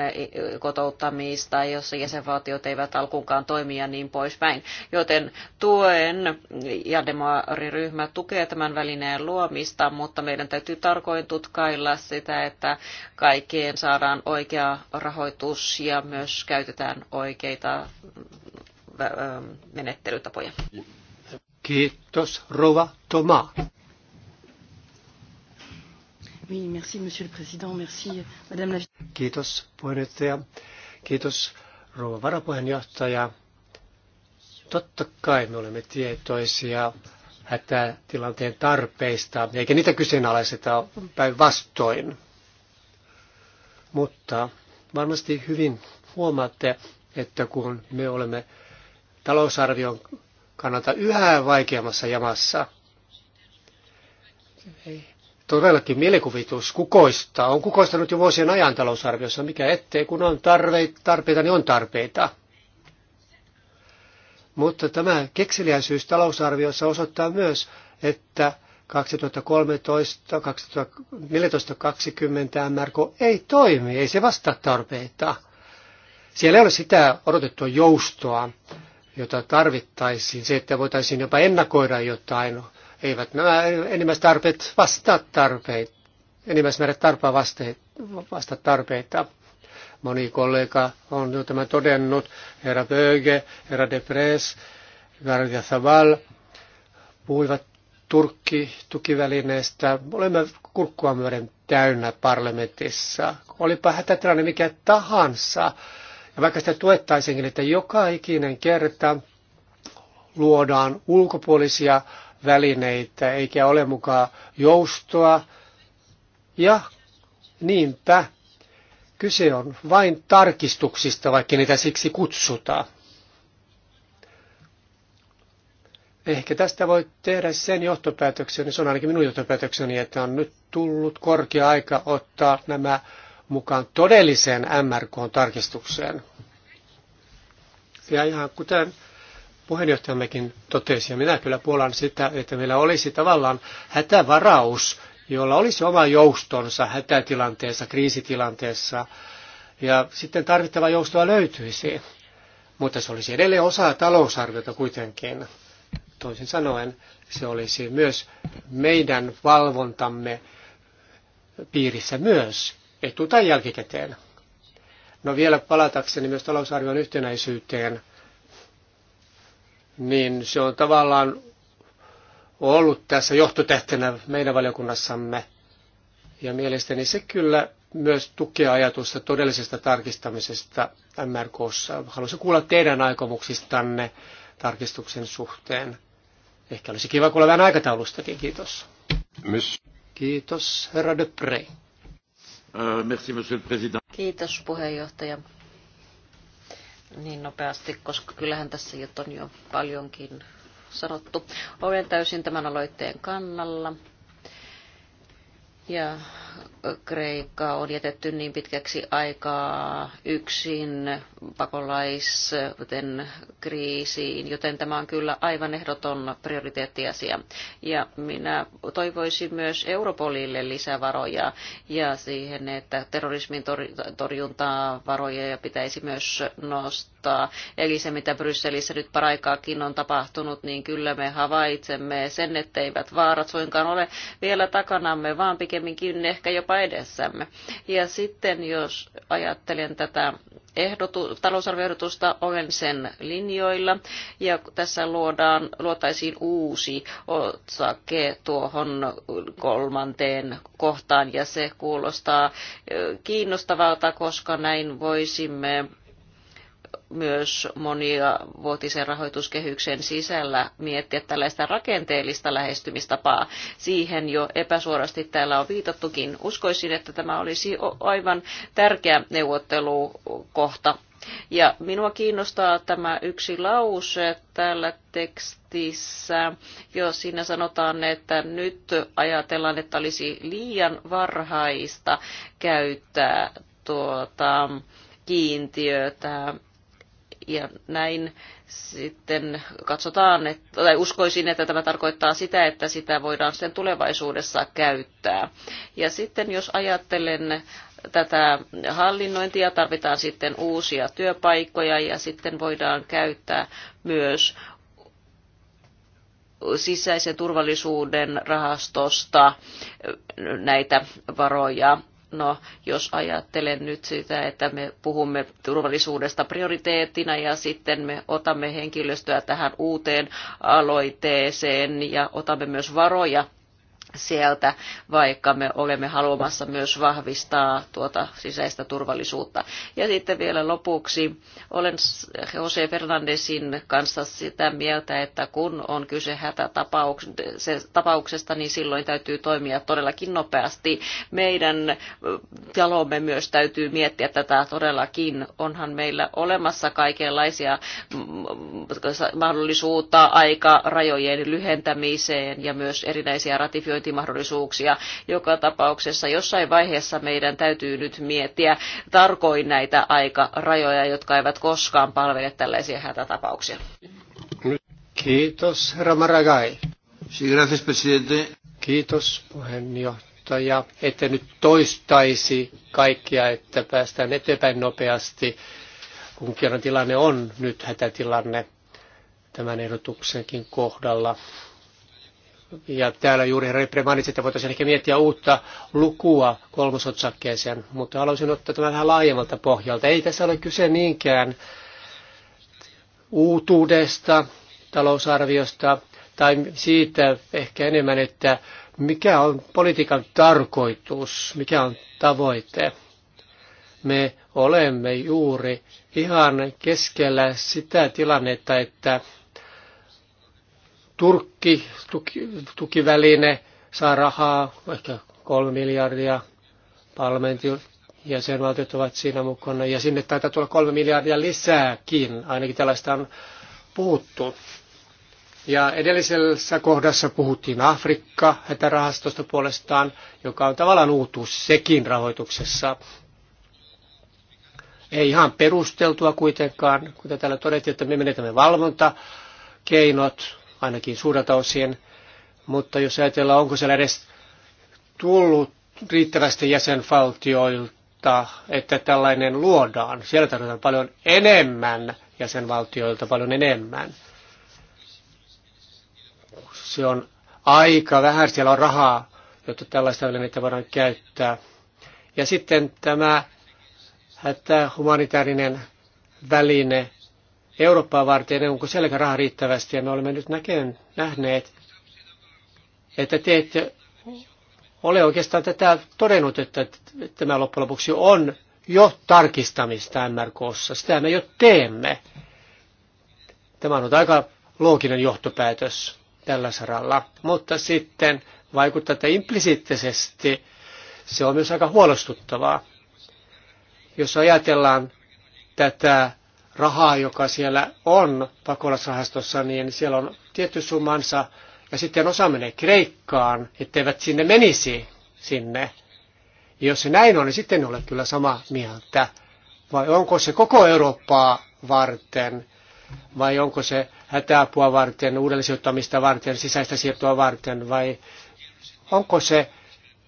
kotouttamista, jos jäsenvaltiot eivät alkuunkaan toimia niin poispäin. Joten tuen ja demariryhmä tukee tämän välineen luomista, mutta meidän täytyy tarkoin tutkailla sitä, että kaikkeen saadaan oikea rahoitus ja myös käytetään oikeita menettelytapoja. Kiitos, Rova Tomaa. Oui, merci, monsieur le président. Merci, madame la... Kiitos, puheenjohtaja. Kiitos, rouva varapuheenjohtaja. Totta kai me olemme tietoisia hätätilanteen tarpeista, eikä niitä kyseenalaiseta päinvastoin. Mutta varmasti hyvin huomaatte, että kun me olemme talousarvion kannalta yhä vaikeammassa jamassa, todellakin mielikuvitus kukoista on kukoistanut jo vuosien ajan talousarviossa, mikä ettei, kun on tarpeita, tarpeita niin on tarpeita. Mutta tämä kekseliäisyys talousarviossa osoittaa myös, että 2013, 2014, 2020 MRK ei toimi, ei se vastaa tarpeita. Siellä ei ole sitä odotettua joustoa, jota tarvittaisiin, se, että voitaisiin jopa ennakoida jotain eivät nämä enimmäistarpeet vastaa tarpeita, enimmäismäärät tarpaa vasta tarpeita. Moni kollega on jo tämän todennut, herra Böge, herra Depres, Gardia Zaval, puhuivat Turkki tukivälineestä. Olemme kurkkua myöden täynnä parlamentissa. Olipa hätätilanne mikä tahansa. Ja vaikka sitä tuettaisinkin, että joka ikinen kerta luodaan ulkopuolisia välineitä, eikä ole mukaan joustoa. Ja niinpä kyse on vain tarkistuksista, vaikka niitä siksi kutsutaan. Ehkä tästä voi tehdä sen johtopäätöksen, se on ainakin minun johtopäätökseni, että on nyt tullut korkea aika ottaa nämä mukaan todelliseen MRK-tarkistukseen. Ja ihan kuten puheenjohtajammekin totesi, ja minä kyllä puolan sitä, että meillä olisi tavallaan hätävaraus, jolla olisi oma joustonsa hätätilanteessa, kriisitilanteessa, ja sitten tarvittava joustoa löytyisi. Mutta se olisi edelleen osa talousarviota kuitenkin. Toisin sanoen se olisi myös meidän valvontamme piirissä myös, etu- tai jälkikäteen. No vielä palatakseni myös talousarvion yhtenäisyyteen niin se on tavallaan ollut tässä johtotähtenä meidän valiokunnassamme. Ja mielestäni se kyllä myös tukee ajatusta todellisesta tarkistamisesta MRKssa. Haluaisin kuulla teidän aikomuksistanne tarkistuksen suhteen. Ehkä olisi kiva kuulla vähän aikataulustakin. Kiitos. Miss. Kiitos, herra de äh, Prey. Kiitos puheenjohtaja niin nopeasti, koska kyllähän tässä on jo paljonkin sanottu. Olen täysin tämän aloitteen kannalla ja Kreikka on jätetty niin pitkäksi aikaa yksin pakolaisten kriisiin, joten tämä on kyllä aivan ehdoton prioriteettiasia. Ja minä toivoisin myös Europolille lisävaroja ja siihen, että terrorismin torjuntaa varoja pitäisi myös nostaa. Eli se, mitä Brysselissä nyt paraikaakin on tapahtunut, niin kyllä me havaitsemme sen, etteivät vaarat suinkaan ole vielä takanamme, vaan pikemminkin pikemminkin ehkä jopa edessämme. Ja sitten jos ajattelen tätä ehdotu, talousarvioehdotusta olen sen linjoilla ja tässä luodaan, luotaisiin uusi otsake tuohon kolmanteen kohtaan ja se kuulostaa kiinnostavalta, koska näin voisimme myös monia vuotisen rahoituskehyksen sisällä miettiä tällaista rakenteellista lähestymistapaa. Siihen jo epäsuorasti täällä on viitattukin. Uskoisin, että tämä olisi aivan tärkeä neuvottelukohta. Ja minua kiinnostaa tämä yksi lause täällä tekstissä, jos siinä sanotaan, että nyt ajatellaan, että olisi liian varhaista käyttää tuota, kiintiötä ja näin sitten katsotaan, että, tai uskoisin, että tämä tarkoittaa sitä, että sitä voidaan sitten tulevaisuudessa käyttää. Ja sitten jos ajattelen tätä hallinnointia, tarvitaan sitten uusia työpaikkoja ja sitten voidaan käyttää myös sisäisen turvallisuuden rahastosta näitä varoja. No, jos ajattelen nyt sitä, että me puhumme turvallisuudesta prioriteettina ja sitten me otamme henkilöstöä tähän uuteen aloitteeseen ja otamme myös varoja sieltä, vaikka me olemme haluamassa myös vahvistaa tuota sisäistä turvallisuutta. Ja sitten vielä lopuksi olen Jose Fernandesin kanssa sitä mieltä, että kun on kyse hätätapauksesta, niin silloin täytyy toimia todellakin nopeasti. Meidän talomme myös täytyy miettiä tätä todellakin. Onhan meillä olemassa kaikenlaisia mm, mahdollisuutta aika rajojen lyhentämiseen ja myös erinäisiä ratifiointia arviointimahdollisuuksia. Joka tapauksessa jossain vaiheessa meidän täytyy nyt miettiä tarkoin näitä aikarajoja, jotka eivät koskaan palvele tällaisia hätätapauksia. Kiitos, herra Maragai. Kiitos, puheenjohtaja. Ette nyt toistaisi kaikkia, että päästään eteenpäin nopeasti, kun kerran tilanne on nyt hätätilanne tämän ehdotuksenkin kohdalla ja täällä juuri herra Rippinen mainitsi, että voitaisiin ehkä miettiä uutta lukua kolmosotsakkeeseen, mutta haluaisin ottaa tämän vähän laajemmalta pohjalta. Ei tässä ole kyse niinkään uutuudesta, talousarviosta tai siitä ehkä enemmän, että mikä on politiikan tarkoitus, mikä on tavoite. Me olemme juuri ihan keskellä sitä tilannetta, että Turkki tuki, tukiväline saa rahaa, ehkä kolme miljardia parlamentin jäsenvaltiot ovat siinä mukana. Ja sinne taitaa tulla kolme miljardia lisääkin, ainakin tällaista on puhuttu. Ja edellisessä kohdassa puhuttiin Afrikka hätärahastosta puolestaan, joka on tavallaan uutuus sekin rahoituksessa. Ei ihan perusteltua kuitenkaan, kuten täällä todettiin, että me menetämme valvontakeinot, ainakin suurelta osin. Mutta jos ajatellaan, onko siellä edes tullut riittävästi jäsenvaltioilta, että tällainen luodaan. Siellä tarvitaan paljon enemmän jäsenvaltioilta, paljon enemmän. Se on aika vähän, siellä on rahaa, jotta tällaista välineitä voidaan käyttää. Ja sitten tämä että humanitaarinen väline, Eurooppaa varten, onko sielläkään rahaa riittävästi, ja me olemme nyt näkeen, nähneet, että te ette ole oikeastaan tätä todennut, että tämä loppujen lopuksi on jo tarkistamista MRKssa. Sitä me jo teemme. Tämä on aika looginen johtopäätös tällä saralla. Mutta sitten vaikuttaa, että implisiittisesti se on myös aika huolestuttavaa. Jos ajatellaan tätä rahaa, joka siellä on pakolaisrahastossa, niin siellä on tietty summansa, ja sitten osa menee Kreikkaan, etteivät sinne menisi sinne. Ja jos se näin on, niin sitten ole kyllä sama mieltä. Vai onko se koko Eurooppaa varten, vai onko se hätäapua varten, uudellisijoittamista varten, sisäistä siirtoa varten, vai onko se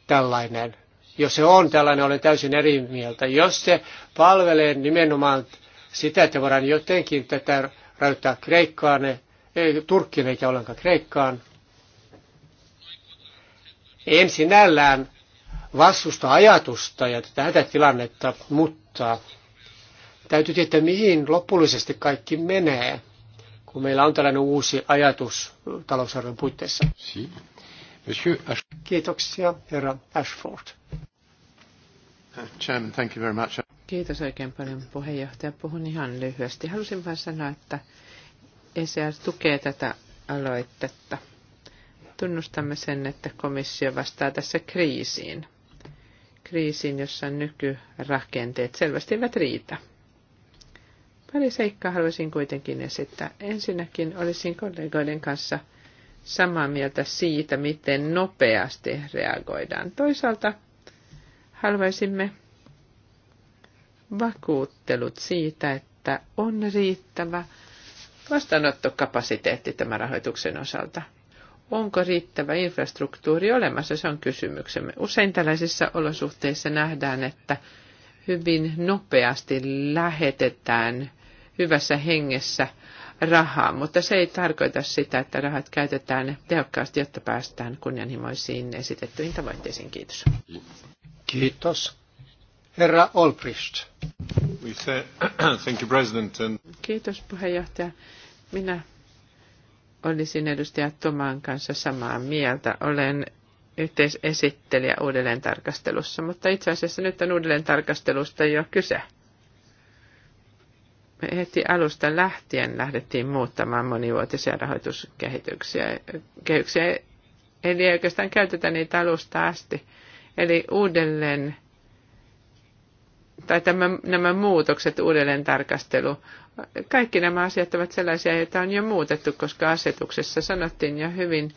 tällainen? Jos se on tällainen, olen täysin eri mieltä. Jos se palvelee nimenomaan sitä, että voidaan jotenkin tätä rajoittaa Kreikkaan, ei Turkkiin eikä ollenkaan Kreikkaan. En sinällään vastusta ajatusta ja tätä hätätilannetta, mutta täytyy tietää, mihin lopullisesti kaikki menee, kun meillä on tällainen uusi ajatus talousarvon puitteissa. Kiitoksia, herra Ashford. Uh, Chairman, thank you very much. Kiitos oikein paljon puheenjohtaja. Puhun ihan lyhyesti. Halusin vain sanoa, että ECR tukee tätä aloitetta. Tunnustamme sen, että komissio vastaa tässä kriisiin. Kriisiin, jossa nykyrakenteet selvästi eivät riitä. Pari seikkaa haluaisin kuitenkin esittää. Ensinnäkin olisin kollegoiden kanssa samaa mieltä siitä, miten nopeasti reagoidaan. Toisaalta haluaisimme vakuuttelut siitä, että on riittävä vastaanottokapasiteetti tämän rahoituksen osalta? Onko riittävä infrastruktuuri olemassa? Se on kysymyksemme. Usein tällaisissa olosuhteissa nähdään, että hyvin nopeasti lähetetään hyvässä hengessä rahaa, mutta se ei tarkoita sitä, että rahat käytetään tehokkaasti, jotta päästään kunnianhimoisiin esitettyihin tavoitteisiin. Kiitos. Kiitos. Herra Olbrist. Kiitos puheenjohtaja. Minä olisin edustaja Tomaan kanssa samaa mieltä. Olen yhteisesittelijä uudelleen tarkastelussa, mutta itse asiassa nyt on uudelleen tarkastelusta jo kyse. Me heti alusta lähtien lähdettiin muuttamaan monivuotisia rahoituskehityksiä, eli ei oikeastaan käytetä niitä alusta asti. Eli uudelleen tai tämä, nämä muutokset, uudelleen tarkastelu, kaikki nämä asiat ovat sellaisia, joita on jo muutettu, koska asetuksessa sanottiin jo hyvin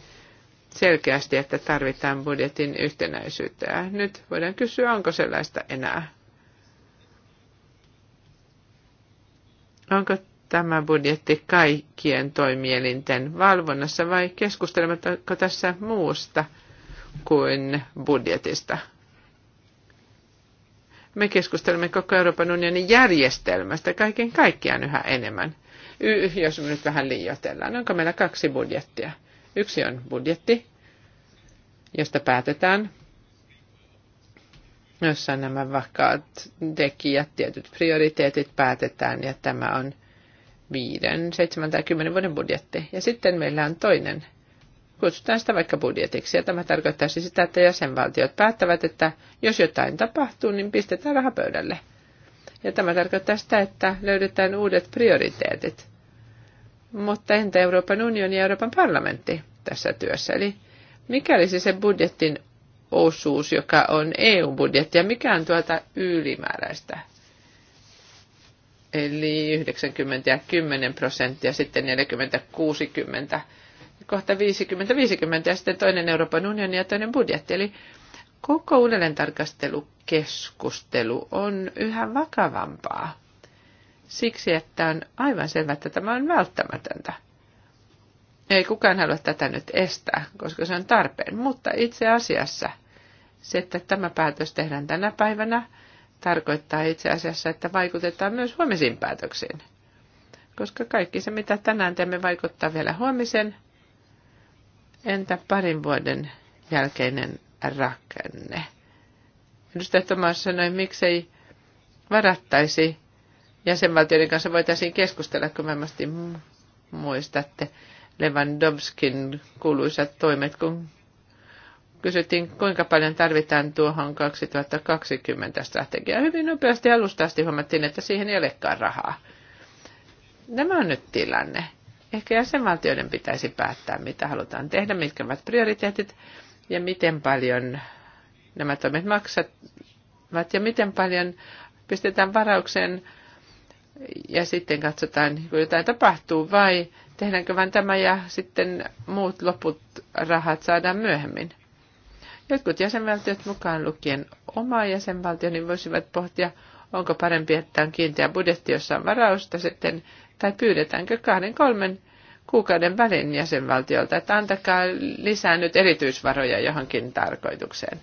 selkeästi, että tarvitaan budjetin yhtenäisyyttä. Ja nyt voidaan kysyä, onko sellaista enää. Onko tämä budjetti kaikkien toimielinten valvonnassa vai keskustelemmeko tässä muusta kuin budjetista? Me keskustelemme koko Euroopan unionin järjestelmästä kaiken kaikkiaan yhä enemmän. Y- jos me nyt vähän liioitellaan, onko meillä kaksi budjettia? Yksi on budjetti, josta päätetään, jossa nämä vakaat tekijät, tietyt prioriteetit päätetään, ja tämä on viiden, seitsemän tai kymmenen vuoden budjetti. Ja sitten meillä on toinen kutsutaan sitä vaikka budjetiksi. Ja tämä tarkoittaa siis sitä, että jäsenvaltiot päättävät, että jos jotain tapahtuu, niin pistetään raha pöydälle. Ja tämä tarkoittaa sitä, että löydetään uudet prioriteetit. Mutta entä Euroopan unioni ja Euroopan parlamentti tässä työssä? Eli mikäli se budjetin osuus, joka on EU-budjetti, ja mikä on tuota ylimääräistä? Eli 90 ja 10 prosenttia, sitten 40-60 kohta 50-50 ja sitten toinen Euroopan unioni ja toinen budjetti. Eli koko uudelleentarkastelukeskustelu on yhä vakavampaa siksi, että on aivan selvää, että tämä on välttämätöntä. Ei kukaan halua tätä nyt estää, koska se on tarpeen, mutta itse asiassa se, että tämä päätös tehdään tänä päivänä, tarkoittaa itse asiassa, että vaikutetaan myös huomisiin päätöksiin. Koska kaikki se, mitä tänään teemme, vaikuttaa vielä huomisen Entä parin vuoden jälkeinen rakenne? Edustaja Tomas sanoi, miksei varattaisi jäsenvaltioiden kanssa voitaisiin keskustella, kun varmasti muistatte Lewandowskin kuuluisat toimet, kun kysyttiin, kuinka paljon tarvitaan tuohon 2020 strategiaa. Hyvin nopeasti alusta asti huomattiin, että siihen ei olekaan rahaa. Nämä on nyt tilanne. Ehkä jäsenvaltioiden pitäisi päättää, mitä halutaan tehdä, mitkä ovat prioriteetit ja miten paljon nämä toimet maksavat ja miten paljon pistetään varaukseen ja sitten katsotaan, kun jotain tapahtuu, vai tehdäänkö vain tämä ja sitten muut loput rahat saadaan myöhemmin. Jotkut jäsenvaltiot mukaan lukien oma jäsenvaltio, niin voisivat pohtia, onko parempi, että on kiinteä budjetti, jossa on varausta, sitten tai pyydetäänkö kahden kolmen kuukauden välin jäsenvaltiolta, että antakaa lisää nyt erityisvaroja johonkin tarkoitukseen.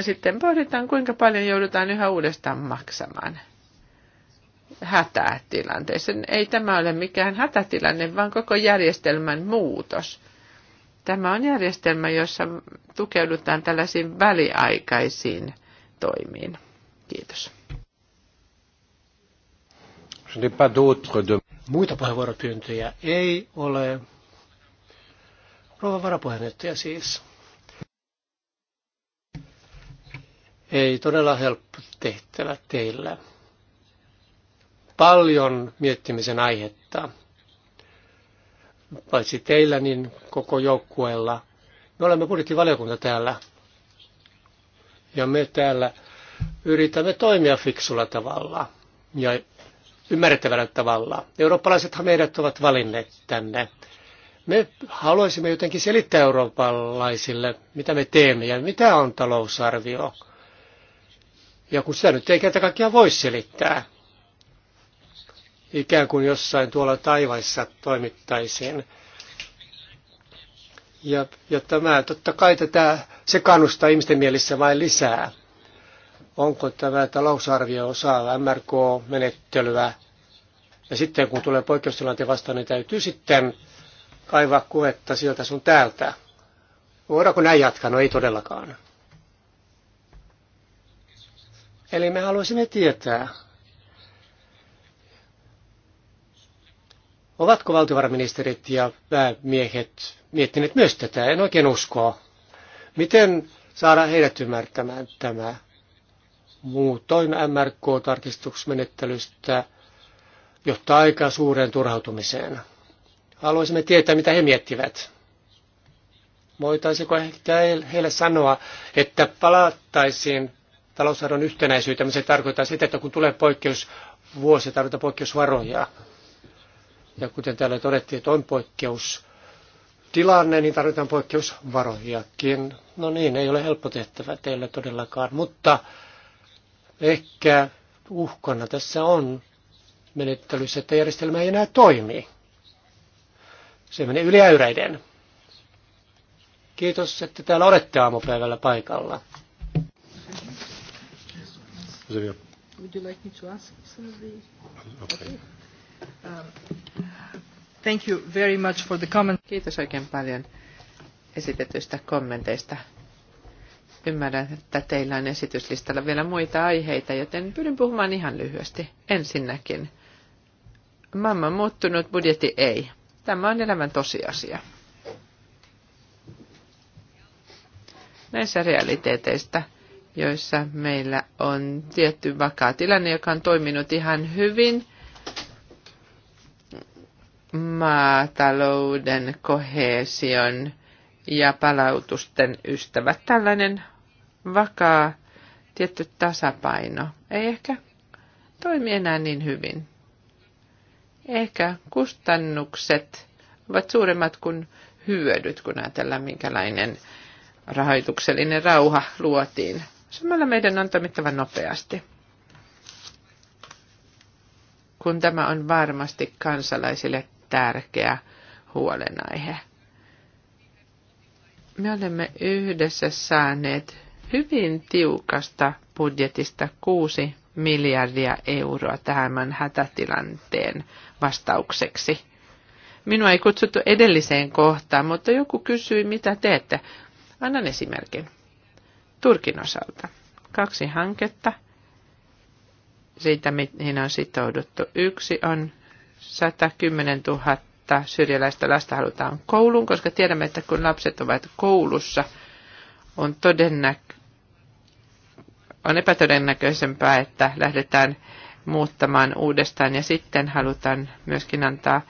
Sitten pohditaan, kuinka paljon joudutaan yhä uudestaan maksamaan hätätilanteessa. Ei tämä ole mikään hätätilanne, vaan koko järjestelmän muutos. Tämä on järjestelmä, jossa tukeudutaan tällaisiin väliaikaisiin toimiin. Kiitos. Muita puheenvuoropyyntöjä ei ole. Rouva varapuheenjohtaja siis. Ei todella helppo tehtävä teillä. Paljon miettimisen aihetta. Paitsi teillä, niin koko joukkueella. Me olemme budjettivaliokunta täällä. Ja me täällä yritämme toimia fiksulla tavalla ja ymmärrettävällä tavalla. Eurooppalaisethan meidät ovat valinneet tänne. Me haluaisimme jotenkin selittää eurooppalaisille, mitä me teemme ja mitä on talousarvio. Ja kun sitä nyt ei kerta kaikkiaan voi selittää, ikään kuin jossain tuolla taivaissa toimittaisiin. Ja, ja tämä totta kai tätä se kannustaa ihmisten mielissä vain lisää onko tämä talousarvio osa MRK-menettelyä. Ja sitten kun tulee poikkeustilanteen vastaan, niin täytyy sitten kaivaa kuvetta sieltä sun täältä. Voidaanko näin jatkaa? No ei todellakaan. Eli me haluaisimme tietää, ovatko valtiovarainministerit ja päämiehet miettineet myös tätä, en oikein usko. Miten saada heidät ymmärtämään tämä? muutoin MRK-tarkistusmenettelystä johtaa aika suureen turhautumiseen. Haluaisimme tietää, mitä he miettivät. Voitaisiko heille sanoa, että palattaisiin talousarvon yhtenäisyyteen, se tarkoittaa sitä, että kun tulee poikkeusvuosi, tarvitaan poikkeusvaroja. Ja kuten täällä todettiin, että on poikkeustilanne, niin tarvitaan poikkeusvarojakin. No niin, ei ole helppo tehtävä teille todellakaan, mutta Ehkä uhkana tässä on menettelyssä, että järjestelmä ei enää toimi. Se menee yliäyräiden. Kiitos, että täällä olette aamupäivällä paikalla. Would you like me to ask some of the... Okay. Um, thank you very much for the comment. Kiitos oikein paljon esitetyistä kommenteista. Ymmärrän, että teillä on esityslistalla vielä muita aiheita, joten pyrin puhumaan ihan lyhyesti. Ensinnäkin, mamma muuttunut, budjetti ei. Tämä on elämän tosiasia. Näissä realiteeteista, joissa meillä on tietty vakaa tilanne, joka on toiminut ihan hyvin, maatalouden, kohesion ja palautusten ystävät. Tällainen vakaa tietty tasapaino ei ehkä toimi enää niin hyvin. Ehkä kustannukset ovat suuremmat kuin hyödyt, kun ajatellaan minkälainen rahoituksellinen rauha luotiin. Samalla meidän on toimittava nopeasti, kun tämä on varmasti kansalaisille tärkeä huolenaihe. Me olemme yhdessä saaneet hyvin tiukasta budjetista 6 miljardia euroa tämän hätätilanteen vastaukseksi. Minua ei kutsuttu edelliseen kohtaan, mutta joku kysyi, mitä teette. Annan esimerkin. Turkin osalta. Kaksi hanketta. Siitä, mihin on sitouduttu. Yksi on 110 000 syrjäläistä lasta halutaan kouluun, koska tiedämme, että kun lapset ovat koulussa, on todennäköistä, on epätodennäköisempää, että lähdetään muuttamaan uudestaan ja sitten halutaan myöskin antaa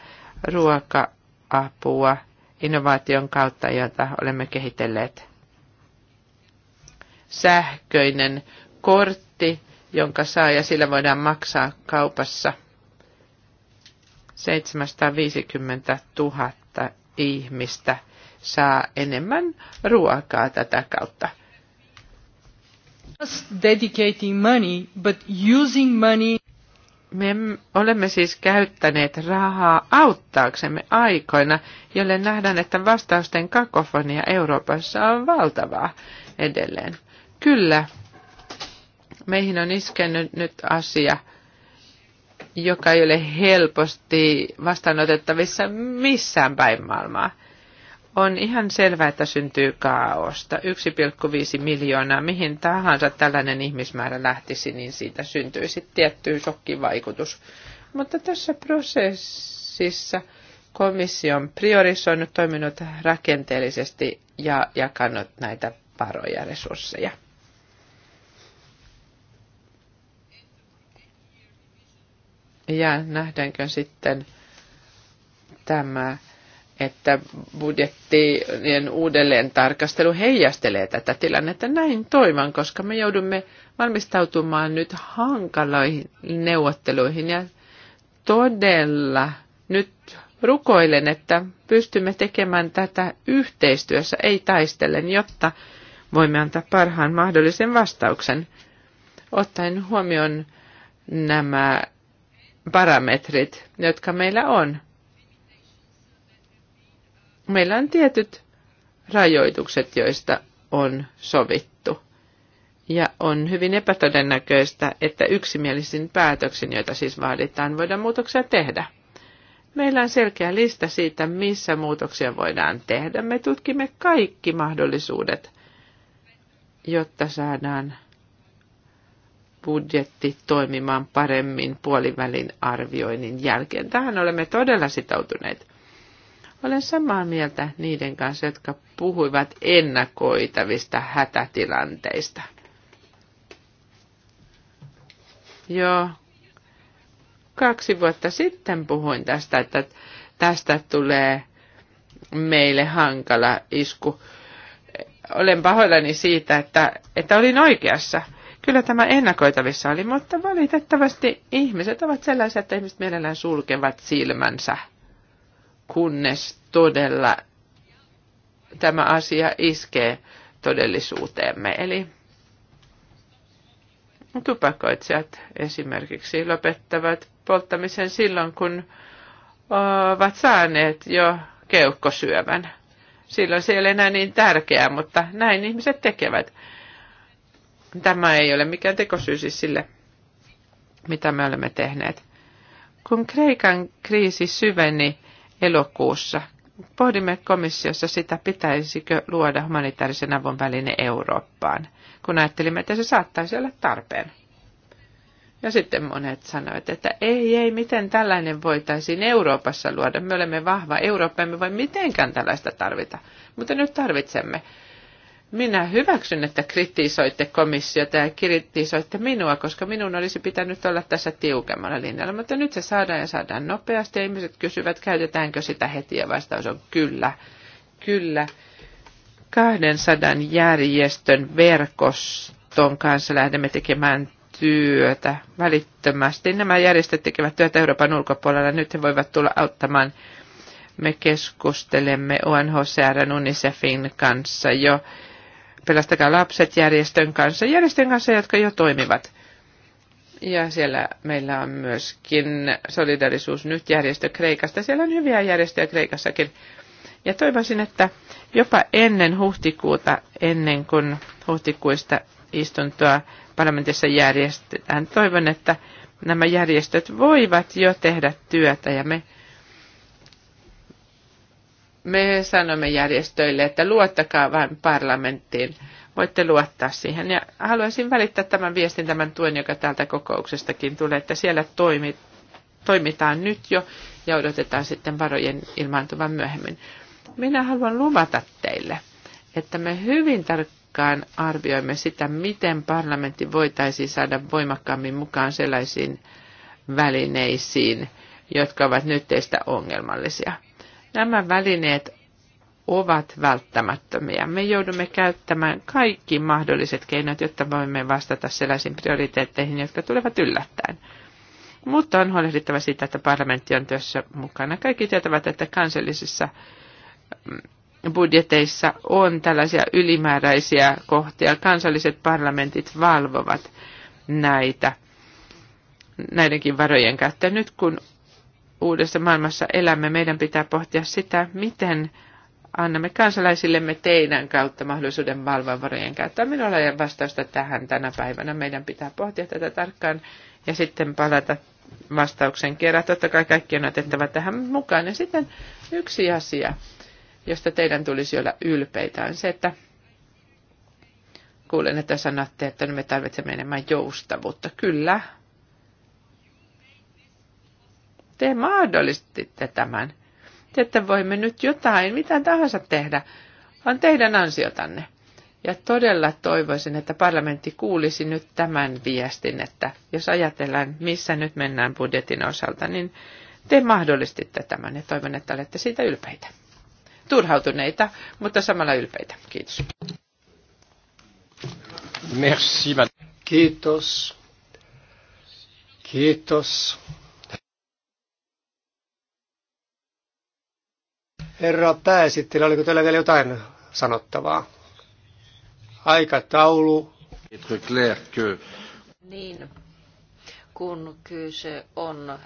ruoka-apua innovaation kautta, jota olemme kehitelleet. Sähköinen kortti, jonka saa ja sillä voidaan maksaa kaupassa 750 000 ihmistä saa enemmän ruokaa tätä kautta. Me olemme siis käyttäneet rahaa auttaaksemme aikoina, jolle nähdään, että vastausten kakofonia Euroopassa on valtavaa edelleen. Kyllä, meihin on iskenyt nyt asia, joka ei ole helposti vastaanotettavissa missään päin maailmaa on ihan selvää, että syntyy kaaosta. 1,5 miljoonaa, mihin tahansa tällainen ihmismäärä lähtisi, niin siitä syntyisi tietty shokkivaikutus. Mutta tässä prosessissa komissio on priorisoinut, toiminut rakenteellisesti ja jakanut näitä varoja, resursseja. Ja nähdäänkö sitten tämä että budjettien uudelleen tarkastelu heijastelee tätä tilannetta. Näin toivon, koska me joudumme valmistautumaan nyt hankaloihin neuvotteluihin ja todella nyt rukoilen, että pystymme tekemään tätä yhteistyössä, ei taistellen, jotta voimme antaa parhaan mahdollisen vastauksen, ottaen huomioon nämä parametrit, jotka meillä on meillä on tietyt rajoitukset, joista on sovittu. Ja on hyvin epätodennäköistä, että yksimielisin päätöksin, joita siis vaaditaan, voidaan muutoksia tehdä. Meillä on selkeä lista siitä, missä muutoksia voidaan tehdä. Me tutkimme kaikki mahdollisuudet, jotta saadaan budjetti toimimaan paremmin puolivälin arvioinnin jälkeen. Tähän olemme todella sitoutuneet. Olen samaa mieltä niiden kanssa, jotka puhuivat ennakoitavista hätätilanteista. Joo, kaksi vuotta sitten puhuin tästä, että tästä tulee meille hankala isku. Olen pahoillani siitä, että, että olin oikeassa. Kyllä tämä ennakoitavissa oli, mutta valitettavasti ihmiset ovat sellaisia, että ihmiset mielellään sulkevat silmänsä – kunnes todella tämä asia iskee todellisuuteemme. Eli tupakoitsijat esimerkiksi lopettavat polttamisen silloin, kun ovat saaneet jo keuhkosyövän. Silloin se ei ole enää niin tärkeää, mutta näin ihmiset tekevät. Tämä ei ole mikään tekosyy siis sille, mitä me olemme tehneet. Kun Kreikan kriisi syveni, elokuussa. Pohdimme komissiossa sitä, pitäisikö luoda humanitaarisen avun väline Eurooppaan, kun ajattelimme, että se saattaisi olla tarpeen. Ja sitten monet sanoivat, että ei, ei, miten tällainen voitaisiin Euroopassa luoda. Me olemme vahva Eurooppa, emme voi mitenkään tällaista tarvita. Mutta nyt tarvitsemme minä hyväksyn, että kritisoitte komissiota ja kritisoitte minua, koska minun olisi pitänyt olla tässä tiukemmalla linjalla. Mutta nyt se saadaan ja saadaan nopeasti ja ihmiset kysyvät, käytetäänkö sitä heti ja vastaus on kyllä. Kyllä. 200 järjestön verkoston kanssa lähdemme tekemään työtä välittömästi. Nämä järjestöt tekevät työtä Euroopan ulkopuolella. Nyt he voivat tulla auttamaan. Me keskustelemme UNHCR UNICEFin kanssa jo Pelastakaa lapset järjestön kanssa, järjestön kanssa, jotka jo toimivat. Ja siellä meillä on myöskin Solidarisuus nyt järjestö Kreikasta. Siellä on hyviä järjestöjä Kreikassakin. Ja toivoisin, että jopa ennen huhtikuuta, ennen kuin huhtikuista istuntoa parlamentissa järjestetään, toivon, että nämä järjestöt voivat jo tehdä työtä ja me me sanomme järjestöille, että luottakaa vain parlamenttiin. Voitte luottaa siihen. Ja haluaisin välittää tämän viestin, tämän tuen, joka täältä kokouksestakin tulee, että siellä toimi, toimitaan nyt jo ja odotetaan sitten varojen ilmaantuvan myöhemmin. Minä haluan luvata teille, että me hyvin tarkkaan arvioimme sitä, miten parlamentti voitaisiin saada voimakkaammin mukaan sellaisiin välineisiin, jotka ovat nyt teistä ongelmallisia Nämä välineet ovat välttämättömiä. Me joudumme käyttämään kaikki mahdolliset keinot, jotta voimme vastata sellaisiin prioriteetteihin, jotka tulevat yllättäen. Mutta on huolehdittava siitä, että parlamentti on työssä mukana. Kaikki tietävät, että kansallisissa mm, budjeteissa on tällaisia ylimääräisiä kohtia. Kansalliset parlamentit valvovat näitä näidenkin varojen käyttöä. Nyt kun uudessa maailmassa elämme, meidän pitää pohtia sitä, miten annamme kansalaisillemme teidän kautta mahdollisuuden valvonvarojen käyttää. Minulla ei ole vastausta tähän tänä päivänä. Meidän pitää pohtia tätä tarkkaan ja sitten palata vastauksen kerran. Totta kai kaikki on otettava tähän mukaan. Ja sitten yksi asia, josta teidän tulisi olla ylpeitä, on se, että kuulen, että sanotte, että me tarvitsemme enemmän joustavuutta. Kyllä, te mahdollistitte tämän. Te, että voimme nyt jotain, mitä tahansa tehdä, on teidän ansiotanne. Ja todella toivoisin, että parlamentti kuulisi nyt tämän viestin, että jos ajatellaan, missä nyt mennään budjetin osalta, niin te mahdollistitte tämän ja toivon, että olette siitä ylpeitä. Turhautuneita, mutta samalla ylpeitä. Kiitos. Merci, Kiitos. Kiitos Herra pääsittely, oliko teillä vielä jotain sanottavaa? Aikataulu. Niin, kun kyse on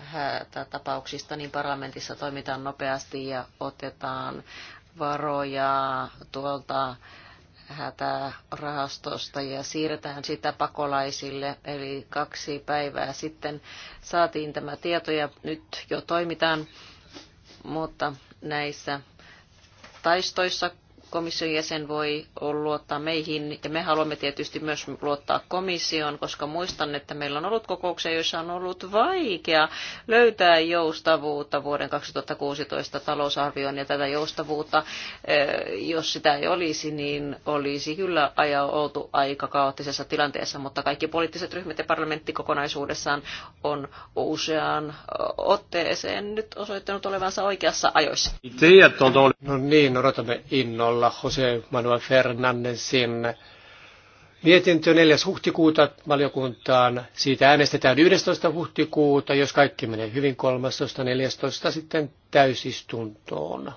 tapauksista, niin parlamentissa toimitaan nopeasti ja otetaan varoja tuolta hätärahastosta ja siirretään sitä pakolaisille. Eli kaksi päivää sitten saatiin tämä tieto ja nyt jo toimitaan mutta näissä taistoissa komission jäsen voi luottaa meihin, ja me haluamme tietysti myös luottaa komissioon, koska muistan, että meillä on ollut kokouksia, joissa on ollut vaikea löytää joustavuutta vuoden 2016 talousarvioon, ja tätä joustavuutta, eh, jos sitä ei olisi, niin olisi kyllä aja oltu aika kaoottisessa tilanteessa, mutta kaikki poliittiset ryhmät ja parlamentti kokonaisuudessaan on useaan otteeseen nyt osoittanut olevansa oikeassa ajoissa. No niin, odotamme innolla viikolla Jose Manuel Fernandesin mietintö 4. huhtikuuta valiokuntaan. Siitä äänestetään 11. huhtikuuta, jos kaikki menee hyvin 13. 14. sitten täysistuntoon.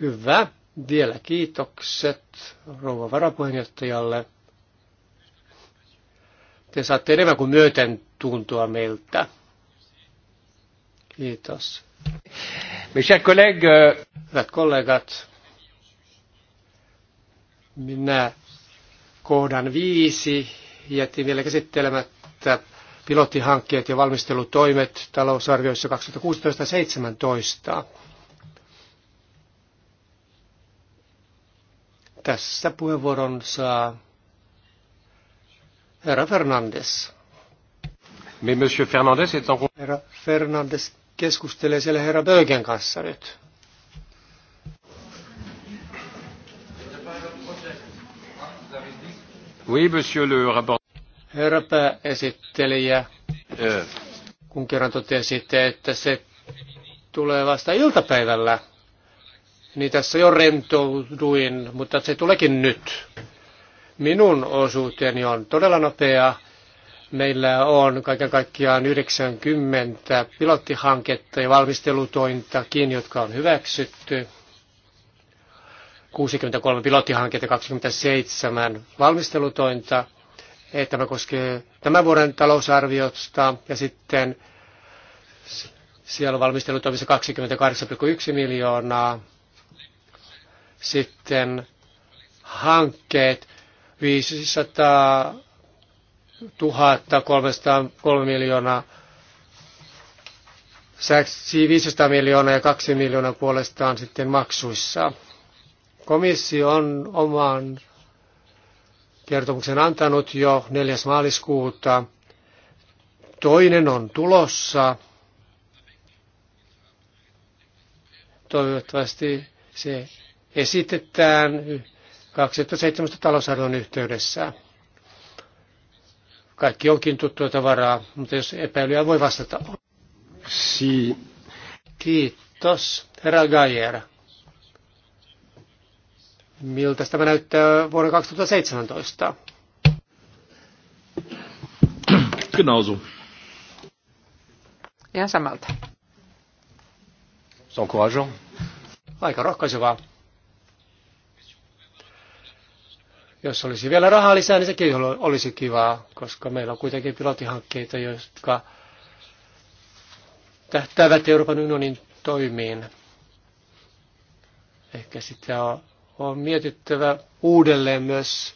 Hyvä. Vielä kiitokset rouva varapuheenjohtajalle. Te saatte enemmän kuin myöten tuntua meiltä. Kiitos. Mes chers collègues, euh, Hyvät kollegat, minä kohdan viisi jätin vielä käsittelemättä pilottihankkeet ja valmistelutoimet talousarvioissa 2016-2017. Tässä puheenvuoron saa herra Fernandes. Mais monsieur Fernandes est en... Herra Fernandes keskustelee siellä herra Bögen kanssa nyt. Oui, monsieur le rapport. Herra pääesittelijä, Ö. Euh. kun kerran totesitte, että se tulee vasta iltapäivällä, niin tässä jo rentouduin, mutta se tuleekin nyt. Minun osuuteni on todella nopeaa. Meillä on kaiken kaikkiaan 90 pilottihanketta ja valmistelutointakin, jotka on hyväksytty. 63 pilottihanketta, 27 valmistelutointa. Tämä koskee tämän vuoden talousarviosta ja sitten siellä on valmistelutoimissa 28,1 miljoonaa. Sitten hankkeet 500 1303 miljoonaa, 500 miljoonaa ja 2 miljoonaa puolestaan sitten maksuissa. Komissio on oman kertomuksen antanut jo 4. maaliskuuta. Toinen on tulossa. Toivottavasti se esitetään 2017 talousarvion yhteydessä. Kaikki onkin tuttua tavaraa, mutta jos epäilyä voi vastata. Si. Kiitos, herra Gajer. Miltä tämä näyttää vuonna 2017? Genauso. Ihan samalta. Se on Aika rohkaisevaa. Jos olisi vielä rahaa lisää, niin sekin olisi kivaa, koska meillä on kuitenkin pilotihankkeita, jotka tähtäävät Euroopan unionin toimiin. Ehkä sitä on, on mietittävä uudelleen myös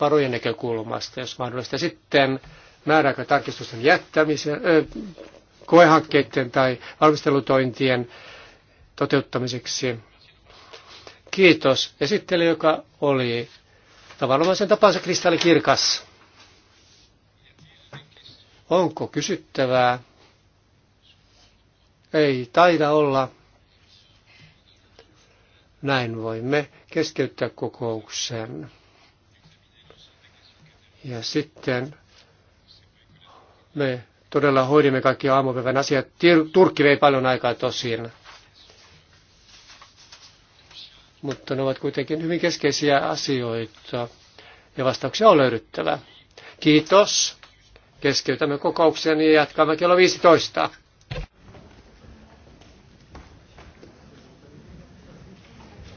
varojen näkökulmasta, jos mahdollista. Sitten määrääkö tarkistusten jättämisen, ö, koehankkeiden tai valmistelutointien toteuttamiseksi. Kiitos esittelijä, joka oli Tavanomaisen tapansa kristallikirkas. Onko kysyttävää? Ei taida olla. Näin voimme keskeyttää kokouksen. Ja sitten me todella hoidimme kaikki aamupäivän asiat. Turkki vei paljon aikaa tosiaan mutta ne ovat kuitenkin hyvin keskeisiä asioita ja vastauksia on löydyttävä. Kiitos. Keskeytämme kokouksia ja jatkamme kello 15.